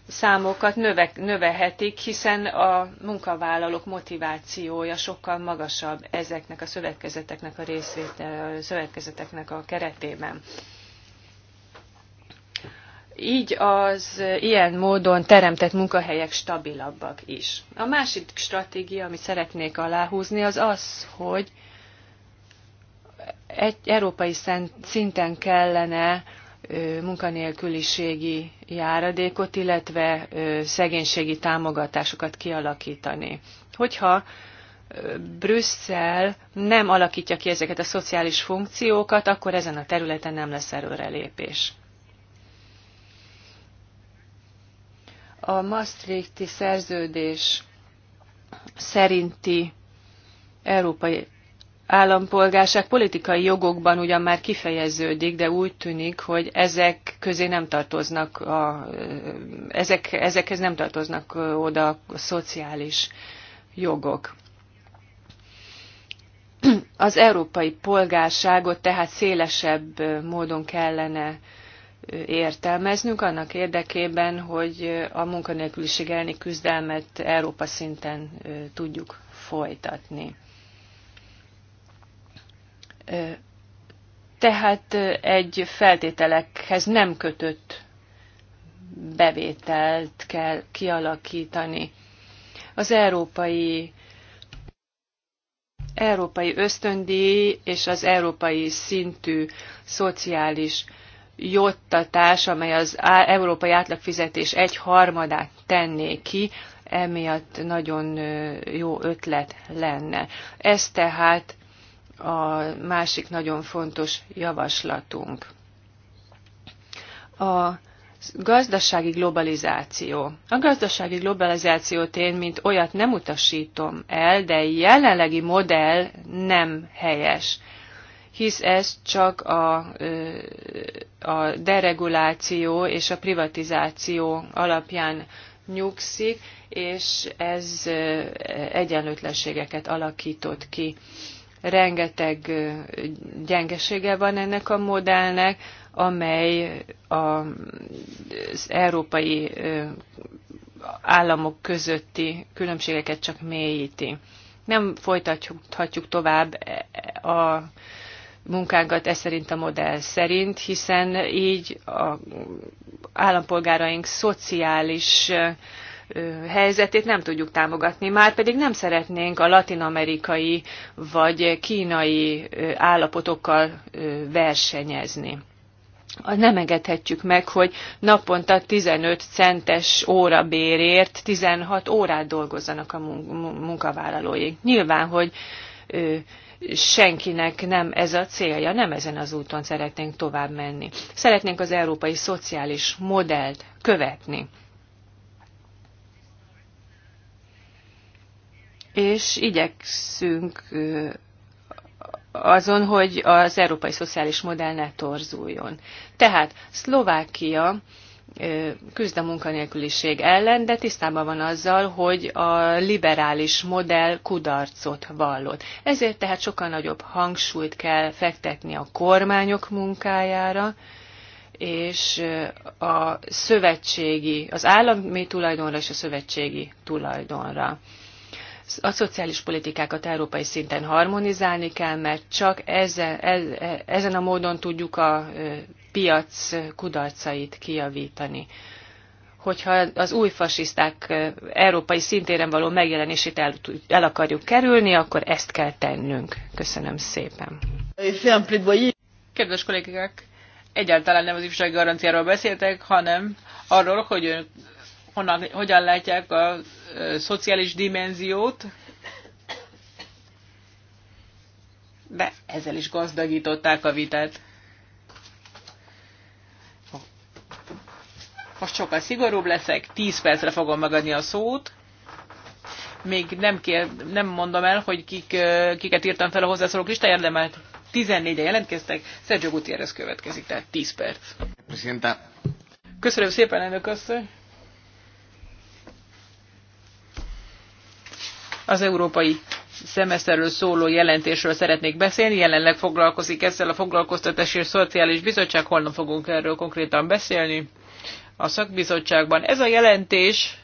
számokat növek, növehetik, hiszen a munkavállalók motivációja sokkal magasabb ezeknek a szövetkezeteknek a részvétel, a szövetkezeteknek a keretében így az ilyen módon teremtett munkahelyek stabilabbak is. A másik stratégia, amit szeretnék aláhúzni, az az, hogy egy európai szinten kellene munkanélküliségi járadékot, illetve szegénységi támogatásokat kialakítani. Hogyha Brüsszel nem alakítja ki ezeket a szociális funkciókat, akkor ezen a területen nem lesz előrelépés. a Maastrichti szerződés szerinti európai állampolgárság politikai jogokban ugyan már kifejeződik, de úgy tűnik, hogy ezek közé nem tartoznak, a, ezek, ezekhez nem tartoznak oda a szociális jogok. Az európai polgárságot tehát szélesebb módon kellene értelmeznünk annak érdekében, hogy a munkanélküliség elleni küzdelmet Európa szinten tudjuk folytatni. Tehát egy feltételekhez nem kötött bevételt kell kialakítani. Az európai európai ösztöndíj és az európai szintű szociális jottatás, amely az európai átlagfizetés egy harmadát tenné ki, emiatt nagyon jó ötlet lenne. Ez tehát a másik nagyon fontos javaslatunk. A gazdasági globalizáció. A gazdasági globalizációt én, mint olyat nem utasítom el, de jelenlegi modell nem helyes hisz ez csak a, a dereguláció és a privatizáció alapján nyugszik, és ez egyenlőtlenségeket alakított ki. Rengeteg gyengesége van ennek a modellnek, amely az európai államok közötti különbségeket csak mélyíti. Nem folytathatjuk tovább e, a munkánkat ez szerint a modell szerint, hiszen így a állampolgáraink szociális helyzetét nem tudjuk támogatni, már pedig nem szeretnénk a latinamerikai vagy kínai állapotokkal versenyezni. Nem engedhetjük meg, hogy naponta 15 centes órabérért 16 órát dolgozzanak a munkavállalóink. Nyilván, hogy senkinek nem ez a célja, nem ezen az úton szeretnénk tovább menni. Szeretnénk az európai szociális modellt követni. És igyekszünk azon, hogy az európai szociális modell ne torzuljon. Tehát Szlovákia küzd a munkanélküliség ellen, de tisztában van azzal, hogy a liberális modell kudarcot vallott. Ezért tehát sokkal nagyobb hangsúlyt kell fektetni a kormányok munkájára, és a szövetségi, az állami tulajdonra és a szövetségi tulajdonra. A szociális politikákat európai szinten harmonizálni kell, mert csak ezen, e, e, ezen a módon tudjuk a piac kudarcait kiavítani, Hogyha az új fasiszták európai szintéren való megjelenését el, el akarjuk kerülni, akkor ezt kell tennünk. Köszönöm szépen. Kedves kollégák, egyáltalán nem az ifjúsági garanciáról beszéltek, hanem arról, hogy ön honnan, hogyan látják a szociális dimenziót, de ezzel is gazdagították a vitát. Most sokkal szigorúbb leszek, 10 percre fogom megadni a szót. Még nem, kér, nem mondom el, hogy kik, kiket írtam fel a hozzászólók listájára, de már 14-en jelentkeztek. Sergio Gutierrez következik, tehát 10 perc. Presidenta. Köszönöm szépen, elnök asszony. Az európai szemeszterről szóló jelentésről szeretnék beszélni. Jelenleg foglalkozik ezzel a foglalkoztatási és szociális bizottság, holnap fogunk erről konkrétan beszélni a szakbizottságban. Ez a jelentés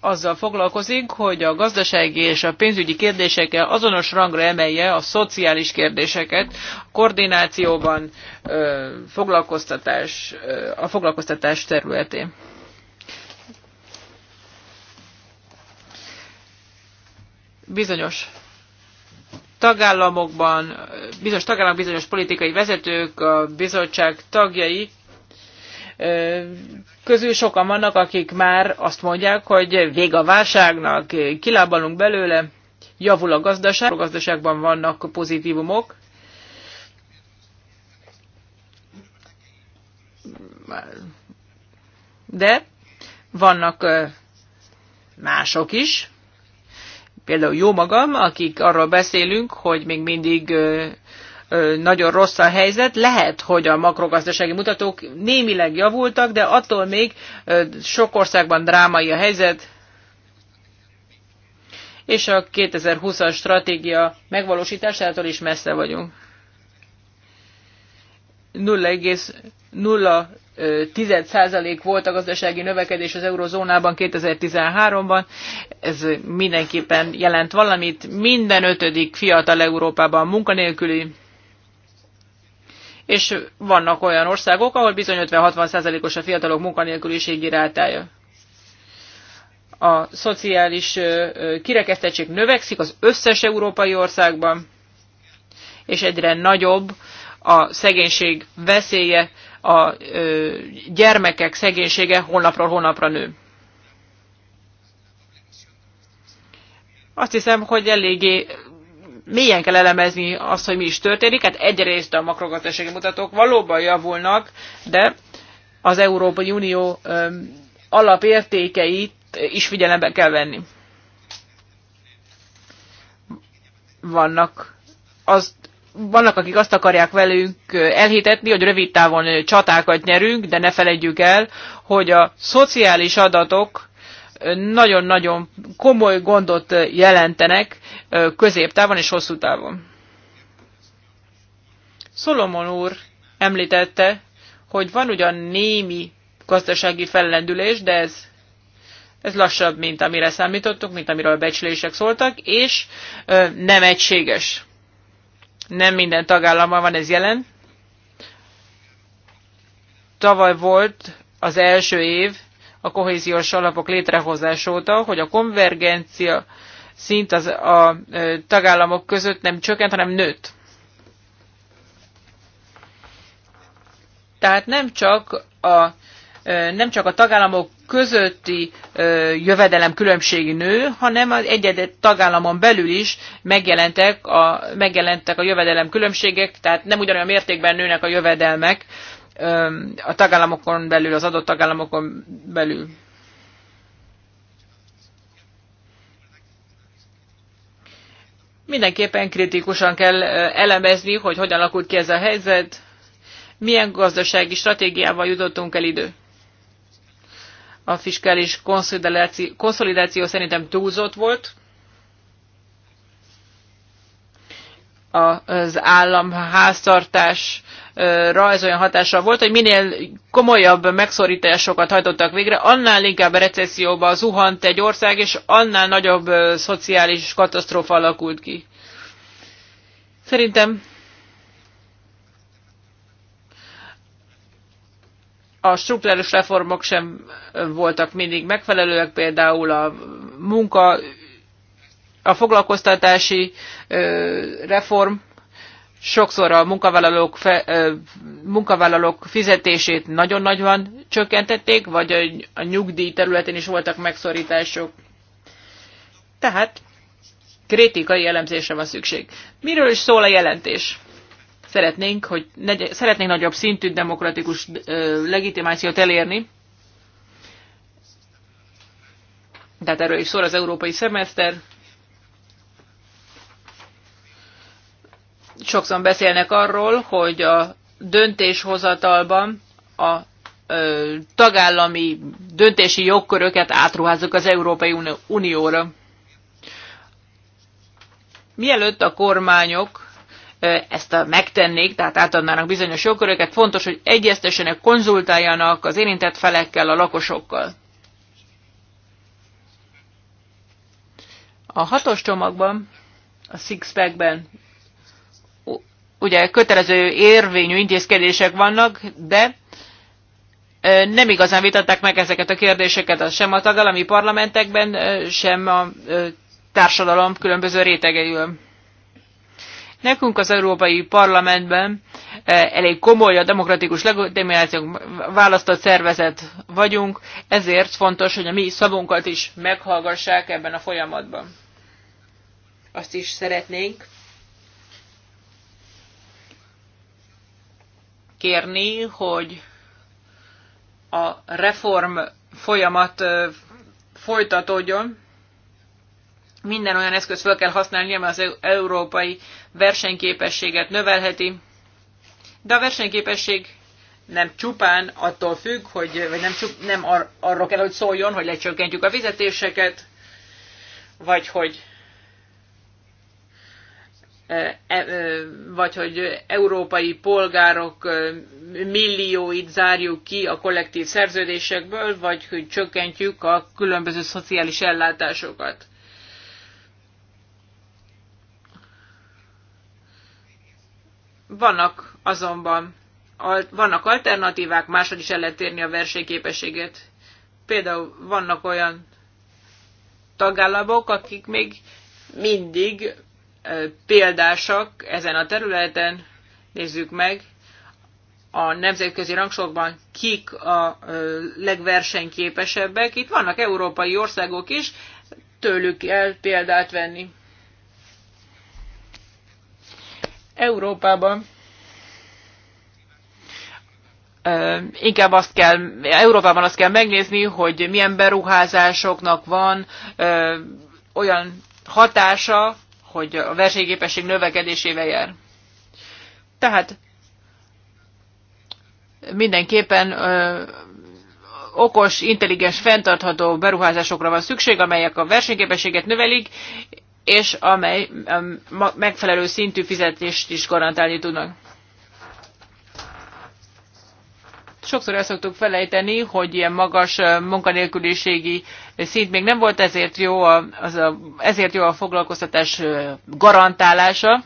azzal foglalkozik, hogy a gazdasági és a pénzügyi kérdésekkel azonos rangra emelje a szociális kérdéseket, a koordinációban ö, foglalkoztatás, ö, a foglalkoztatás területén. Bizonyos tagállamokban, bizonyos tagállam bizonyos politikai vezetők, a bizottság tagjai közül sokan vannak, akik már azt mondják, hogy vég a válságnak, kilábalunk belőle, javul a gazdaság, a gazdaságban vannak pozitívumok. De vannak mások is, például jó magam, akik arról beszélünk, hogy még mindig nagyon rossz a helyzet. Lehet, hogy a makrogazdasági mutatók némileg javultak, de attól még sok országban drámai a helyzet, és a 2020-as stratégia megvalósításától is messze vagyunk. 0,0 volt a gazdasági növekedés az eurozónában 2013-ban. Ez mindenképpen jelent valamit. Minden ötödik fiatal Európában munkanélküli és vannak olyan országok, ahol bizony 50-60%-os a fiatalok munkanélküliségi rátája. A szociális kirekesztettség növekszik az összes európai országban, és egyre nagyobb a szegénység veszélye, a gyermekek szegénysége holnapról holnapra nő. Azt hiszem, hogy eléggé mélyen kell elemezni azt, hogy mi is történik. Hát egyrészt a makrogazdasági mutatók valóban javulnak, de az Európai Unió alapértékeit is figyelembe kell venni. Vannak, az, vannak, akik azt akarják velünk elhitetni, hogy rövid távon csatákat nyerünk, de ne felejtjük el, hogy a szociális adatok nagyon-nagyon komoly gondot jelentenek középtávon és hosszú távon. Szolomon úr említette, hogy van ugyan némi gazdasági fellendülés, de ez, ez lassabb, mint amire számítottuk, mint amiről a becslések szóltak, és ö, nem egységes. Nem minden tagállamban van ez jelen. Tavaly volt az első év, a kohéziós alapok létrehozás óta, hogy a konvergencia szint az, a tagállamok között nem csökkent, hanem nőtt. Tehát nem csak a, nem csak a tagállamok közötti jövedelem különbségi nő, hanem az egyedett tagállamon belül is megjelentek a, megjelentek a jövedelem különbségek, tehát nem ugyanolyan mértékben nőnek a jövedelmek a tagállamokon belül, az adott tagállamokon belül. Mindenképpen kritikusan kell elemezni, hogy hogyan alakult ki ez a helyzet, milyen gazdasági stratégiával jutottunk el idő. A fiskális konszolidáció szerintem túlzott volt, az állam háztartásra ez olyan hatással volt, hogy minél komolyabb megszorításokat hajtottak végre, annál inkább a recesszióba zuhant egy ország, és annál nagyobb szociális katasztrófa alakult ki. Szerintem a strukturális reformok sem voltak mindig megfelelőek, például a munka a foglalkoztatási reform sokszor a munkavállalók, fe, munkavállalók fizetését nagyon nagyban csökkentették, vagy a, nyugdíj területén is voltak megszorítások. Tehát kritikai elemzésre van szükség. Miről is szól a jelentés? Szeretnénk, hogy negy, szeretnénk nagyobb szintű demokratikus legitimációt elérni. Tehát erről is szól az európai szemeszter, sokszor beszélnek arról, hogy a döntéshozatalban a ö, tagállami döntési jogköröket átruházzuk az Európai Unióra. Mielőtt a kormányok ezt a megtennék, tehát átadnának bizonyos jogköröket, fontos, hogy egyeztessenek, konzultáljanak az érintett felekkel, a lakosokkal. A hatos csomagban, a six-packben ugye kötelező érvényű intézkedések vannak, de nem igazán vitatták meg ezeket a kérdéseket sem a tagállami parlamentekben, sem a társadalom különböző rétegeiből. Nekünk az Európai Parlamentben elég komoly a demokratikus legitimációnk választott szervezet vagyunk, ezért fontos, hogy a mi szavunkat is meghallgassák ebben a folyamatban. Azt is szeretnénk, kérni, hogy a reform folyamat folytatódjon. Minden olyan eszköz fel kell használni, ami az európai versenyképességet növelheti. De a versenyképesség nem csupán attól függ, hogy, vagy nem, csup, nem ar, arról kell, hogy szóljon, hogy lecsökkentjük a fizetéseket, vagy hogy E, e, vagy hogy európai polgárok e, millióit zárjuk ki a kollektív szerződésekből, vagy hogy csökkentjük a különböző szociális ellátásokat. Vannak azonban vannak alternatívák, máshogy is el lehet érni a versenyképességet. Például vannak olyan tagállamok, akik még mindig példásak ezen a területen. Nézzük meg a nemzetközi rangsorban kik a legversenyképesebbek. Itt vannak európai országok is, tőlük el példát venni. Európában inkább azt kell, Európában azt kell megnézni, hogy milyen beruházásoknak van olyan hatása, hogy a versenyképesség növekedésével jár. Tehát mindenképpen ö, okos, intelligens, fenntartható beruházásokra van szükség, amelyek a versenyképességet növelik, és amely megfelelő szintű fizetést is garantálni tudnak. Sokszor el szoktuk felejteni, hogy ilyen magas munkanélküliségi szint még nem volt, ezért jó a, az a, ezért jó a foglalkoztatás garantálása.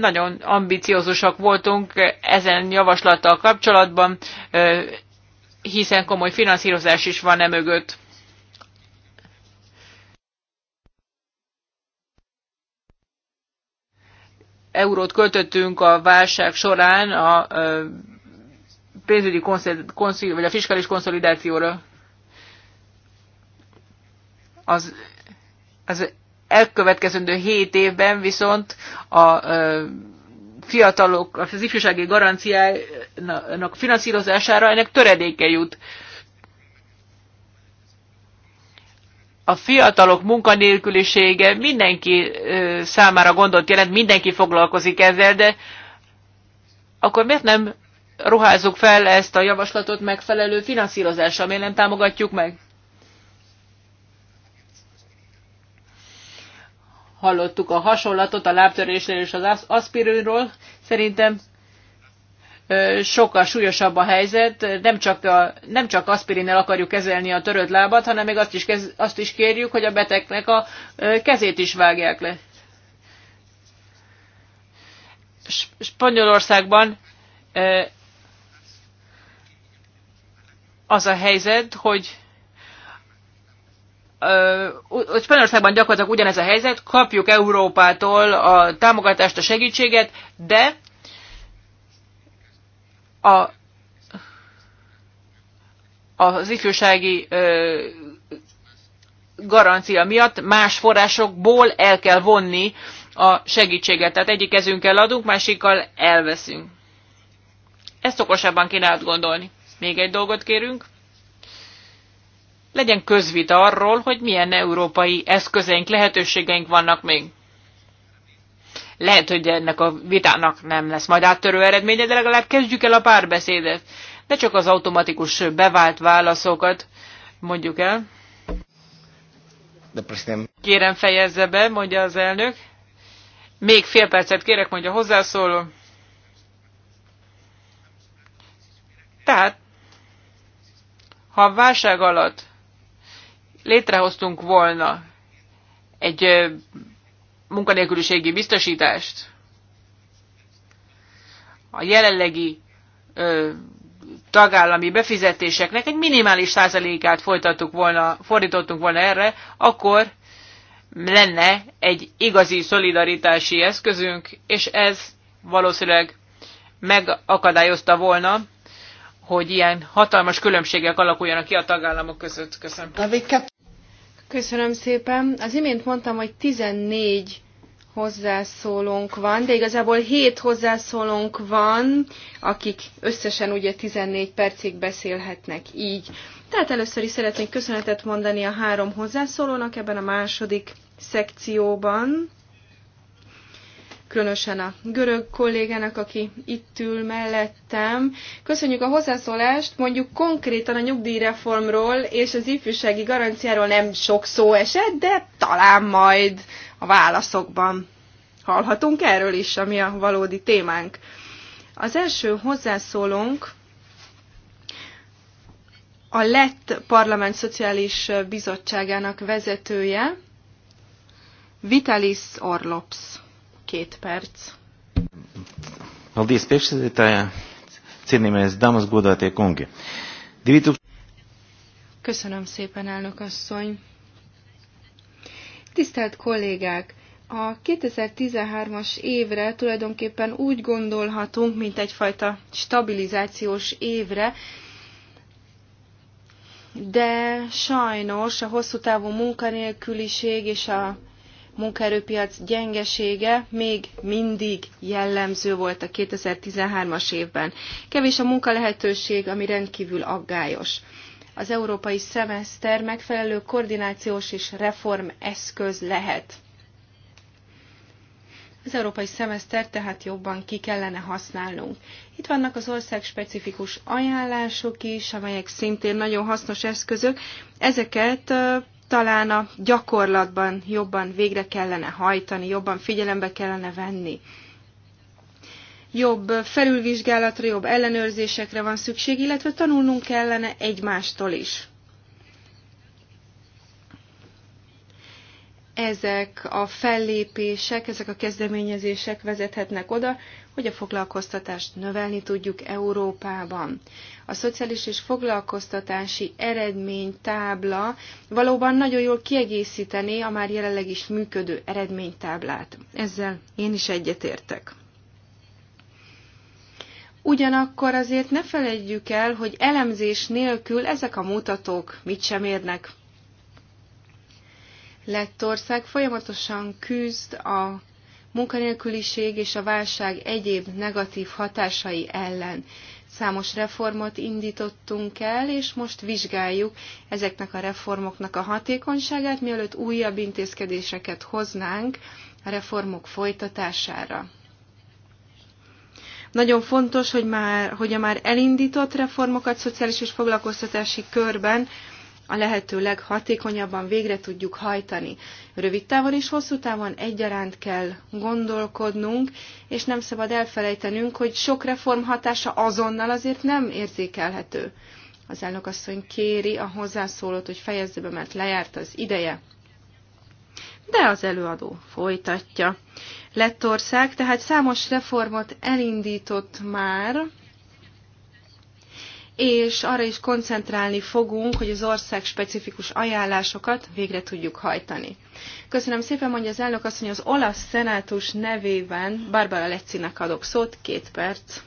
Nagyon ambiciózusak voltunk ezen javaslattal kapcsolatban, hiszen komoly finanszírozás is van emögött. mögött. eurót költöttünk a válság során a pénzügyi konszol, vagy a fiskális konszolidációra. Az, az elkövetkezendő 7 évben viszont a fiatalok, az ifjúsági garanciának finanszírozására ennek töredéke jut. a fiatalok munkanélkülisége mindenki számára gondot jelent, mindenki foglalkozik ezzel, de akkor miért nem ruházzuk fel ezt a javaslatot megfelelő finanszírozással, miért nem támogatjuk meg? Hallottuk a hasonlatot a lábtörésről és az aspirinról. Szerintem sokkal súlyosabb a helyzet, nem csak, a, nem csak aspirinnel akarjuk kezelni a törött lábat, hanem még azt is, kez, azt is kérjük, hogy a betegnek a kezét is vágják le. Spanyolországban az a helyzet, hogy hogy Spanyolországban gyakorlatilag ugyanez a helyzet, kapjuk Európától a támogatást, a segítséget, de a, az ifjúsági ö, garancia miatt más forrásokból el kell vonni a segítséget. Tehát egyik kezünkkel adunk, másikkal elveszünk. Ezt okosabban kéne átgondolni. Még egy dolgot kérünk. Legyen közvita arról, hogy milyen európai eszközeink, lehetőségeink vannak még. Lehet, hogy ennek a vitának nem lesz majd áttörő eredménye, de legalább kezdjük el a párbeszédet. Ne csak az automatikus bevált válaszokat mondjuk el. Kérem fejezze be, mondja az elnök. Még fél percet kérek, mondja hozzászóló. Tehát, ha a válság alatt létrehoztunk volna egy munkanélküliségi biztosítást, a jelenlegi ö, tagállami befizetéseknek egy minimális százalékát folytattuk volna, fordítottunk volna erre, akkor lenne egy igazi szolidaritási eszközünk, és ez valószínűleg megakadályozta volna, hogy ilyen hatalmas különbségek alakuljanak ki a tagállamok között. Köszönöm. Köszönöm szépen. Az imént mondtam, hogy 14 hozzászólónk van, de igazából 7 hozzászólónk van, akik összesen ugye 14 percig beszélhetnek így. Tehát először is szeretnék köszönetet mondani a három hozzászólónak ebben a második szekcióban különösen a görög kollégának, aki itt ül mellettem. Köszönjük a hozzászólást, mondjuk konkrétan a nyugdíjreformról és az ifjúsági garanciáról nem sok szó esett, de talán majd a válaszokban hallhatunk erről is, ami a valódi témánk. Az első hozzászólónk a lett parlament szociális bizottságának vezetője, Vitalis Orlops két perc. Paldies, priekšsēdētāja, cienījamies damas, godātie kungi. Köszönöm szépen, elnök asszony. Tisztelt kollégák, a 2013-as évre tulajdonképpen úgy gondolhatunk, mint egyfajta stabilizációs évre, de sajnos a hosszú távú munkanélküliség és a munkaerőpiac gyengesége még mindig jellemző volt a 2013-as évben. Kevés a munkalehetőség, ami rendkívül aggályos. Az európai szemeszter megfelelő koordinációs és reformeszköz lehet. Az európai szemeszter tehát jobban ki kellene használnunk. Itt vannak az ország specifikus ajánlások is, amelyek szintén nagyon hasznos eszközök. Ezeket talán a gyakorlatban jobban végre kellene hajtani, jobban figyelembe kellene venni. Jobb felülvizsgálatra, jobb ellenőrzésekre van szükség, illetve tanulnunk kellene egymástól is. ezek a fellépések, ezek a kezdeményezések vezethetnek oda, hogy a foglalkoztatást növelni tudjuk Európában. A szociális és foglalkoztatási eredménytábla valóban nagyon jól kiegészítené a már jelenleg is működő eredménytáblát. Ezzel én is egyetértek. Ugyanakkor azért ne felejtjük el, hogy elemzés nélkül ezek a mutatók mit sem érnek. Lettország folyamatosan küzd a munkanélküliség és a válság egyéb negatív hatásai ellen. Számos reformot indítottunk el, és most vizsgáljuk ezeknek a reformoknak a hatékonyságát, mielőtt újabb intézkedéseket hoznánk a reformok folytatására. Nagyon fontos, hogy, már, hogy a már elindított reformokat szociális és foglalkoztatási körben a lehető leghatékonyabban végre tudjuk hajtani. Rövid távon és hosszú távon egyaránt kell gondolkodnunk, és nem szabad elfelejtenünk, hogy sok reform hatása azonnal azért nem érzékelhető. Az elnökasszony kéri a hozzászólót, hogy fejezze be, mert lejárt az ideje. De az előadó folytatja. Lettország tehát számos reformot elindított már, és arra is koncentrálni fogunk, hogy az ország specifikus ajánlásokat végre tudjuk hajtani. Köszönöm szépen, mondja az elnök asszony, az olasz szenátus nevében Barbara Lecinek adok szót, két perc.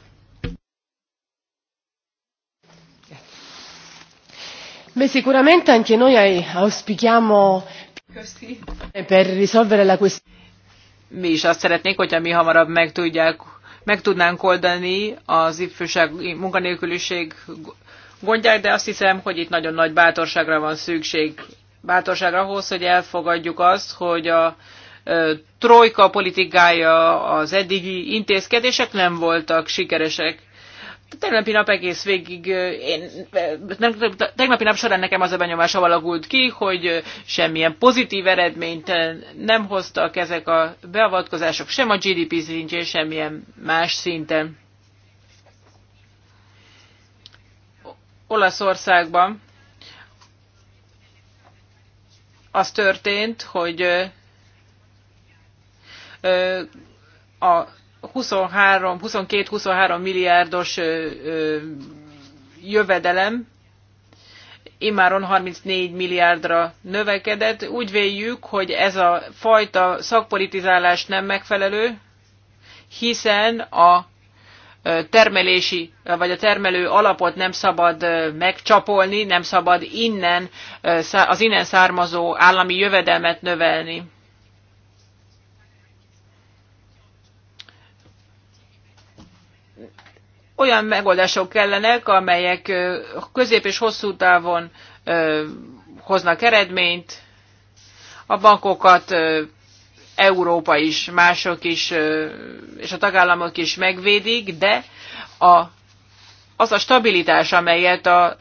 Beh, sicuramente anche noi auspichiamo per risolvere la questione. Mi is azt szeretnék, hogyha mi hamarabb meg tudják meg tudnánk oldani az ifjúsági munkanélküliség gondját, de azt hiszem, hogy itt nagyon nagy bátorságra van szükség. Bátorságra ahhoz, hogy elfogadjuk azt, hogy a trojka politikája, az eddigi intézkedések nem voltak sikeresek tegnapi nap egész végig, én, tegnapi nap során nekem az a benyomás alakult ki, hogy semmilyen pozitív eredményt nem hoztak ezek a beavatkozások, sem a GDP szintjén, semmilyen más szinten. Olaszországban az történt, hogy a 23, 22-23 milliárdos jövedelem immáron 34 milliárdra növekedett. Úgy véljük, hogy ez a fajta szakpolitizálás nem megfelelő, hiszen a termelési, vagy a termelő alapot nem szabad megcsapolni, nem szabad innen, az innen származó állami jövedelmet növelni. olyan megoldások kellenek, amelyek közép és hosszú távon hoznak eredményt. A bankokat Európa is, mások is, és a tagállamok is megvédik, de a, az a stabilitás, amelyet a,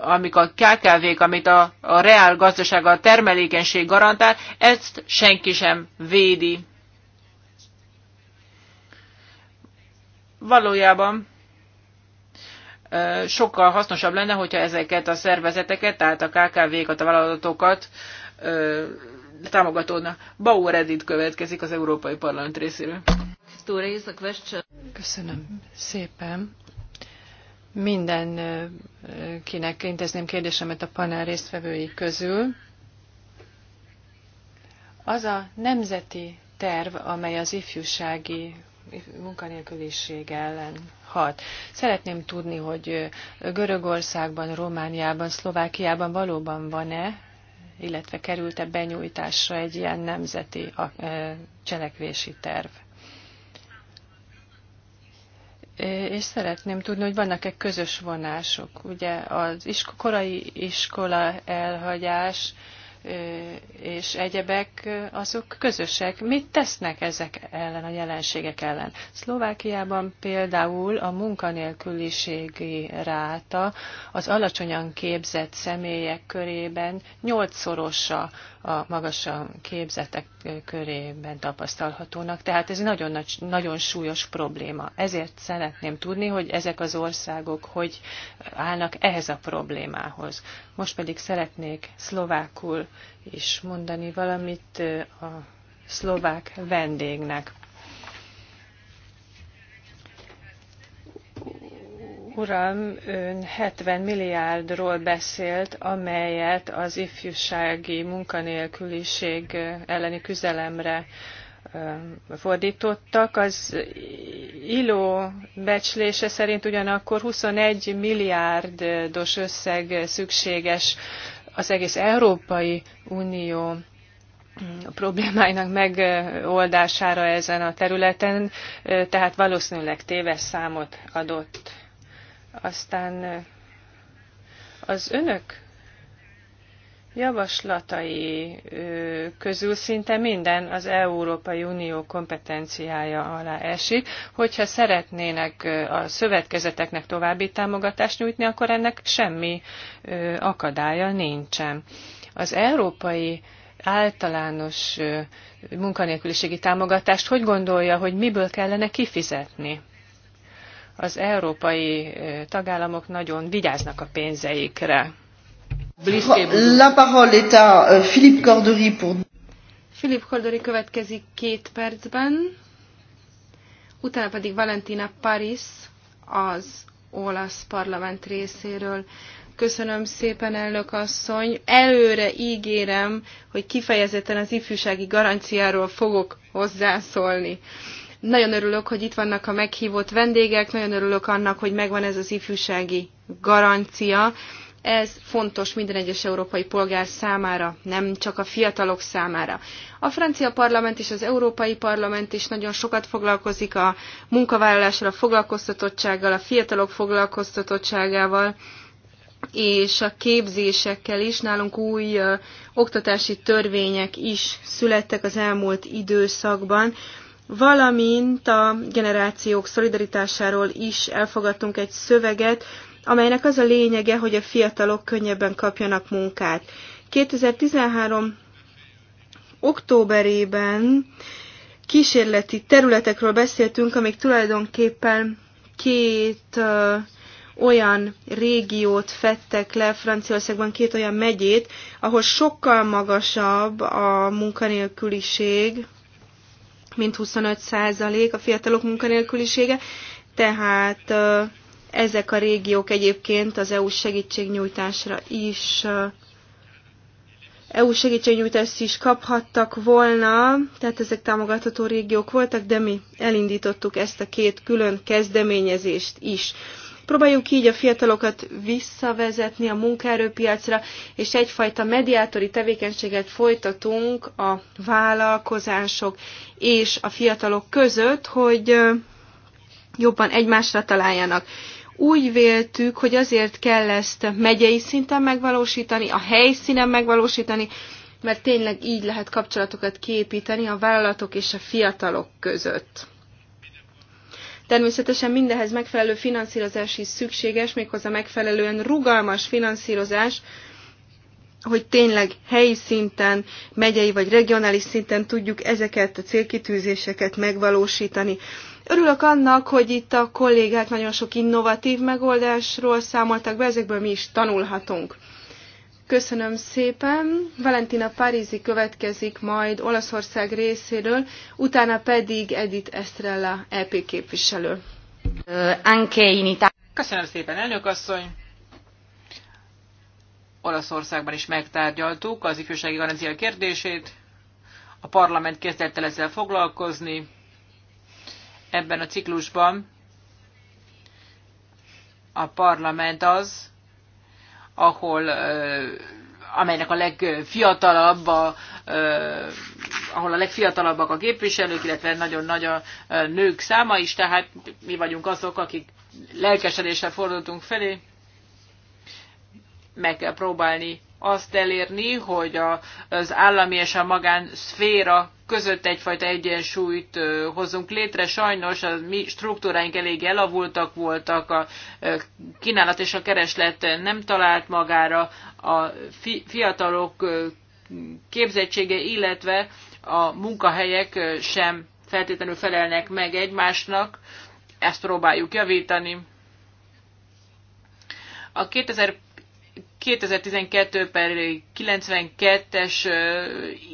amik a KKV-k, amit a, a reál gazdaság, a termelékenység garantál, ezt senki sem védi. Valójában sokkal hasznosabb lenne, hogyha ezeket a szervezeteket, tehát a KKV-kat, a vállalatokat támogatódna. Bauer Edith következik az Európai Parlament részéről. Köszönöm szépen. Minden kinek intézném kérdésemet a panel résztvevői közül. Az a nemzeti terv, amely az ifjúsági munkanélküliség ellen hat. Szeretném tudni, hogy Görögországban, Romániában, Szlovákiában valóban van-e, illetve került-e benyújtásra egy ilyen nemzeti cselekvési terv. És szeretném tudni, hogy vannak-e közös vonások. Ugye az isko- korai iskola elhagyás, és egyebek, azok közösek. Mit tesznek ezek ellen, a jelenségek ellen? Szlovákiában például a munkanélküliségi ráta az alacsonyan képzett személyek körében nyolcszorosa a magasan képzetek körében tapasztalhatónak. Tehát ez egy nagyon, nagy, nagyon súlyos probléma. Ezért szeretném tudni, hogy ezek az országok hogy állnak ehhez a problémához. Most pedig szeretnék szlovákul is mondani valamit a szlovák vendégnek. Uram, ön 70 milliárdról beszélt, amelyet az ifjúsági munkanélküliség elleni küzdelemre fordítottak. Az ILO becslése szerint ugyanakkor 21 milliárdos összeg szükséges az egész Európai Unió mm, problémáinak megoldására ezen a területen, tehát valószínűleg téves számot adott aztán az önök javaslatai közül szinte minden az Európai Unió kompetenciája alá esik. Hogyha szeretnének a szövetkezeteknek további támogatást nyújtni, akkor ennek semmi akadálya nincsen. Az európai általános munkanélküliségi támogatást hogy gondolja, hogy miből kellene kifizetni? az európai tagállamok nagyon vigyáznak a pénzeikre. La parole est à euh, Philippe Cordery pour... Philippe Cordery következik két percben, utána pedig Valentina Paris az olasz parlament részéről. Köszönöm szépen, elnök asszony. Előre ígérem, hogy kifejezetten az ifjúsági garanciáról fogok hozzászólni. Nagyon örülök, hogy itt vannak a meghívott vendégek, nagyon örülök annak, hogy megvan ez az ifjúsági garancia. Ez fontos minden egyes európai polgár számára, nem csak a fiatalok számára. A francia parlament és az európai parlament is nagyon sokat foglalkozik a munkavállalásra a foglalkoztatottsággal, a fiatalok foglalkoztatottságával és a képzésekkel is. Nálunk új ö, oktatási törvények is születtek az elmúlt időszakban, valamint a generációk szolidaritásáról is elfogadtunk egy szöveget, amelynek az a lényege, hogy a fiatalok könnyebben kapjanak munkát. 2013 októberében kísérleti területekről beszéltünk, amik tulajdonképpen két olyan régiót fettek le Franciaországban, két olyan megyét, ahol sokkal magasabb a munkanélküliség, mint 25% százalék a fiatalok munkanélkülisége, tehát ezek a régiók egyébként az EU segítségnyújtásra is EU segítségnyújtást is kaphattak volna, tehát ezek támogatható régiók voltak, de mi elindítottuk ezt a két külön kezdeményezést is. Próbáljuk így a fiatalokat visszavezetni a munkaerőpiacra, és egyfajta mediátori tevékenységet folytatunk a vállalkozások és a fiatalok között, hogy jobban egymásra találjanak úgy véltük, hogy azért kell ezt megyei szinten megvalósítani, a helyszínen megvalósítani, mert tényleg így lehet kapcsolatokat képíteni a vállalatok és a fiatalok között. Természetesen mindehez megfelelő finanszírozás is szükséges, méghozzá megfelelően rugalmas finanszírozás, hogy tényleg helyi szinten, megyei vagy regionális szinten tudjuk ezeket a célkitűzéseket megvalósítani. Örülök annak, hogy itt a kollégák nagyon sok innovatív megoldásról számoltak be, ezekből mi is tanulhatunk. Köszönöm szépen. Valentina Parizi következik majd Olaszország részéről, utána pedig Edith Estrella, EP képviselő. Köszönöm szépen, elnök asszony. Olaszországban is megtárgyaltuk az ifjúsági garancia kérdését. A parlament kezdett el ezzel foglalkozni. Ebben a ciklusban a parlament az, ahol amelynek a legfiatalabb a, ahol a legfiatalabbak a képviselők, illetve nagyon nagy a nők száma is, tehát mi vagyunk azok, akik lelkesedéssel fordultunk felé, meg kell próbálni azt elérni, hogy az állami és a magán szféra között egyfajta egyensúlyt hozunk létre. Sajnos a mi struktúráink elég elavultak voltak, a kínálat és a kereslet nem talált magára, a fiatalok képzettsége, illetve a munkahelyek sem feltétlenül felelnek meg egymásnak, ezt próbáljuk javítani. A 2012 per 92-es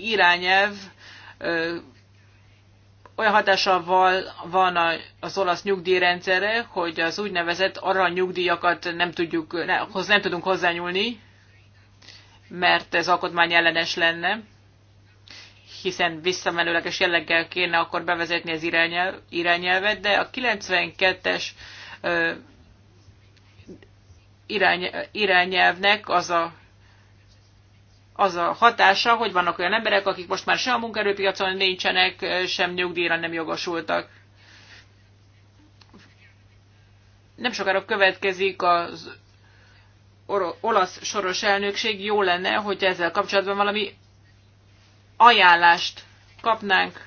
irányelv olyan hatással van az olasz nyugdíjrendszerre, hogy az úgynevezett arany nyugdíjakat nem, tudjuk, ne, hoz nem tudunk hozzányúlni, mert ez alkotmány ellenes lenne, hiszen visszamenőleges jelleggel kéne akkor bevezetni az irányel, irányelvet, de a 92-es irány, irányelvnek az a az a hatása, hogy vannak olyan emberek, akik most már sem a munkaerőpiacon nincsenek, sem nyugdíjra nem jogosultak. Nem sokára következik az olasz soros elnökség, jó lenne, hogy ezzel kapcsolatban valami ajánlást kapnánk.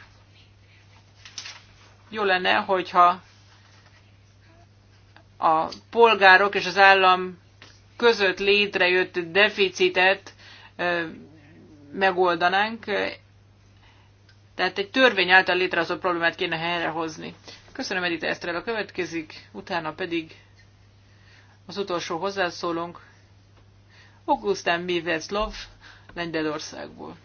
Jó lenne, hogyha a polgárok és az állam között létrejött deficitet megoldanánk. Tehát egy törvény által létrehozott problémát kéne helyrehozni. Köszönöm Edith a következik, utána pedig az utolsó hozzászólónk, Augustin Miveszlov, Lengyelországból.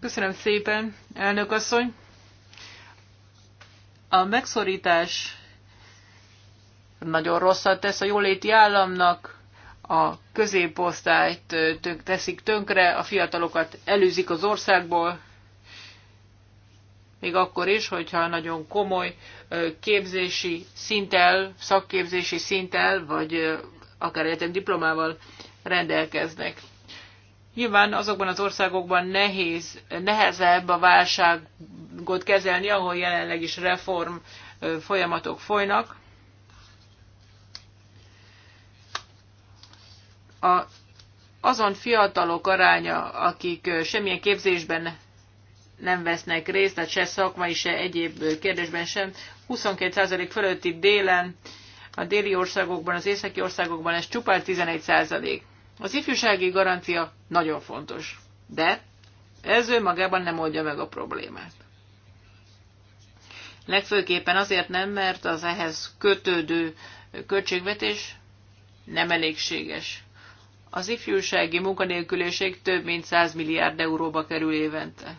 Köszönöm szépen, elnök asszony. A megszorítás nagyon rosszat tesz a jóléti államnak, a középosztályt teszik tönkre, a fiatalokat elűzik az országból, még akkor is, hogyha nagyon komoly képzési szinttel, szakképzési szinttel, vagy akár egyetem diplomával rendelkeznek. Nyilván azokban az országokban nehéz, nehezebb a válságot kezelni, ahol jelenleg is reform folyamatok folynak. a, azon fiatalok aránya, akik semmilyen képzésben nem vesznek részt, tehát se szakmai, se egyéb kérdésben sem, 22% fölötti délen, a déli országokban, az északi országokban ez csupán 11%. Az ifjúsági garancia nagyon fontos, de ez önmagában nem oldja meg a problémát. Legfőképpen azért nem, mert az ehhez kötődő költségvetés nem elégséges. Az ifjúsági munkanélküliség több mint 100 milliárd euróba kerül évente.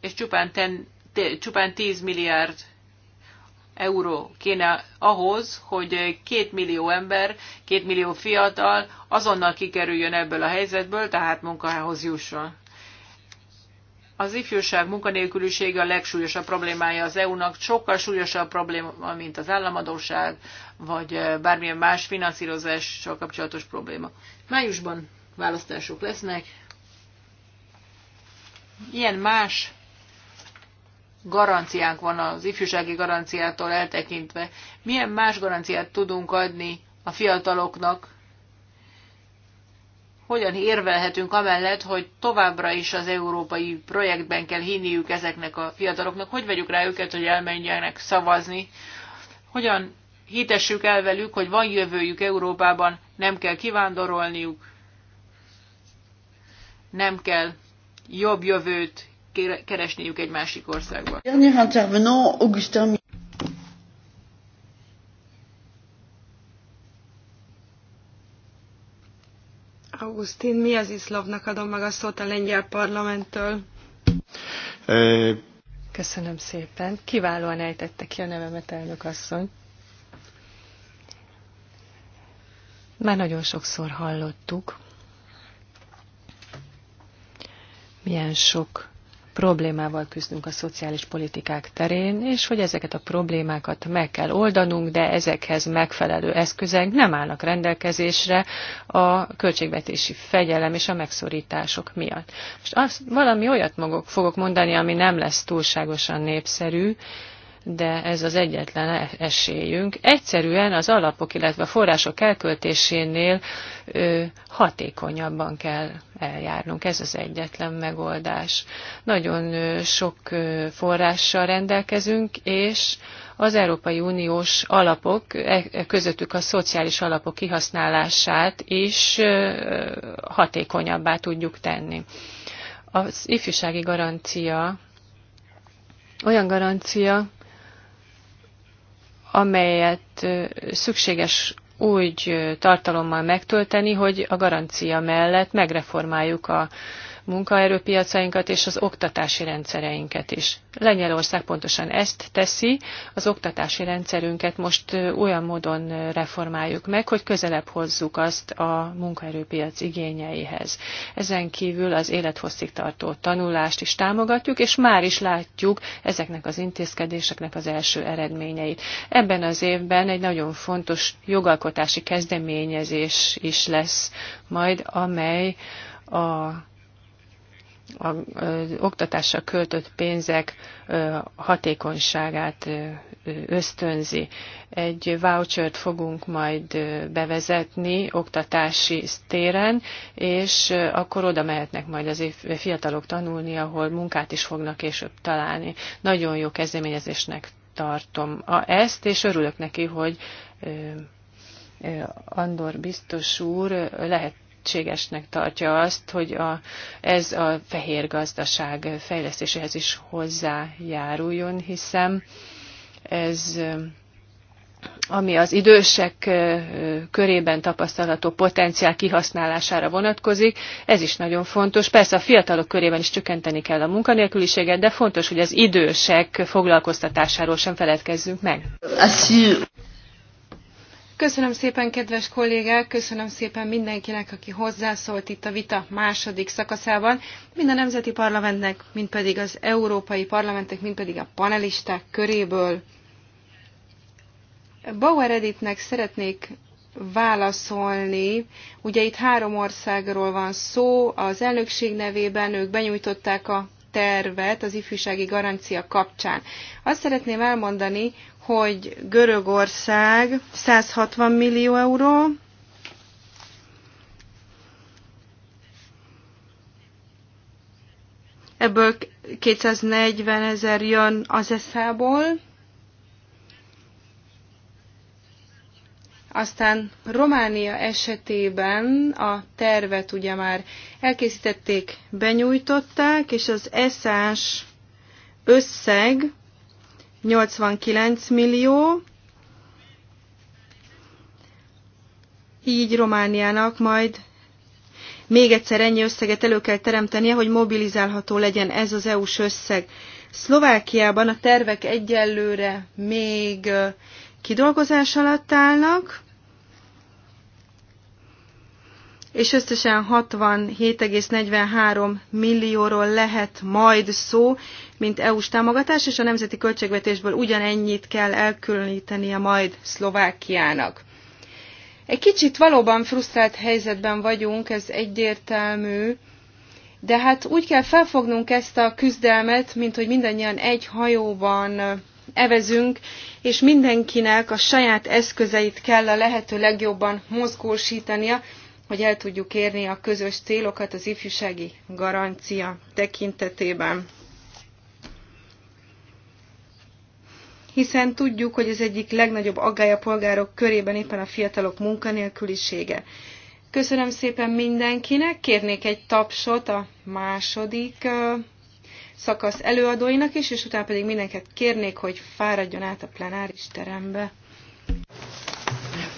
És csupán, ten, te, csupán 10 milliárd euró kéne ahhoz, hogy két millió ember, két millió fiatal azonnal kikerüljön ebből a helyzetből, tehát munkahához jusson. Az ifjúság munkanélkülisége a legsúlyosabb problémája az EU-nak, sokkal súlyosabb probléma, mint az államadóság, vagy bármilyen más finanszírozással kapcsolatos probléma. Májusban választások lesznek. Ilyen más garanciánk van az ifjúsági garanciától eltekintve. Milyen más garanciát tudunk adni a fiataloknak, hogyan érvelhetünk amellett, hogy továbbra is az európai projektben kell hinniük ezeknek a fiataloknak, hogy vegyük rá őket, hogy elmenjenek szavazni, hogyan hitessük el velük, hogy van jövőjük Európában, nem kell kivándorolniuk, nem kell jobb jövőt keresniük egy másik országban. Dernier intervenant, Augustin Augustin, mi az iszlavnak adom meg a szót a lengyel parlamenttől? Köszönöm szépen. Kiválóan ejtette ki a nevemet, elnök asszony. Már nagyon sokszor hallottuk, milyen sok problémával küzdünk a szociális politikák terén, és hogy ezeket a problémákat meg kell oldanunk, de ezekhez megfelelő eszközek nem állnak rendelkezésre a költségvetési fegyelem és a megszorítások miatt. Most azt, valami olyat fogok mondani, ami nem lesz túlságosan népszerű, de ez az egyetlen e- esélyünk. Egyszerűen az alapok, illetve a források elköltésénél ö, hatékonyabban kell eljárnunk. Ez az egyetlen megoldás. Nagyon ö, sok ö, forrással rendelkezünk, és az Európai Uniós alapok, e-, e közöttük a szociális alapok kihasználását is hatékonyabbá tudjuk tenni. Az ifjúsági garancia olyan garancia, amelyet szükséges úgy tartalommal megtölteni, hogy a garancia mellett megreformáljuk a munkaerőpiacainkat és az oktatási rendszereinket is. Lengyelország pontosan ezt teszi, az oktatási rendszerünket most olyan módon reformáljuk meg, hogy közelebb hozzuk azt a munkaerőpiac igényeihez. Ezen kívül az élethosszig tartó tanulást is támogatjuk, és már is látjuk ezeknek az intézkedéseknek az első eredményeit. Ebben az évben egy nagyon fontos jogalkotási kezdeményezés is lesz majd, amely a az oktatásra költött pénzek hatékonyságát ösztönzi. Egy vouchert fogunk majd bevezetni oktatási téren, és akkor oda mehetnek majd az fiatalok tanulni, ahol munkát is fognak később találni. Nagyon jó kezdeményezésnek tartom a ezt, és örülök neki, hogy Andor biztos úr lehet lehetségesnek tartja azt, hogy a, ez a fehér gazdaság fejlesztéséhez is hozzájáruljon, hiszen ez ami az idősek körében tapasztalható potenciál kihasználására vonatkozik, ez is nagyon fontos. Persze a fiatalok körében is csökkenteni kell a munkanélküliséget, de fontos, hogy az idősek foglalkoztatásáról sem feledkezzünk meg. Köszönöm szépen, kedves kollégák, köszönöm szépen mindenkinek, aki hozzászólt itt a vita második szakaszában, mind a nemzeti parlamentnek, mind pedig az európai parlamentek, mind pedig a panelisták köréből. Bauer Editnek szeretnék válaszolni. Ugye itt három országról van szó, az elnökség nevében ők benyújtották a tervet az ifjúsági garancia kapcsán. Azt szeretném elmondani, hogy Görögország 160 millió euró, ebből 240 ezer jön az eszából, Aztán Románia esetében a tervet ugye már elkészítették, benyújtották, és az eszás összeg 89 millió, így Romániának majd még egyszer ennyi összeget elő kell teremtenie, hogy mobilizálható legyen ez az EU-s összeg. Szlovákiában a tervek egyelőre még kidolgozás alatt állnak, és összesen 67,43 millióról lehet majd szó, mint EU-s támogatás, és a nemzeti költségvetésből ugyanennyit kell elkülönítenie majd Szlovákiának. Egy kicsit valóban frusztrált helyzetben vagyunk, ez egyértelmű, de hát úgy kell felfognunk ezt a küzdelmet, mint hogy mindannyian egy hajóban evezünk, és mindenkinek a saját eszközeit kell a lehető legjobban mozgósítania, hogy el tudjuk érni a közös célokat az ifjúsági garancia tekintetében. Hiszen tudjuk, hogy az egyik legnagyobb aggály a polgárok körében éppen a fiatalok munkanélkülisége. Köszönöm szépen mindenkinek, kérnék egy tapsot a második szakasz előadóinak is, és utána pedig mindenket kérnék, hogy fáradjon át a plenáris terembe.